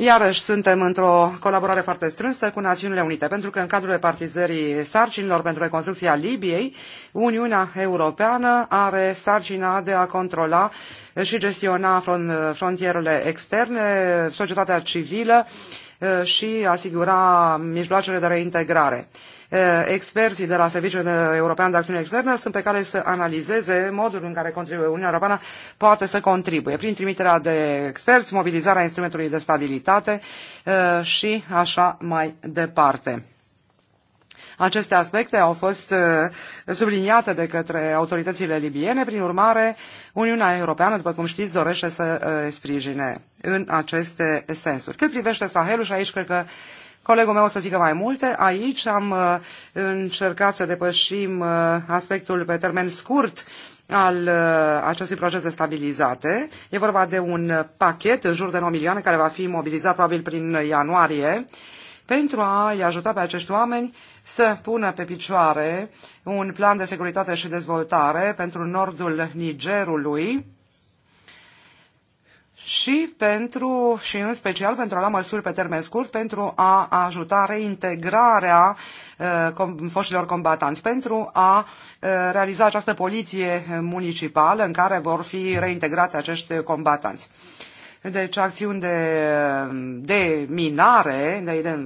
Iarăși suntem într-o colaborare foarte strânsă cu Națiunile Unite, pentru că în cadrul repartizării sarcinilor pentru reconstrucția Libiei, Uniunea Europeană are sarcina de a controla și gestiona frontierele externe, societatea civilă eh, și asigura mijloacele de reintegrare. Eh, experții de la Serviciul European de Acțiune Externă sunt pe care să analizeze modul în care Uniunea Europeană poate să contribuie prin trimiterea de experți, mobilizarea instrumentului de stabilitate eh, și așa mai departe. Aceste aspecte au fost eh, subliniate de către autoritățile libiene, prin urmare, Uniunea Europeană, după cum știți, dorește să sprijine în aceste sensuri. Cât privește Sahelul, și aici cred că Colegul meu o să zică mai multe. Aici am uh, încercat să depășim uh, aspectul pe termen scurt al uh, acestui proces de stabilizate. E vorba de un pachet în jur de 9 milioane care va fi mobilizat probabil prin ianuarie pentru a-i ajuta pe acești oameni să pună pe picioare un plan de securitate și dezvoltare pentru nordul Nigerului și pentru și în special pentru a lua măsuri pe termen scurt pentru a ajuta reintegrarea uh, foștilor combatanți, pentru a uh, realiza această poliție municipală în care vor fi reintegrați acești combatanți. Deci acțiuni de, de minare de, de,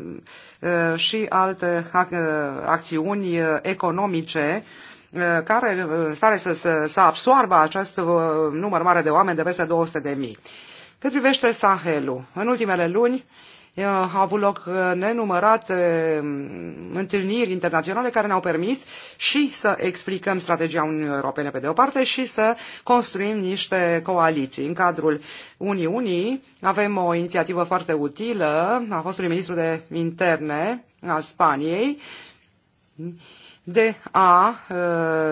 uh, și alte acțiuni economice care stare să, să, să absoarbă acest număr mare de oameni de peste 200 de mii. Cât privește Sahelul, în ultimele luni a avut loc nenumărate întâlniri internaționale care ne-au permis și să explicăm strategia Uniunii Europene pe de o parte și să construim niște coaliții. În cadrul Uniunii avem o inițiativă foarte utilă a fostului ministru de interne al Spaniei de a uh,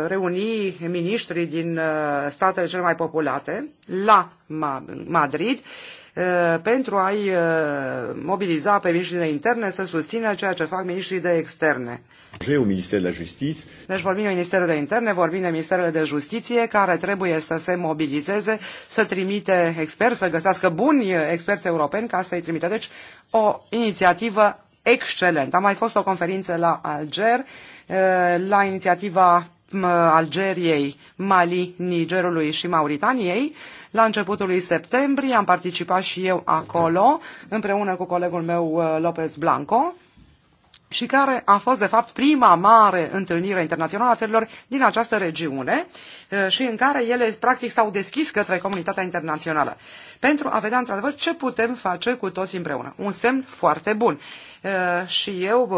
reuni miniștrii din uh, statele cele mai populate la Madrid uh, pentru a-i mobiliza pe miniștrii de interne să susțină ceea ce fac miniștrii de externe. de Justiție. Deci vorbim de Ministerul de Interne, vorbim de Ministerul de Justiție, care trebuie să se mobilizeze, să trimite experți, să găsească buni experți europeni ca să-i trimite. Deci o inițiativă excelentă. A mai fost o conferință la Alger, Uh, la inițiativa uh, Algeriei, Mali, Nigerului și Mauritaniei. La începutul lui septembrie am participat și eu acolo, împreună cu colegul meu uh, Lopez Blanco, și care a fost, de fapt, prima mare întâlnire internațională a țărilor din această regiune și în care ele, practic, s-au deschis către comunitatea internațională pentru a vedea, într-adevăr, ce putem face cu toți împreună. Un semn foarte bun și eu,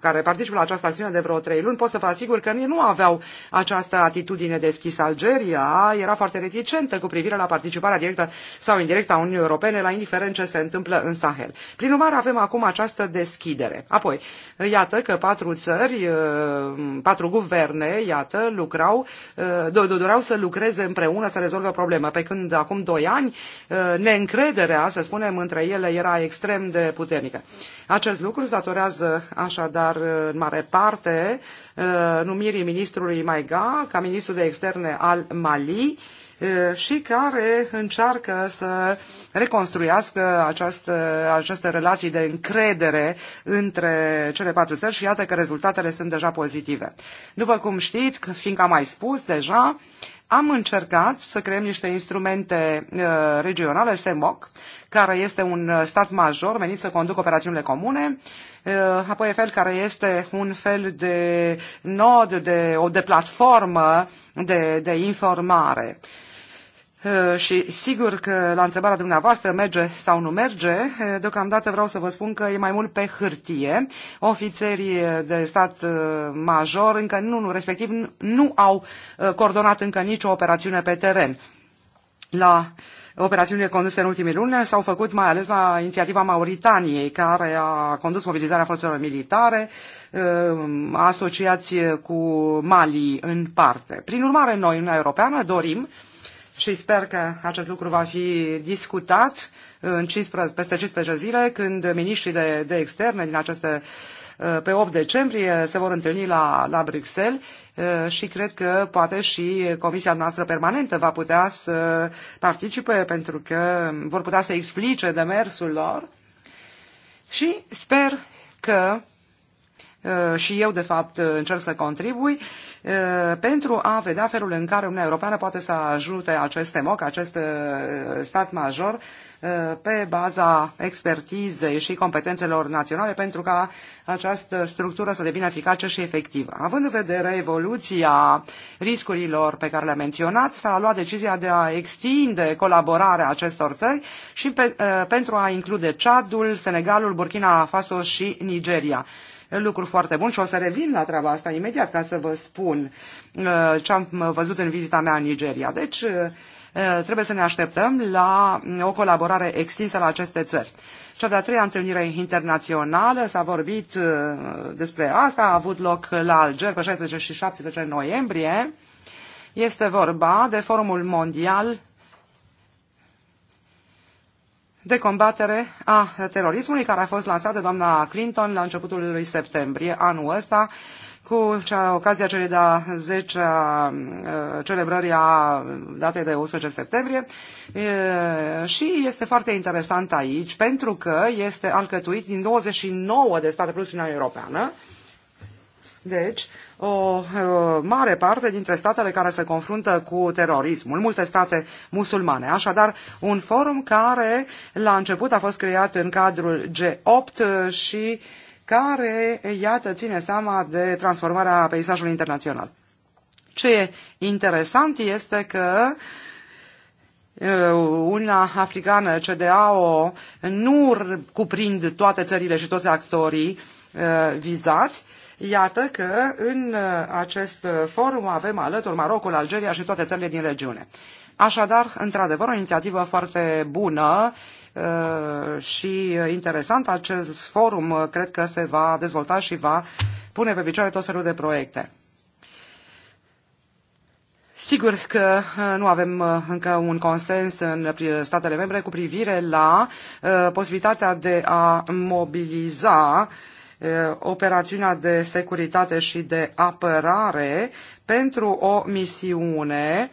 care particip la această acțiune de vreo trei luni, pot să vă asigur că nu aveau această atitudine deschisă. Algeria era foarte reticentă cu privire la participarea directă sau indirectă a Uniunii Europene la indiferent ce se întâmplă în Sahel. Prin urmare, avem acum această deschidere. Apoi, iată că patru țări, patru guverne, iată, lucrau, doreau să lucreze împreună să rezolve o problemă, pe când acum doi ani neîncrederea, să spunem, între ele era extrem de puternică. Acest lucru se datorează așadar în mare parte uh, numirii ministrului Maiga ca ministru de externe al Mali uh, și care încearcă să reconstruiască această, aceste relații de încredere între cele patru țări și iată că rezultatele sunt deja pozitive. După cum știți, fiindcă am mai spus deja, am încercat să creăm niște instrumente uh, regionale, SEMOC, care este un uh, stat major menit să conducă operațiunile comune, uh, apoi fel care este un fel de nod, de, o, de platformă de, de informare. Eh, și sigur că la întrebarea dumneavoastră merge sau nu merge, eh, deocamdată vreau să vă spun că e mai mult pe hârtie. Ofițerii de stat eh, major încă nu, respectiv nu au coordonat încă nicio operațiune pe teren. La operațiunile conduse în ultimii luni s-au făcut mai ales la inițiativa Mauritaniei, care a condus mobilizarea forțelor militare, asociație cu Mali în parte. Prin urmare, noi, Uniunea Europeană, dorim și sper că acest lucru va fi discutat uh, în 15, peste 15 zile când miniștrii de, de externe din aceste uh, pe 8 decembrie se vor întâlni la, la Bruxelles uh, și cred că poate și comisia noastră permanentă va putea să participe pentru că vor putea să explice demersul lor și sper că Uh, și eu, de fapt, uh, încerc să contribui uh, pentru a vedea felul în care Uniunea Europeană poate să ajute acest EMOC, acest stat major, pe baza expertizei și competențelor naționale pentru ca această structură să devină eficace și efectivă. Având în vedere evoluția riscurilor pe care le-am menționat, s-a luat decizia de a extinde colaborarea acestor țări și pe, pentru a include Chadul, Senegalul, Burkina Faso și Nigeria lucru foarte bun și o să revin la treaba asta imediat ca să vă spun uh, ce am uh, văzut în vizita mea în Nigeria. Deci uh, trebuie să ne așteptăm la mm, o colaborare extinsă la aceste țări. Cea de-a treia întâlnire internațională s-a vorbit despre asta, a avut loc la Alger pe 16 și 17 noiembrie. Este vorba de Forumul Mondial de combatere a terorismului, care a fost lansat de doamna Clinton la începutul lui septembrie anul ăsta, cu cea, ocazia celei de-a 10 -a, uh, celebrării a datei de 11 septembrie e, și este foarte interesant aici pentru că este alcătuit din 29 de state plus Uniunea Europeană. Deci, o mare parte dintre statele care se confruntă cu terorismul, multe state musulmane. Așadar, un forum care la început a fost creat în cadrul G8 și care, iată, ține seama de transformarea peisajului internațional. Ce e interesant este că Uniunea Africană, CDAO, nu cuprind toate țările și toți actorii vizați, Iată că în uh, acest uh, forum avem alături Marocul, Algeria și toate țările din regiune. Așadar, într-adevăr, o inițiativă foarte bună uh, și interesantă. Acest forum cred că se va dezvolta și va pune pe picioare tot felul de proiecte. Sigur că nu avem încă un consens în statele membre cu privire la posibilitatea de a mobiliza uh, operațiunea de securitate și de apărare pentru o misiune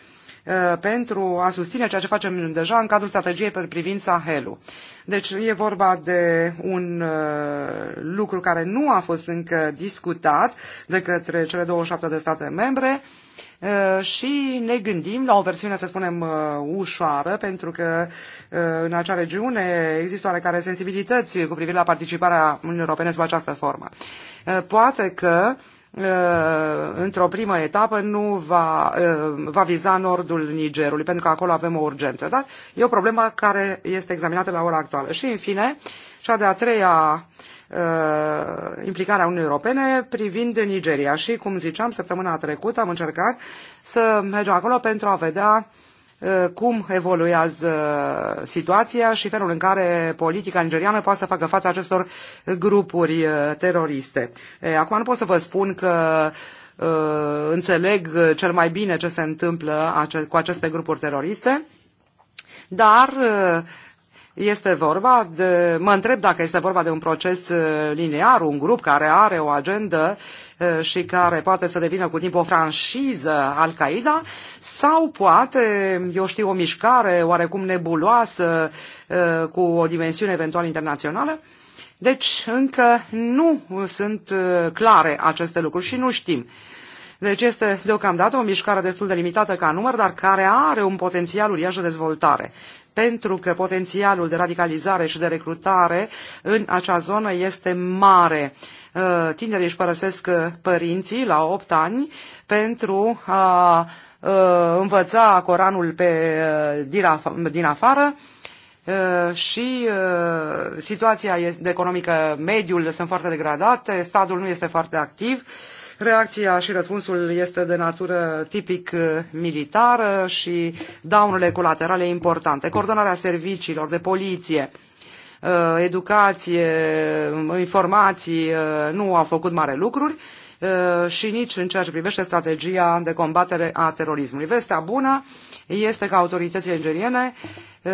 pentru a susține ceea ce facem deja în cadrul strategiei privind Sahelul. Deci e vorba de un lucru care nu a fost încă discutat de către cele 27 de state membre, Uh, și ne gândim la o versiune, să spunem, uh, ușoară, pentru că uh, în acea regiune există oarecare sensibilități cu privire la participarea Uniunii Europene sub această formă. Poate că într-o primă etapă nu va, va viza nordul Nigerului, pentru că acolo avem o urgență. Dar e o problemă care este examinată la ora actuală. Și, în fine, cea de-a treia uh, Uh, implicarea Uniunii Europene privind Nigeria. Și, cum ziceam, săptămâna trecută am încercat să mergem acolo pentru a vedea uh, cum evoluează uh, situația și felul în care politica nigeriană poate să facă față acestor grupuri teroriste. Acum nu pot să vă spun că înțeleg cel mai bine ce se întâmplă cu aceste grupuri teroriste, dar este vorba de, mă întreb dacă este vorba de un proces uh, linear, un grup care are o agendă uh, și care poate să devină cu timp o franșiză Al-Qaeda sau poate, eu știu, o mișcare oarecum nebuloasă uh, cu o dimensiune eventual internațională. Deci încă nu sunt clare aceste lucruri și nu știm. Deci este deocamdată o mișcare destul de limitată ca număr, dar care are un potențial uriaș de dezvoltare pentru că potențialul de radicalizare și de recrutare în acea zonă este mare. Uh, tinerii își părăsesc uh, părinții la 8 ani pentru a uh, învăța Coranul pe, din afară și situația economică, mediul sunt foarte degradate, statul nu este foarte activ Reacția și răspunsul este de natură tipic uh, militară și daunele colaterale importante. Coordonarea serviciilor de poliție, uh, educație, uh, informații nu au făcut mare lucruri și nici în ceea ce privește strategia de combatere a terorismului. Vestea bună este că autoritățile nigeriene uh,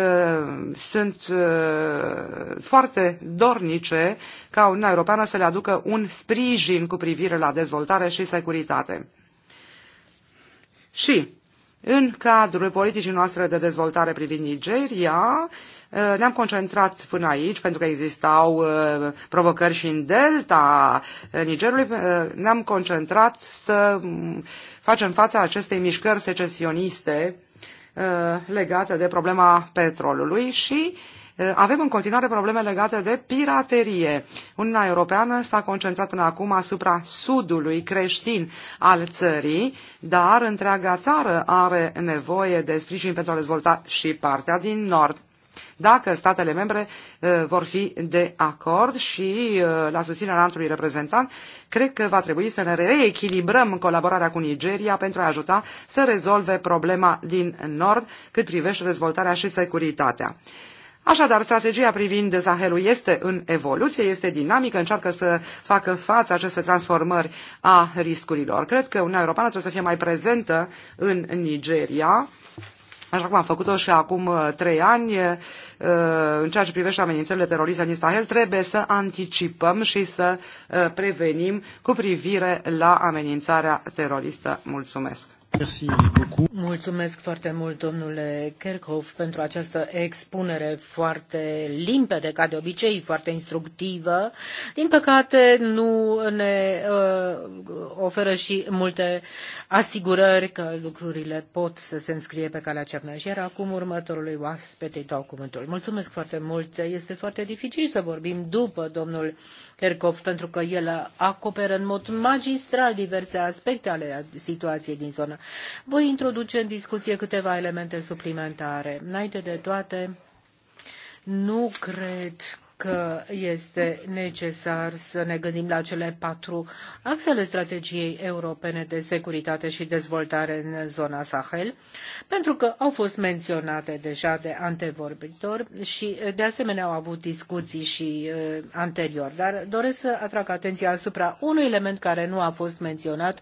sunt uh, foarte dornice ca Uniunea Europeană să le aducă un sprijin cu privire la dezvoltare și securitate. Și în cadrul politicii noastre de dezvoltare privind Nigeria, uh, ne-am concentrat până aici, pentru că existau provocări și în delta Nigerului, ne-am concentrat să mm, facem fața acestei mișcări secesioniste Uh, legate de problema petrolului și uh, avem în continuare probleme legate de piraterie. Uniunea Europeană s-a concentrat până acum asupra sudului creștin al țării, dar întreaga țară are nevoie de sprijin pentru a dezvolta și partea din nord dacă statele membre uh, vor fi de acord și uh, la susținerea altului reprezentant, cred că va trebui să ne reechilibrăm colaborarea cu Nigeria pentru a ajuta să rezolve problema din nord cât privește dezvoltarea și securitatea. Așadar, strategia privind Sahelul este în evoluție, este dinamică, încearcă să facă față aceste transformări a riscurilor. Cred că Uniunea Europeană trebuie să fie mai prezentă în Nigeria așa cum am făcut-o și acum uh, trei ani, uh, în ceea ce privește amenințările teroriste din Sahel, trebuie să anticipăm și să uh, prevenim cu privire la amenințarea teroristă. Mulțumesc! Mulțumesc foarte mult, domnule Kerkhoff, pentru această expunere foarte limpede, ca de obicei, foarte instructivă. Din păcate, nu ne uh, oferă și multe asigurări că lucrurile pot să se înscrie pe calea cea bună. Iar acum următorului oaspete îi dau cuvântul. Mulțumesc foarte mult. Este foarte dificil să vorbim după domnul Kerkov, pentru că el acoperă în mod magistral diverse aspecte ale situației din zonă. Voi introduce în discuție câteva elemente suplimentare. Înainte de toate, nu cred că este necesar să ne gândim la cele patru axele strategiei europene de securitate și dezvoltare în zona Sahel, pentru că au fost menționate deja de antevorbitori și de asemenea au avut discuții și uh, anterior. Dar doresc să atrag atenția asupra unui element care nu a fost menționat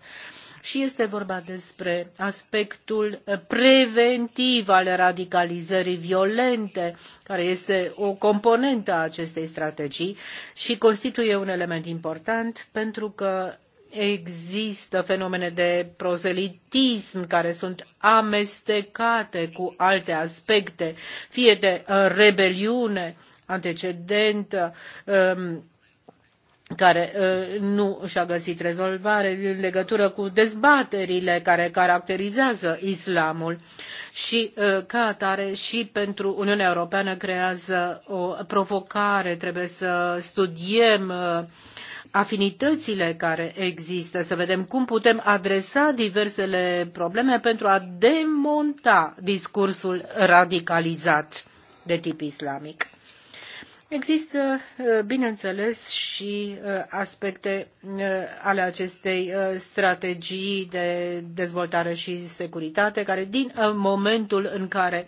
și este vorba despre aspectul eh, preventiv al radicalizării violente, care este o componentă a acestei strategii și constituie un element important pentru că există fenomene de prozelitism care sunt amestecate cu alte aspecte, fie de eh, rebeliune antecedentă, um, care ă, nu și-a găsit rezolvare în legătură cu dezbaterile care caracterizează islamul și ă, ca atare și pentru Uniunea Europeană creează o provocare. Trebuie să studiem ă, afinitățile care există, să vedem cum putem adresa diversele probleme pentru a demonta discursul radicalizat de tip islamic. Există, uh, bineînțeles, și uh, aspecte uh, ale acestei strategii de dezvoltare și securitate, care din momentul în care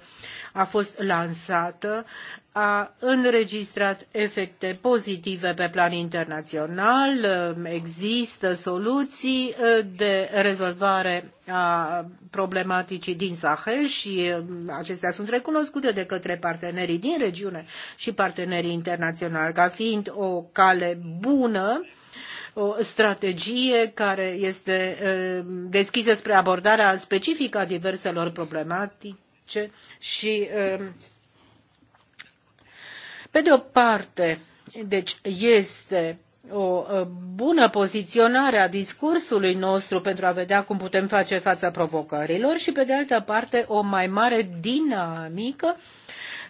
a fost lansată a înregistrat efecte pozitive pe plan internațional, există soluții uh, de rezolvare a problematicii din Sahel și uh, acestea sunt recunoscute de către partenerii din regiune și partenerii internaționali ca fiind o cale bună o strategie care este uh, deschisă spre abordarea specifică a diverselor problematici și pe de o parte, deci este o ă, bună poziționare a discursului nostru pentru a vedea cum putem face fața provocărilor și, pe de altă parte, o mai mare dinamică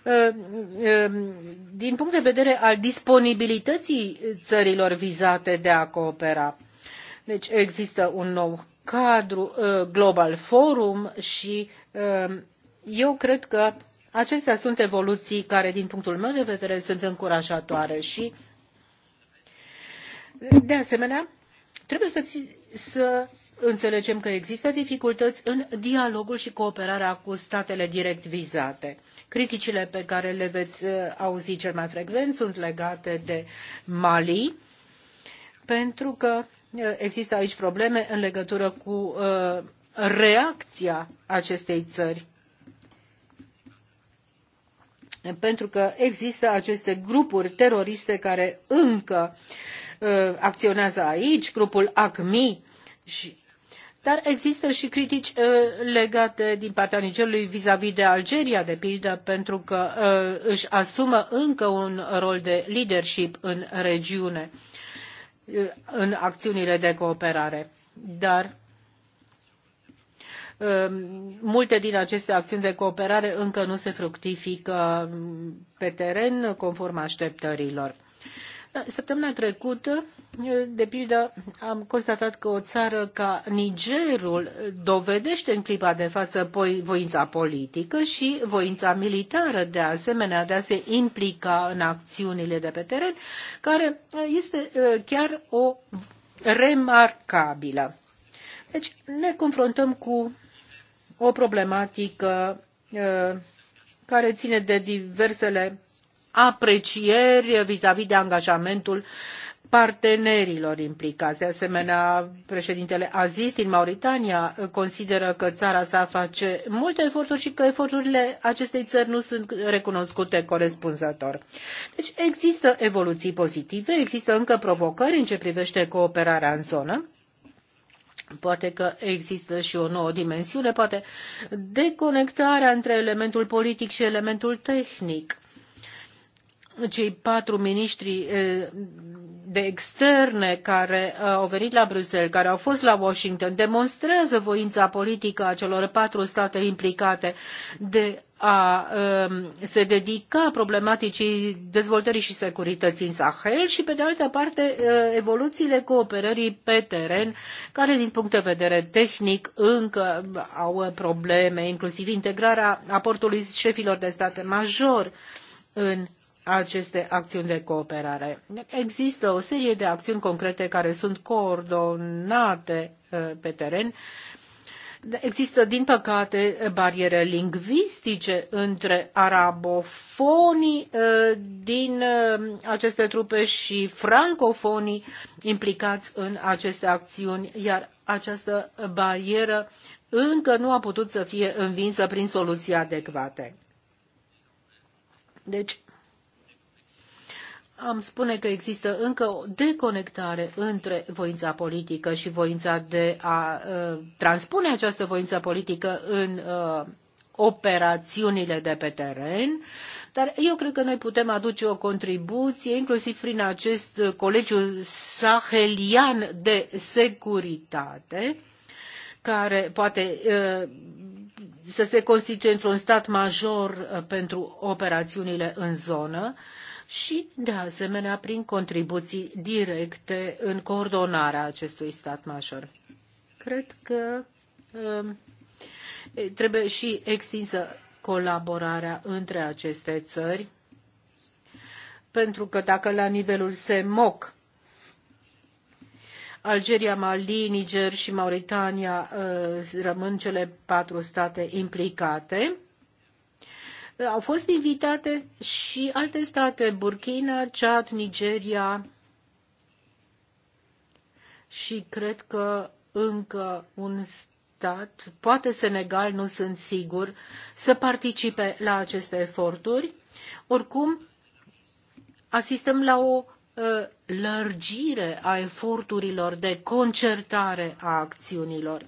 ă, ă, din punct de vedere al disponibilității țărilor vizate de a coopera. Deci există un nou cadru, Global Forum și eu cred că Acestea sunt evoluții care, din punctul meu de vedere, sunt încurajatoare și, de asemenea, trebuie să, să înțelegem că există dificultăți în dialogul și cooperarea cu statele direct vizate. Criticile pe care le veți uh, auzi cel mai frecvent sunt legate de Mali, pentru că uh, există aici probleme în legătură cu uh, reacția acestei țări pentru că există aceste grupuri teroriste care încă uh, acționează aici, grupul ACMI și dar există și critici uh, legate din partea Nigerului vis-a-vis de Algeria, de pildă, pentru că uh, își asumă încă un rol de leadership în regiune, uh, în acțiunile de cooperare. Dar Um, multe din aceste acțiuni de cooperare încă nu se fructifică um, pe teren conform așteptărilor. Săptămâna trecută, uh, de pildă, am constatat că o țară ca Nigerul dovedește în clipa de față voința politică și voința militară, de asemenea, de a se implica în acțiunile de pe teren, care uh, este uh, chiar o remarcabilă. Deci ne confruntăm cu o problematică uh, care ține de diversele aprecieri vis-a-vis de angajamentul partenerilor implicați. De asemenea, președintele Aziz din Mauritania consideră că țara sa face multe eforturi și că eforturile acestei țări nu sunt recunoscute corespunzător. Deci există evoluții pozitive, există încă provocări în ce privește cooperarea în zonă Poate că există și o nouă dimensiune, poate deconectarea între elementul politic și elementul tehnic. Cei patru miniștri eh, de externe care eh, au venit la Bruxelles, care au fost la Washington, demonstrează voința politică a celor patru state implicate de a um, se dedica problematicii dezvoltării și securității în Sahel și, pe de altă parte, uh, evoluțiile cooperării pe teren, care, din punct de vedere tehnic, încă au probleme, inclusiv integrarea aportului șefilor de state major în aceste acțiuni de cooperare. Există o serie de acțiuni concrete care sunt coordonate uh, pe teren Există, din păcate, bariere lingvistice între arabofonii uh, din uh, aceste trupe și francofonii implicați în aceste acțiuni, iar această barieră încă nu a putut să fie învinsă prin soluții adecvate. Deci, am spune că există încă o deconectare între voința politică și voința de a uh, transpune această voință politică în uh, operațiunile de pe teren, dar eu cred că noi putem aduce o contribuție, inclusiv prin acest uh, colegiu sahelian de securitate, care poate uh, să se constituie într-un stat major uh, pentru operațiunile în zonă. Uh, și, de asemenea, prin contribuții directe în coordonarea acestui stat major. Cred că um, trebuie și extinsă colaborarea între aceste țări, pentru că dacă la nivelul SEMOC Algeria, Mali, Niger și Mauritania uh, rămân cele patru state implicate, Uh, au fost invitate și alte state, Burkina, Chad, Nigeria și cred că încă un stat, poate Senegal, nu sunt sigur, să participe la aceste eforturi. Oricum, asistăm la o uh, lărgire a eforturilor de concertare a acțiunilor.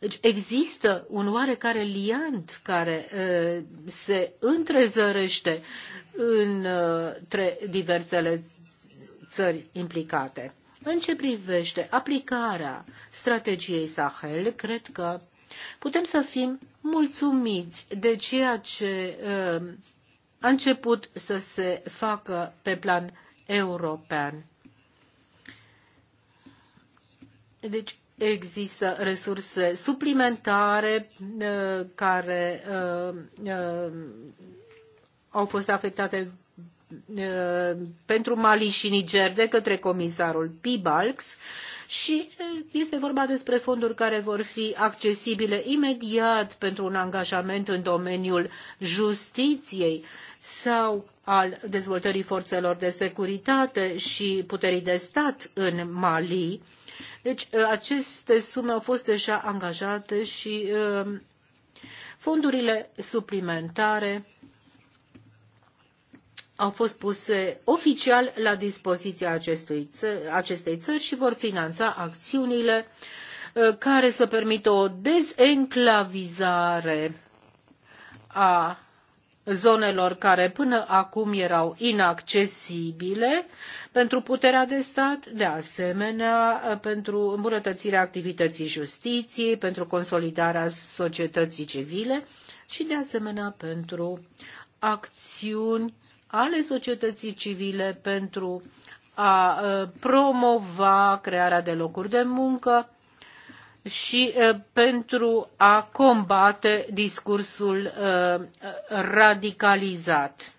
Deci există un oarecare liant care se întrezărește între diversele țări implicate. În ce privește aplicarea strategiei Sahel, cred că putem să fim mulțumiți de ceea ce a început să se facă pe plan european. Deci, există resurse suplimentare uh, care uh, uh, au fost afectate pentru Mali și Niger de către comisarul Pibalks și este vorba despre fonduri care vor fi accesibile imediat pentru un angajament în domeniul justiției sau al dezvoltării forțelor de securitate și puterii de stat în Mali deci uh, aceste sume au fost deja angajate și uh, fondurile suplimentare au fost puse oficial la dispoziția acestui, acestei țări și vor finanța acțiunile uh, care să permită o dezenclavizare a zonelor care până acum erau inaccesibile pentru puterea de stat, de asemenea uh, pentru îmbunătățirea activității justiției, pentru consolidarea societății civile și de asemenea pentru acțiuni ale societății civile pentru a uh, promova crearea de locuri de muncă, și pentru a combate discursul radicalizat.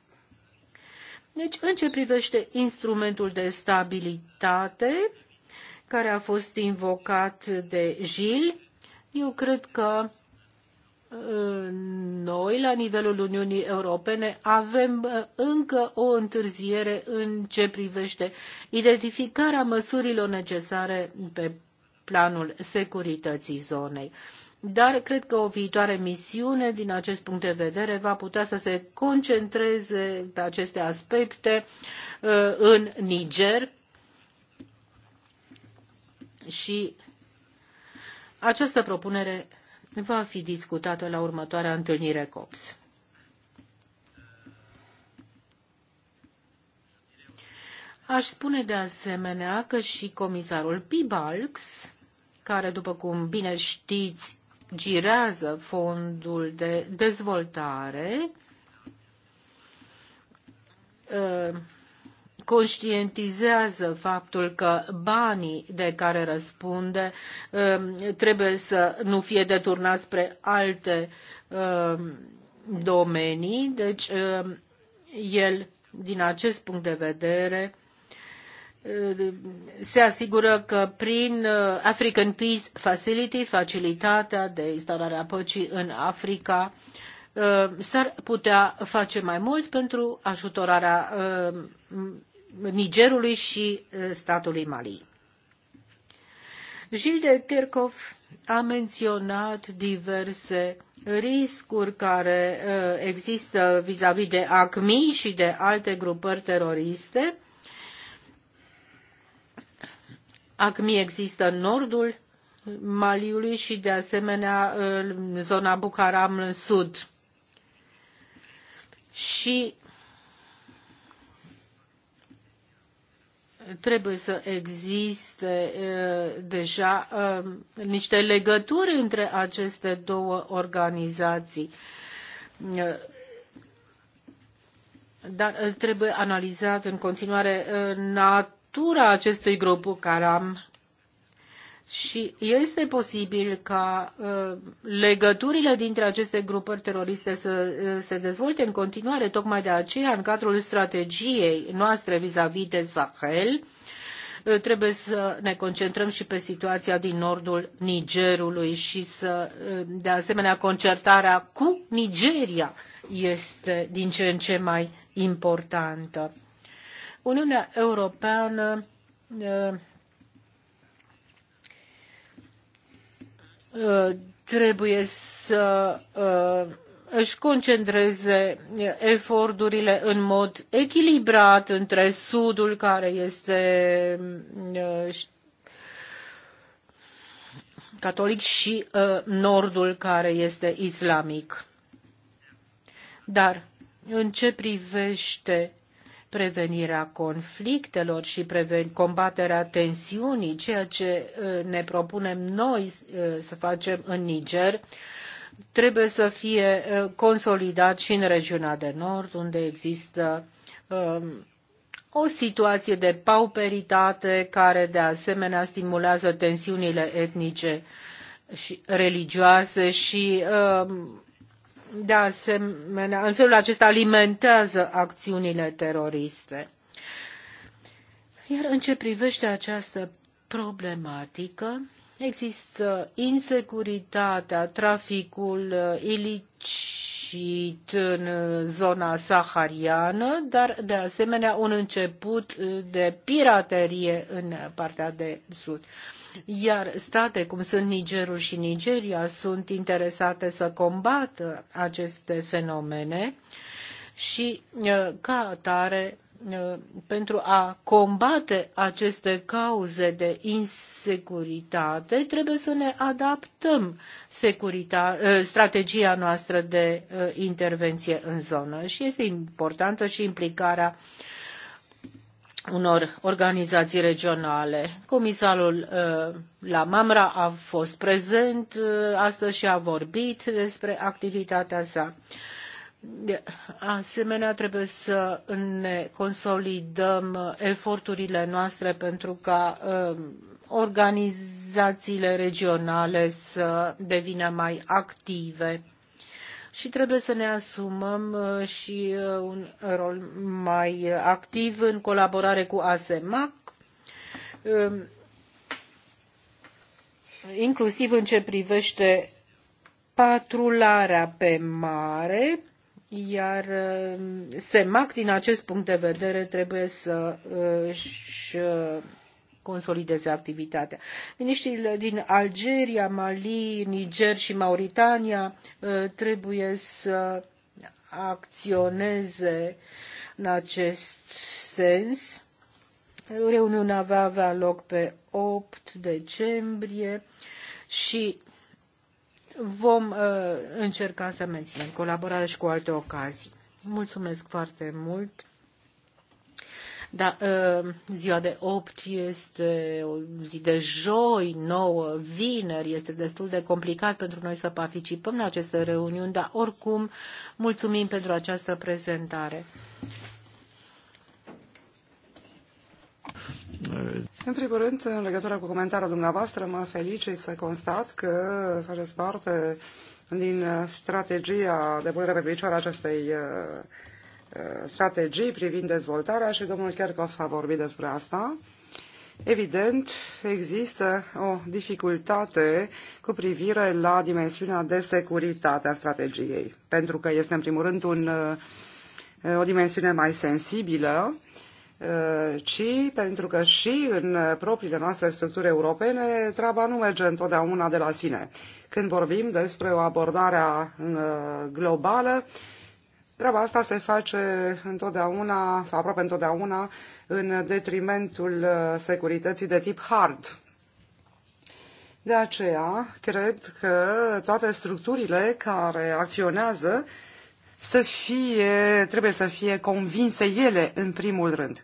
Deci, în ce privește instrumentul de stabilitate care a fost invocat de Gil, eu cred că noi, la nivelul Uniunii Europene, avem încă o întârziere în ce privește identificarea măsurilor necesare pe planul securității zonei. Dar cred că o viitoare misiune, din acest punct de vedere, va putea să se concentreze pe aceste aspecte uh, în Niger și această propunere va fi discutată la următoarea întâlnire COPS. Aș spune de asemenea că și comisarul Pibalx care, după cum bine știți, girează fondul de dezvoltare, uh, conștientizează faptul că banii de care răspunde uh, trebuie să nu fie deturnați spre alte uh, domenii, deci el, din acest punct de vedere, se asigură că prin uh, African Peace Facility, facilitatea de instalare a păcii în Africa, uh, s-ar putea face mai mult pentru ajutorarea uh, Nigerului și statului Mali. Gilles de Kirchhoff a menționat diverse riscuri care există vis-a-vis -vis de ACMI și de alte grupări teroriste ACMI există în nordul Maliului și de asemenea în zona Bucaram în sud. Și trebuie să existe deja niște legături între aceste două organizații. Dar trebuie analizat în continuare NATO structura acestui grup Bucaram și este posibil ca uh, legăturile dintre aceste grupări teroriste să uh, se dezvolte în continuare. Tocmai de aceea, în cadrul strategiei noastre vis-a-vis -vis de Sahel, uh, trebuie să ne concentrăm și pe situația din nordul Nigerului și să, uh, de asemenea, concertarea cu Nigeria este din ce în ce mai importantă. Uniunea Europeană uh, uh, trebuie să uh, își concentreze eforturile în mod echilibrat între sudul care este catolic și nordul care este islamic. Dar în ce privește prevenirea conflictelor și preven- combaterea tensiunii, ceea ce ă, ne propunem noi ă, să facem în Niger, trebuie să fie ă, consolidat și în regiunea de nord, unde există o situație de pauperitate care de asemenea stimulează tensiunile etnice și religioase și de asemenea, în felul acesta alimentează acțiunile teroriste. Iar în ce privește această problematică, există insecuritatea, traficul uh, ilicit în uh, zona sahariană, dar de asemenea un început uh, de piraterie în partea de sud iar state cum sunt Nigerul și Nigeria sunt interesate să combată aceste fenomene și uh, ca atare uh, pentru a combate aceste cauze de insecuritate, trebuie să ne adaptăm uh, strategia noastră de intervenție în zonă și este importantă și implicarea uh, unor organizații regionale. Comisarul uh, la Mamra a fost prezent uh, astăzi și a vorbit despre activitatea sa. De asemenea, trebuie să ne consolidăm eforturile noastre pentru ca uh, organizațiile regionale să devină mai active și trebuie să ne asumăm uh, și uh, un rol mai activ în colaborare cu ASEMAC, um, inclusiv în ce privește patrularea pe mare, iar um, SEMAC, din acest punct de vedere, trebuie să uh, își consolideze activitatea. Miniștrii din Algeria, Mali, Niger și Mauritania uh, trebuie să acționeze în acest sens. Reuniunea va avea loc pe 8 decembrie și vom uh, încerca să menținem colaborarea și cu alte ocazii. Mulțumesc foarte mult da, ă, ziua de 8 este o zi de joi, 9, vineri, este destul de complicat pentru noi să participăm la aceste reuniuni, dar oricum mulțumim pentru această prezentare. În primul rând, în legătură cu comentariul dumneavoastră, mă felicit să constat că faceți parte din strategia de punere pe picioare acestei uh, Uh, strategii privind dezvoltarea și domnul Kerkhoff a vorbit despre asta. Evident, există o dificultate cu privire la dimensiunea de securitate a strategiei, pentru că este în primul rând un, uh, o dimensiune mai sensibilă, uh, ci pentru că și în propriile noastre structuri europene treaba nu merge întotdeauna de la sine. Când vorbim despre o abordare globală, Treaba asta se face întotdeauna, sau aproape întotdeauna, în detrimentul uh, securității de tip hard. De aceea, cred că toate structurile care acționează să fie, trebuie să fie convinse ele în primul rând.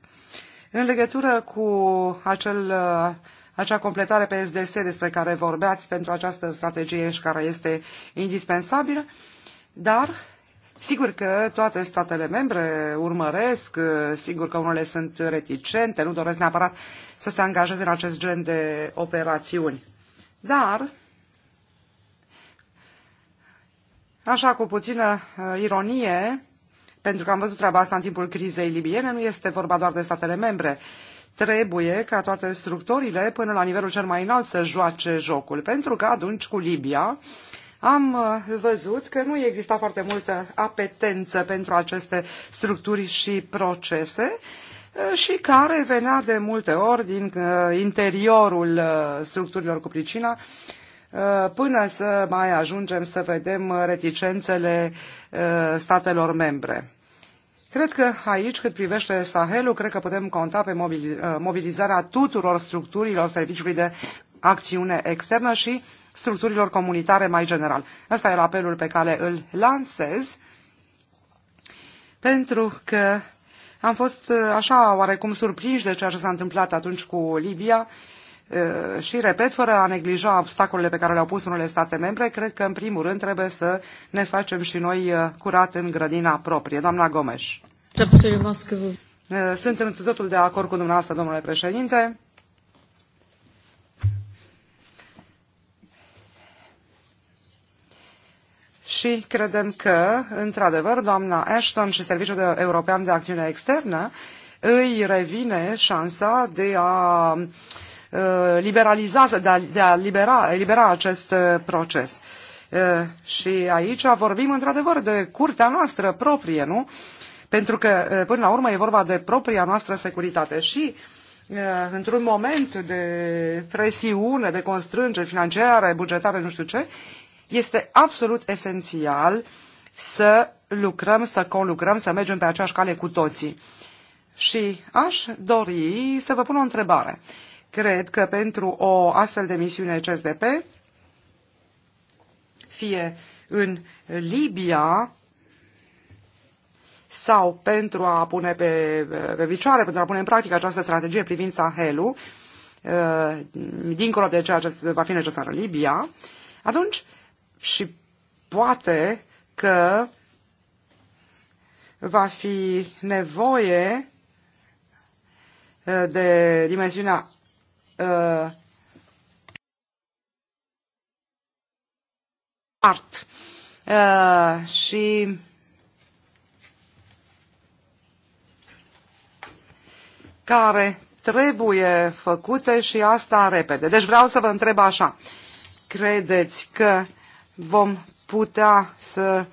În legătură cu acel, uh, acea completare pe SDS despre care vorbeați pentru această strategie și care este indispensabilă, dar Sigur că toate statele membre urmăresc, uh, sigur că unele sunt reticente, nu doresc neapărat să se angajeze în acest gen de operațiuni. Dar, așa cu puțină uh, ironie, pentru că am văzut treaba asta în timpul crizei libiene, nu este vorba doar de statele membre. Trebuie ca toate structurile, până la nivelul cel mai înalt, să joace jocul, pentru că atunci cu Libia am uh, văzut că nu exista foarte multă apetență pentru aceste structuri și procese uh, și care venea de multe ori din uh, interiorul structurilor cu pricina până să mai ajungem să vedem reticențele statelor membre. Cred că aici, cât privește Sahelul, cred că putem conta pe mobilizarea tuturor structurilor Serviciului de Acțiune Externă și structurilor comunitare mai general. Asta era apelul pe care îl lansez, pentru că am fost uh, așa oarecum surprinși de ceea ce s-a întâmplat atunci cu Libia uh, și, repet, fără a neglija obstacolele pe care le-au pus unele state membre, cred că, în primul rând, trebuie să ne facem și noi uh, curat în grădina proprie. Doamna Gomes. Absolut. Sunt în totul de acord cu dumneavoastră, domnule președinte. și credem că, într-adevăr, doamna Ashton și Serviciul European de Acțiune Externă îi revine șansa de a uh, liberaliza, de a, de a libera, libera acest uh, proces. Uh, și aici vorbim într-adevăr de curtea noastră proprie, nu? Pentru că, până la urmă, e vorba de propria noastră securitate. Și într-un moment de presiune, de constrângeri financiare, bugetare, nu știu ce, este absolut esențial să lucrăm, să conlucrăm, să mergem pe aceeași cale cu toții. Și aș dori să vă pun o întrebare. Cred că pentru o astfel de misiune CSDP, fie în Libia sau pentru a pune pe, pe picioare, pentru a pune în practică această strategie privind Sahelul, uh, dincolo de ceea ce va fi necesar în Libia, atunci și poate că va fi nevoie uh, de dimensiunea uh, art. Uh, și care trebuie făcute și asta repede. Deci vreau să vă întreb așa. Credeți că vom putea să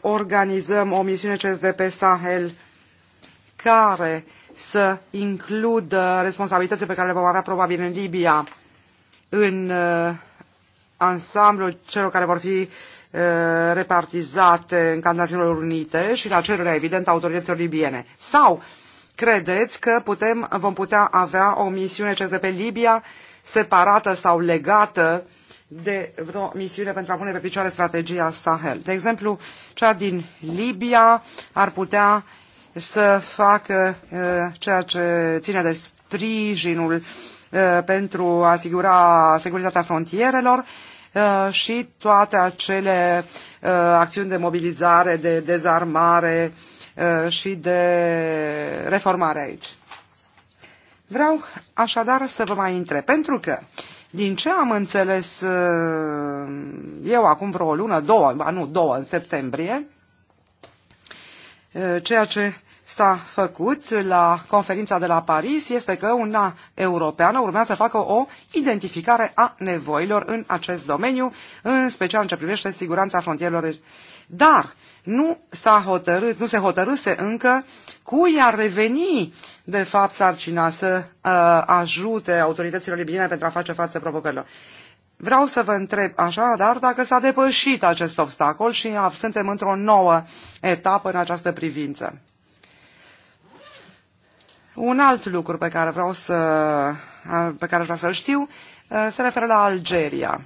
organizăm o misiune pe Sahel care să includă responsabilitățile pe care le vom avea probabil în Libia în ansamblul celor care vor fi repartizate în cadrul Națiunilor Unite și la cererea evident a autorităților libiene. Sau credeți că putem, vom putea avea o misiune pe Libia separată sau legată uh, de vreo misiune pentru a pune pe picioare strategia Sahel. De exemplu, cea din Libia ar putea să facă uh, ceea ce ține de sprijinul uh, pentru a asigura securitatea frontierelor uh, și toate acele acțiuni de mobilizare, de dezarmare și de reformare aici. Vreau așadar să vă mai întreb, pentru că uh, din ce am înțeles ă, eu acum vreo lună, două, ba nu, două în septembrie, ă, ceea ce s-a făcut la conferința de la Paris este că una Europeană urmează să facă o identificare a nevoilor în acest domeniu, în special în ce privește siguranța frontierelor dar nu s-a hotărât, nu se hotărâse încă cui ar reveni, de fapt, sarcina să uh, ajute autoritățile libiene pentru a face față provocărilor. Vreau să vă întreb așa, dar dacă s-a depășit acest obstacol și suntem într-o nouă etapă în această privință. Un alt lucru pe care vreau să, pe care vreau să-l știu uh, se referă la Algeria.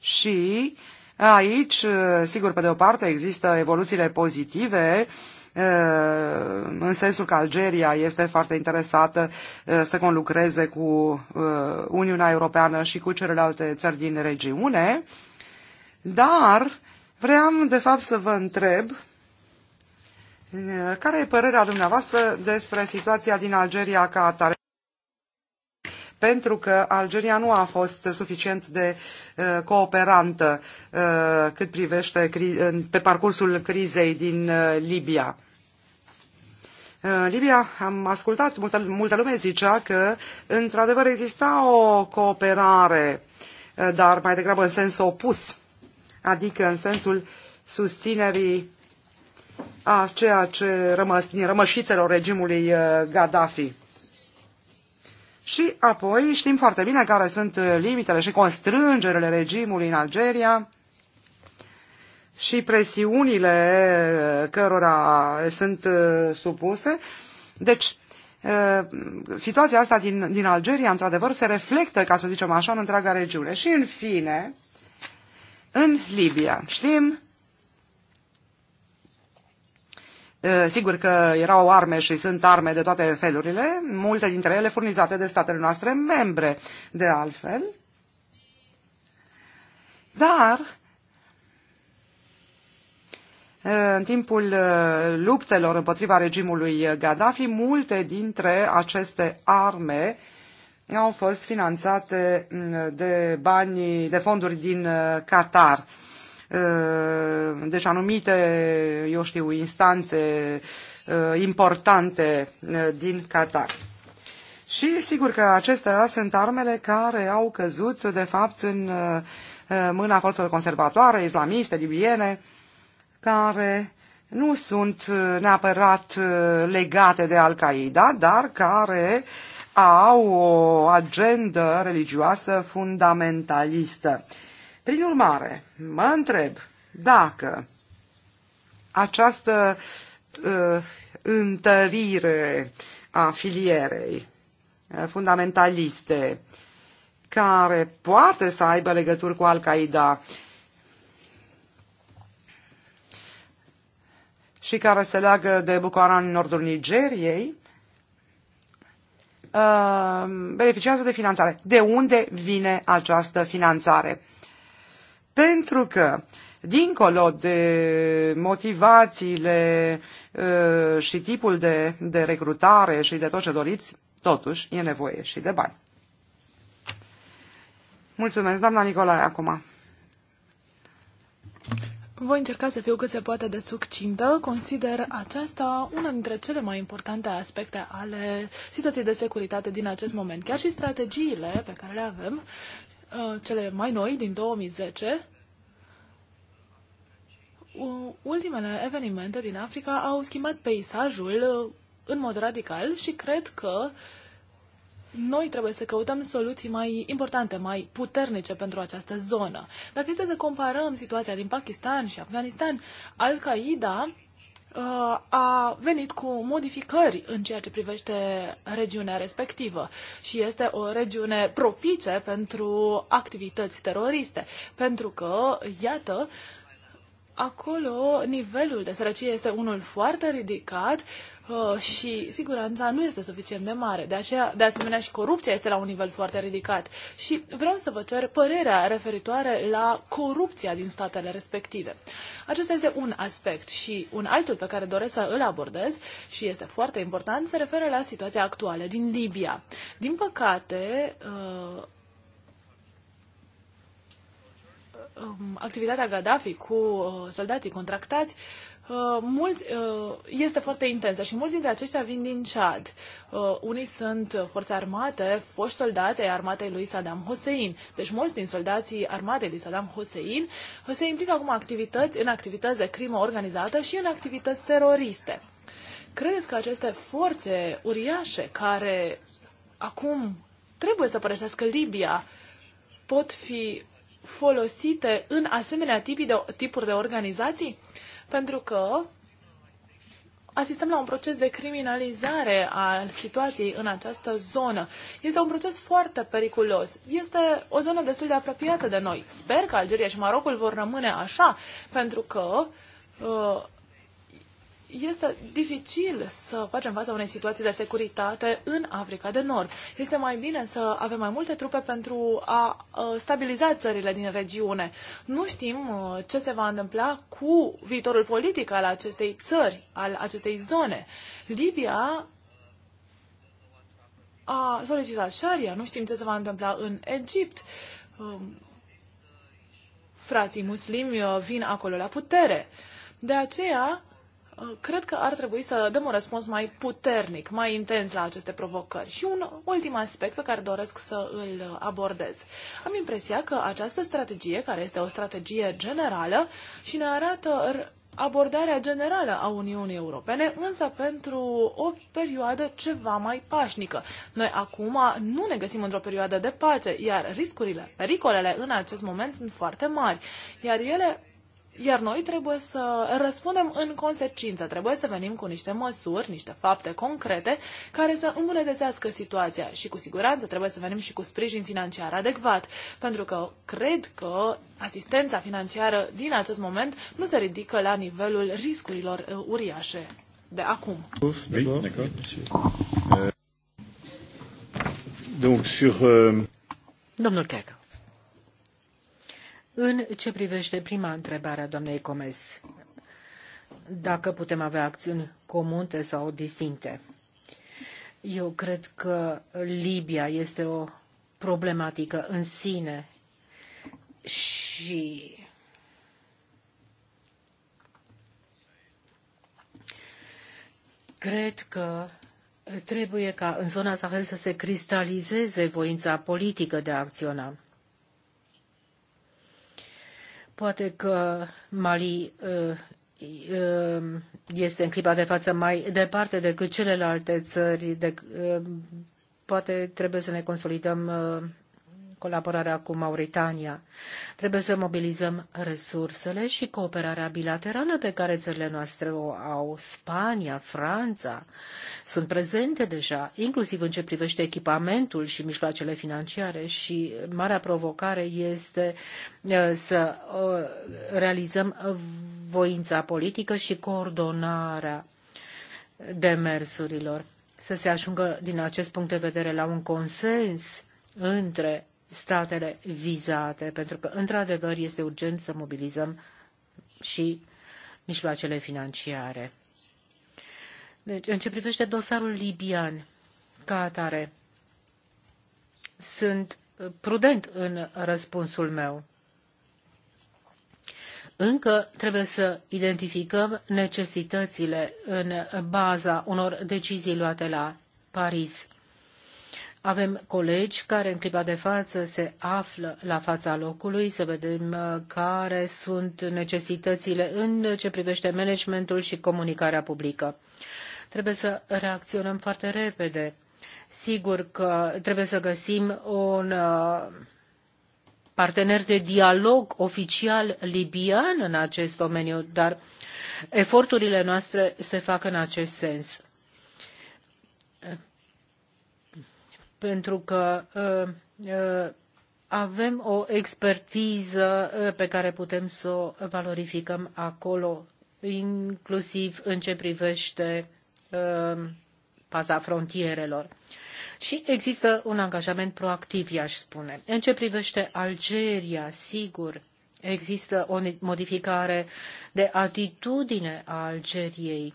Și aici, uh, sigur, pe de o parte există evoluțiile pozitive, uh, în sensul că Algeria este foarte interesată uh, să conlucreze cu Uniunea Europeană și cu celelalte țări din regiune, dar vreau de fapt să vă întreb care e părerea dumneavoastră despre situația din Algeria ca atare pentru că Algeria nu a fost suficient de uh, cooperantă uh, cât privește pe parcursul crizei din uh, Libia. Libia, am ascultat, multă, multă lume zicea că într-adevăr exista o cooperare, dar mai degrabă în sens opus, adică în sensul susținerii a ceea ce rămăs din rămășițelor regimului Gaddafi. Și apoi știm foarte bine care sunt uh, limitele și constrângerile regimului în Algeria și presiunile uh, cărora sunt uh, supuse. Deci, situația asta din, din Algeria, într-adevăr, se reflectă, ca să zicem așa, în întreaga regiune. Și, în fine, în Libia. Știm Sigur că erau arme și sunt arme de toate felurile, multe dintre ele furnizate de statele noastre membre, de altfel. Dar, în timpul luptelor împotriva regimului Gaddafi, multe dintre aceste arme au fost finanțate de bani, de fonduri din Qatar Uh, deci anumite, eu știu, instanțe uh, importante uh, din Qatar. Și sigur că acestea sunt armele care au căzut, de fapt, în mâna forțelor conservatoare, islamiste, libiene, care nu sunt neapărat legate de Al-Qaeda, dar care au o agendă religioasă fundamentalistă. Prin urmare, mă întreb dacă această uh, întărire a filierei ă, fundamentaliste care poate să aibă legături cu Al-Qaeda și care se leagă de Boko în nordul Nigeriei, ă, beneficiază de finanțare. De unde vine această finanțare? Pentru că, dincolo de motivațiile ă, și tipul de, de recrutare și de tot ce doriți, totuși e nevoie și de bani. Mulțumesc, doamna Nicolae, acum. Voi încerca să fiu cât se poate de succintă. Consider aceasta una dintre cele mai importante aspecte ale situației de securitate din acest moment. Chiar și strategiile pe care le avem Uh, cele mai noi din 2010, ultimele evenimente din Africa au schimbat peisajul uh, în mod radical și cred că noi trebuie să căutăm soluții mai importante, mai puternice pentru această zonă. Dacă este să comparăm situația din Pakistan și Afganistan, Al-Qaeda Uh, a venit cu modificări în ceea ce privește regiunea respectivă și este o regiune propice pentru activități teroriste, pentru că, iată, uh, acolo nivelul de sărăcie este unul foarte ridicat uh, și siguranța nu este suficient de mare. De, aceea, de asemenea, și corupția este la un nivel foarte ridicat. Și vreau să vă cer părerea referitoare la corupția din statele respective. Acesta este un aspect și un altul pe care doresc să îl abordez și este foarte important, se referă la situația actuală din Libia. Din păcate, uh, Um, activitatea Gaddafi cu uh, soldații contractați uh, mulți, uh, este foarte intensă și mulți dintre aceștia vin din Chad. unii sunt forțe armate, foști soldați ai armatei lui Saddam Hussein. Deci mulți din soldații armatei lui Saddam Hussein se implică acum activități, în activități de crimă organizată și în activități teroriste. Credeți că aceste forțe uriașe care acum trebuie să părăsească Libia pot fi folosite în asemenea tipii de, tipuri de organizații? Pentru că asistăm la un proces de criminalizare a situației în această zonă. Este un proces foarte periculos. Este o zonă destul de apropiată de noi. Sper că Algeria și Marocul vor rămâne așa, pentru că uh, este dificil să facem față unei situații de securitate în Africa de Nord. Este mai bine să avem mai multe trupe pentru a uh, stabiliza țările din regiune. Nu știm uh, ce se va întâmpla cu viitorul politic al acestei țări, al acestei zone. Libia a solicitat Sharia, nu știm ce se va întâmpla în Egipt. Um, frații muslimi uh, vin acolo la putere. De aceea, cred că ar trebui să dăm un răspuns mai puternic, mai intens la aceste provocări. Și un ultim aspect pe care doresc să îl abordez. Am impresia că această strategie, care este o strategie generală și ne arată abordarea generală a Uniunii Europene, însă pentru o perioadă ceva mai pașnică. Noi acum nu ne găsim într-o perioadă de pace, iar riscurile, pericolele în acest moment sunt foarte mari, iar ele iar noi trebuie să răspundem în consecință, trebuie să venim cu niște măsuri, niște fapte concrete care să îmbunătățească situația și cu siguranță trebuie să venim și cu sprijin financiar adecvat, pentru că cred că asistența financiară din acest moment nu se ridică la nivelul riscurilor uh, uriașe de acum. Euh, euh, Domnul Kerk. În ce privește prima întrebare a doamnei Comes, dacă putem avea acțiuni comune sau distincte. Eu cred că Libia este o problematică în sine și cred că trebuie ca în zona Sahel să se cristalizeze voința politică de a acționa. Poate că Mali uh, uh, este în clipa de față mai departe decât celelalte țări. De, uh, poate trebuie să ne consolidăm colaborarea cu Mauritania. Trebuie să mobilizăm resursele și cooperarea bilaterală pe care țările noastre o au. Spania, Franța sunt prezente deja, inclusiv în ce privește echipamentul și mijloacele financiare și marea provocare este uh, să uh, realizăm voința politică și coordonarea demersurilor să se ajungă din acest punct de vedere la un consens între statele vizate, pentru că, într-adevăr, este urgent să mobilizăm și mijloacele financiare. Deci, în ce privește dosarul libian, ca atare, sunt uh, prudent în răspunsul meu. Încă trebuie să identificăm necesitățile în baza unor decizii luate la Paris. Avem colegi care în clipa de față se află la fața locului, să vedem uh, care sunt necesitățile în ce privește managementul și comunicarea publică. Trebuie să reacționăm foarte repede. Sigur că trebuie să găsim un uh, partener de dialog oficial libian în acest domeniu, dar eforturile noastre se fac în acest sens. pentru că ă, ă, avem o expertiză ă, pe care putem să o valorificăm acolo, inclusiv în ce privește paza frontierelor. Și există un angajament proactiv, i-aș spune. În ce privește Algeria, sigur, există o modificare de atitudine a Algeriei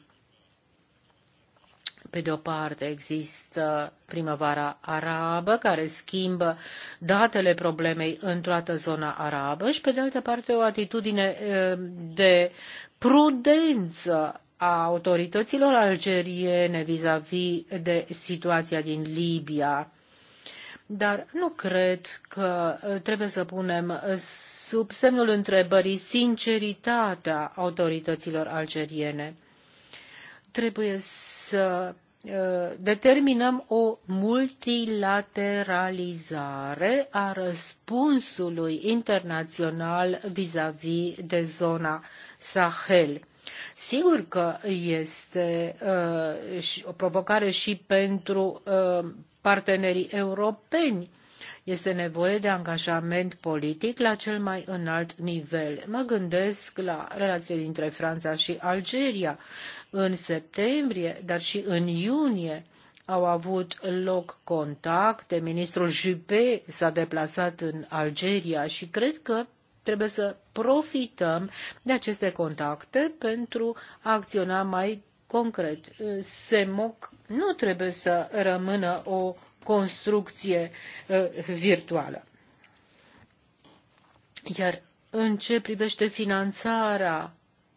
pe de o parte există primăvara arabă care schimbă datele problemei în toată zona arabă și pe de altă parte o atitudine de prudență a autorităților algeriene vis-a-vis -vis de situația din Libia. Dar nu cred că trebuie să punem sub semnul întrebării sinceritatea autorităților algeriene. Trebuie să determinăm o multilateralizare a răspunsului internațional vis-a-vis -vis de zona Sahel. Sigur că este uh, o provocare și pentru uh, partenerii europeni. Este nevoie de angajament politic la cel mai înalt nivel. Mă gândesc la relația dintre Franța și Algeria, în septembrie, dar și în iunie, au avut loc contacte. Ministrul Juppé s-a deplasat în Algeria și cred că trebuie să profităm de aceste contacte pentru a acționa mai concret. SEMOC nu trebuie să rămână o construcție uh, virtuală. Iar în ce privește finanțarea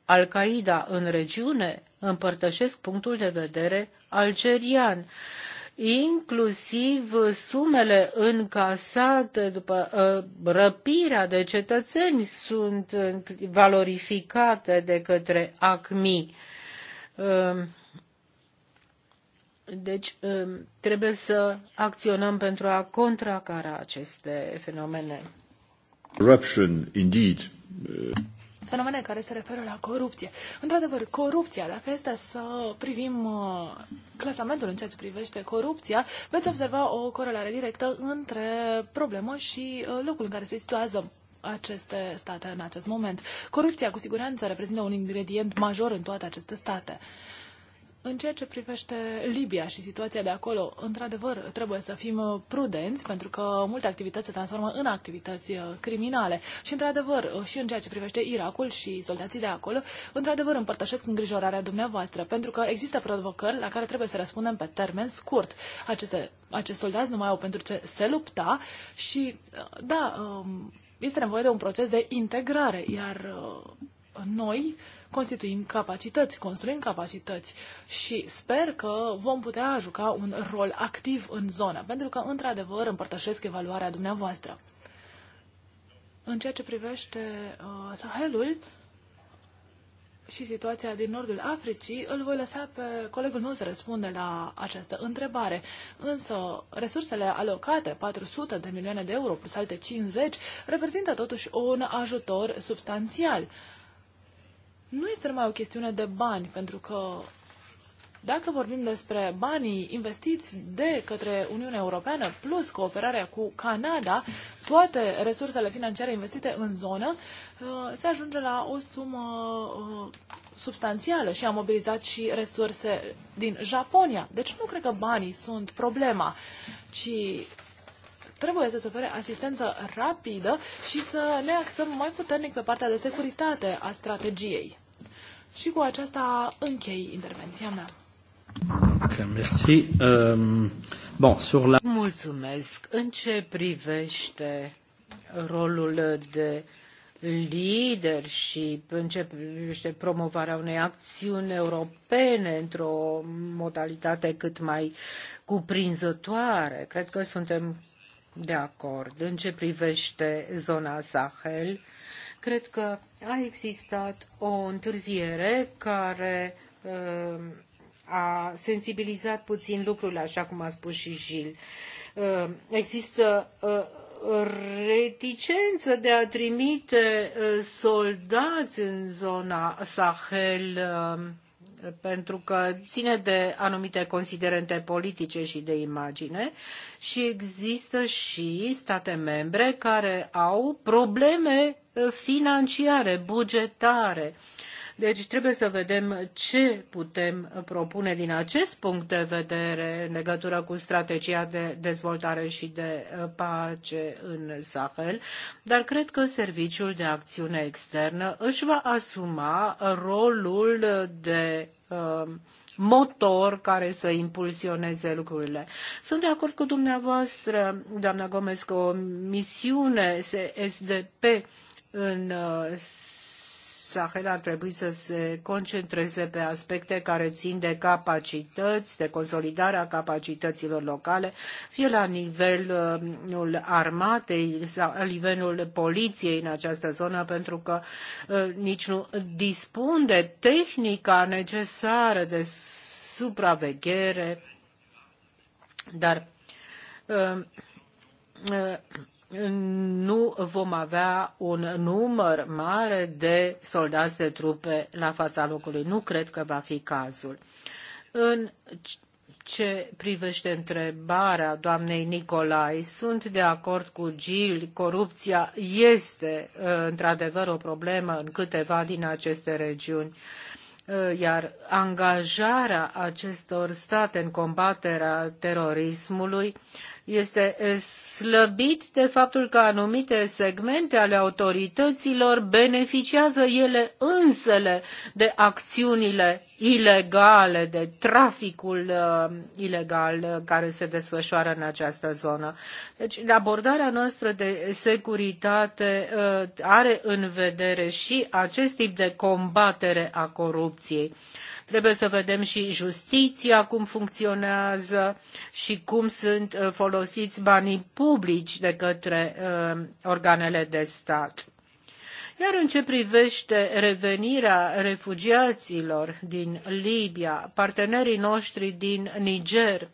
Al-Qaeda în regiune, împărtășesc punctul de vedere algerian inclusiv sumele încasate după uh, răpirea de cetățeni sunt valorificate de către ACMI. Uh, ă, deci uh, trebuie să acționăm pentru a contracara aceste fenomene. Corruption, indeed fenomene care se referă la corupție. Într-adevăr, corupția, dacă este să privim uh, clasamentul în ceea ce privește corupția, veți observa o corelare directă între problemă și uh, locul în care se situează aceste state în acest moment. Corupția, cu siguranță, reprezintă un ingredient major în toate aceste state. În ceea ce privește Libia și situația de acolo, într-adevăr, trebuie să fim uh, prudenți, pentru că multe activități se transformă în activități uh, criminale. Și, într-adevăr, uh, și în ceea ce privește Irakul și soldații de acolo, într-adevăr, împărtășesc îngrijorarea dumneavoastră, pentru că există provocări la care trebuie să răspundem pe termen scurt. Aceste, acești soldați nu mai au pentru ce se lupta și, da, um, este nevoie de un proces de integrare, iar noi constituim capacități, construim capacități și sper că vom putea juca un rol activ în zonă, pentru că, într-adevăr, împărtășesc evaluarea dumneavoastră. În ceea ce privește uh, Sahelul și situația din nordul Africii, îl voi lăsa pe colegul meu să răspunde la această întrebare. Însă, resursele alocate, 400 de milioane de euro plus alte 50, reprezintă totuși un ajutor substanțial. Uh, nu este numai o chestiune de bani, pentru că dacă vorbim despre banii investiți de către Uniunea Europeană plus cooperarea cu Canada, toate resursele financiare investite în zonă, uh, se ajunge la o sumă uh, substanțială și a mobilizat și resurse din Japonia. Deci nu cred că banii sunt problema, ci trebuie să se ofere asistență rapidă și să ne axăm mai puternic pe partea de securitate a strategiei. Și cu aceasta închei intervenția mea. Merci. Euh, bon, sur la... Mulțumesc. În ce privește rolul de leadership, în ce privește promovarea unei acțiuni europene într-o modalitate cât mai cuprinzătoare. Cred că suntem de acord. În ce privește zona Sahel, Cred că a existat o întârziere care uh, a sensibilizat puțin lucrul, așa cum a spus și Gil. Uh, există uh, reticență de a trimite soldați în zona Sahel pentru că ține de anumite considerente politice și de imagine și există și state membre care au probleme financiare, bugetare. Deci trebuie să vedem ce putem propune din acest punct de vedere în legătură cu strategia de dezvoltare și de uh, pace în Sahel, dar cred că Serviciul de Acțiune Externă își va asuma rolul de uh, motor care să impulsioneze lucrurile. Sunt de acord cu dumneavoastră, doamna Gomez, că o misiune SDP în uh, Sahel ar trebui să se concentreze pe aspecte care țin de capacități, de consolidarea capacităților locale, fie la nivelul uh, armatei sau la nivelul poliției în această zonă, pentru că uh, nici nu dispun de tehnica necesară de supraveghere, dar nu vom avea un număr mare de soldați de trupe la fața locului. Nu cred că va fi cazul. În ce privește întrebarea doamnei Nicolai, sunt de acord cu Gil, corupția este uh, într-adevăr o problemă în câteva din aceste regiuni uh, iar angajarea acestor state în combaterea terorismului este slăbit de faptul că anumite segmente ale autorităților beneficiază ele însele de acțiunile ilegale, de traficul uh, ilegal care se desfășoară în această zonă. Deci, abordarea noastră de securitate uh, are în vedere și acest tip de combatere a corupției. Uh, Trebuie să vedem și justiția cum funcționează și cum sunt uh, folosiți banii publici de către uh, organele de stat. Iar în ce privește revenirea refugiaților din Libia, partenerii noștri din Niger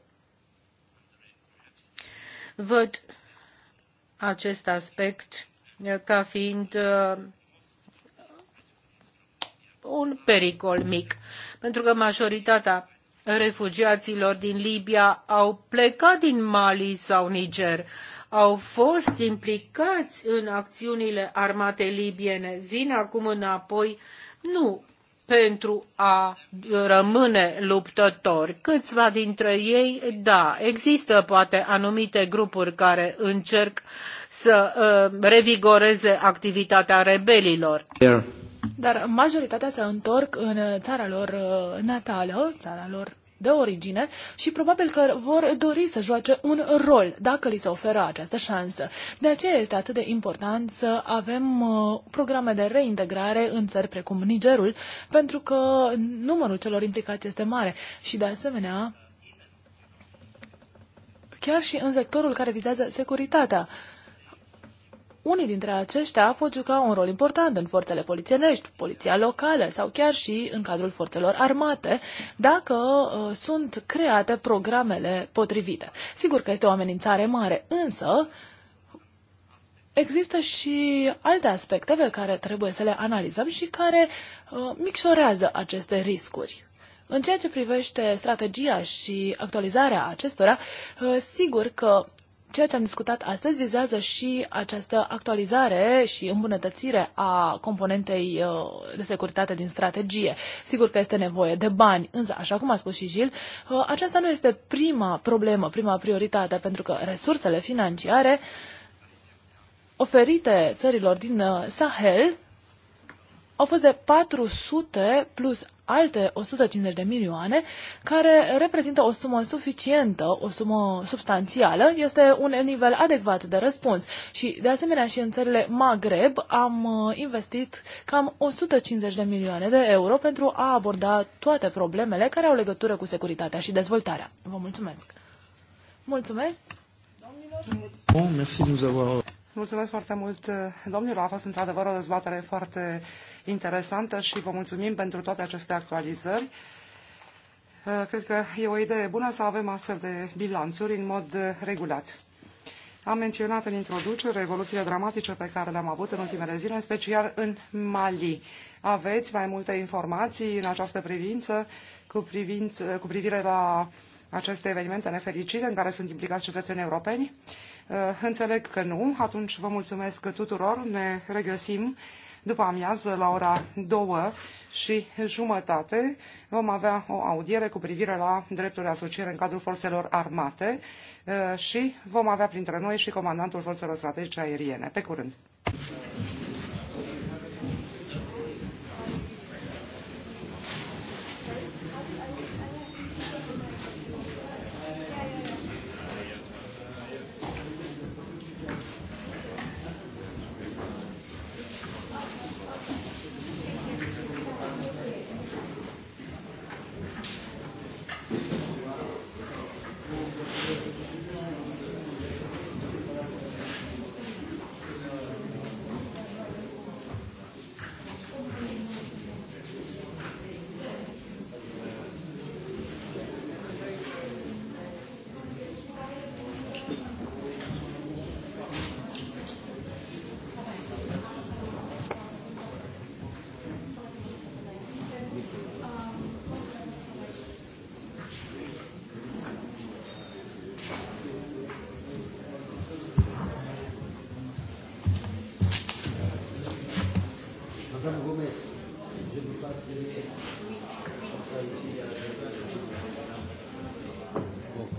văd acest aspect uh, ca fiind uh, un pericol mic, pentru că majoritatea refugiaților din Libia au plecat din Mali sau Niger, au fost implicați în acțiunile armate libiene, vin acum înapoi, nu pentru a rămâne luptători. Câțiva dintre ei, da, există poate anumite grupuri care încerc să uh, revigoreze activitatea rebelilor dar majoritatea se întorc în uh, țara lor uh, natală, țara lor de origine și probabil că vor dori să joace un rol dacă li se oferă această șansă. De aceea este atât de important să avem uh, programe de reintegrare în țări precum Nigerul, pentru că numărul celor implicați este mare și de asemenea chiar și în sectorul care vizează securitatea. Uh, unii dintre aceștia pot juca un rol important în forțele polițienești, poliția locală sau chiar și în cadrul forțelor armate, dacă uh, sunt create programele potrivite. Sigur că este o amenințare mare, însă există și alte aspecte pe care trebuie să le analizăm și care uh, micșorează aceste riscuri. În ceea ce privește strategia și actualizarea acestora, uh, sigur că ceea ce am discutat astăzi vizează și această actualizare și îmbunătățire a componentei uh, de securitate din strategie. Sigur că este nevoie de bani, însă, așa cum a spus și Gil, uh, aceasta nu este prima problemă, prima prioritate, pentru că resursele financiare oferite țărilor din uh, Sahel au fost de 400 plus alte 150 de milioane, care reprezintă o sumă suficientă, o sumă substanțială, este un nivel adecvat de răspuns. Și, de asemenea, și în țările Maghreb am uh, investit cam 150 de milioane de euro pentru a aborda toate problemele care au legătură cu securitatea și dezvoltarea. Vă mulțumesc! Mulțumesc! Bon, merci de nous avoir... Mulțumesc foarte mult, domnilor. A fost într-adevăr o dezbatere foarte interesantă și vă mulțumim pentru toate aceste actualizări. Uh, cred că e o idee bună să avem astfel de bilanțuri în mod uh, regulat. Am menționat în introducere evoluțiile dramatice pe care le-am avut în ultimele zile, în special în Mali. Aveți mai multe informații în această privință cu, privință, cu privire la aceste evenimente nefericite în care sunt implicați cetățenii europeni? Eh, înțeleg că nu, atunci vă mulțumesc tuturor, ne regăsim după amiază la ora 2 și jumătate vom avea o audiere cu privire la dreptul de asociere în cadrul forțelor armate eh, și vom avea printre noi și comandantul forțelor strategice aeriene. Pe curând!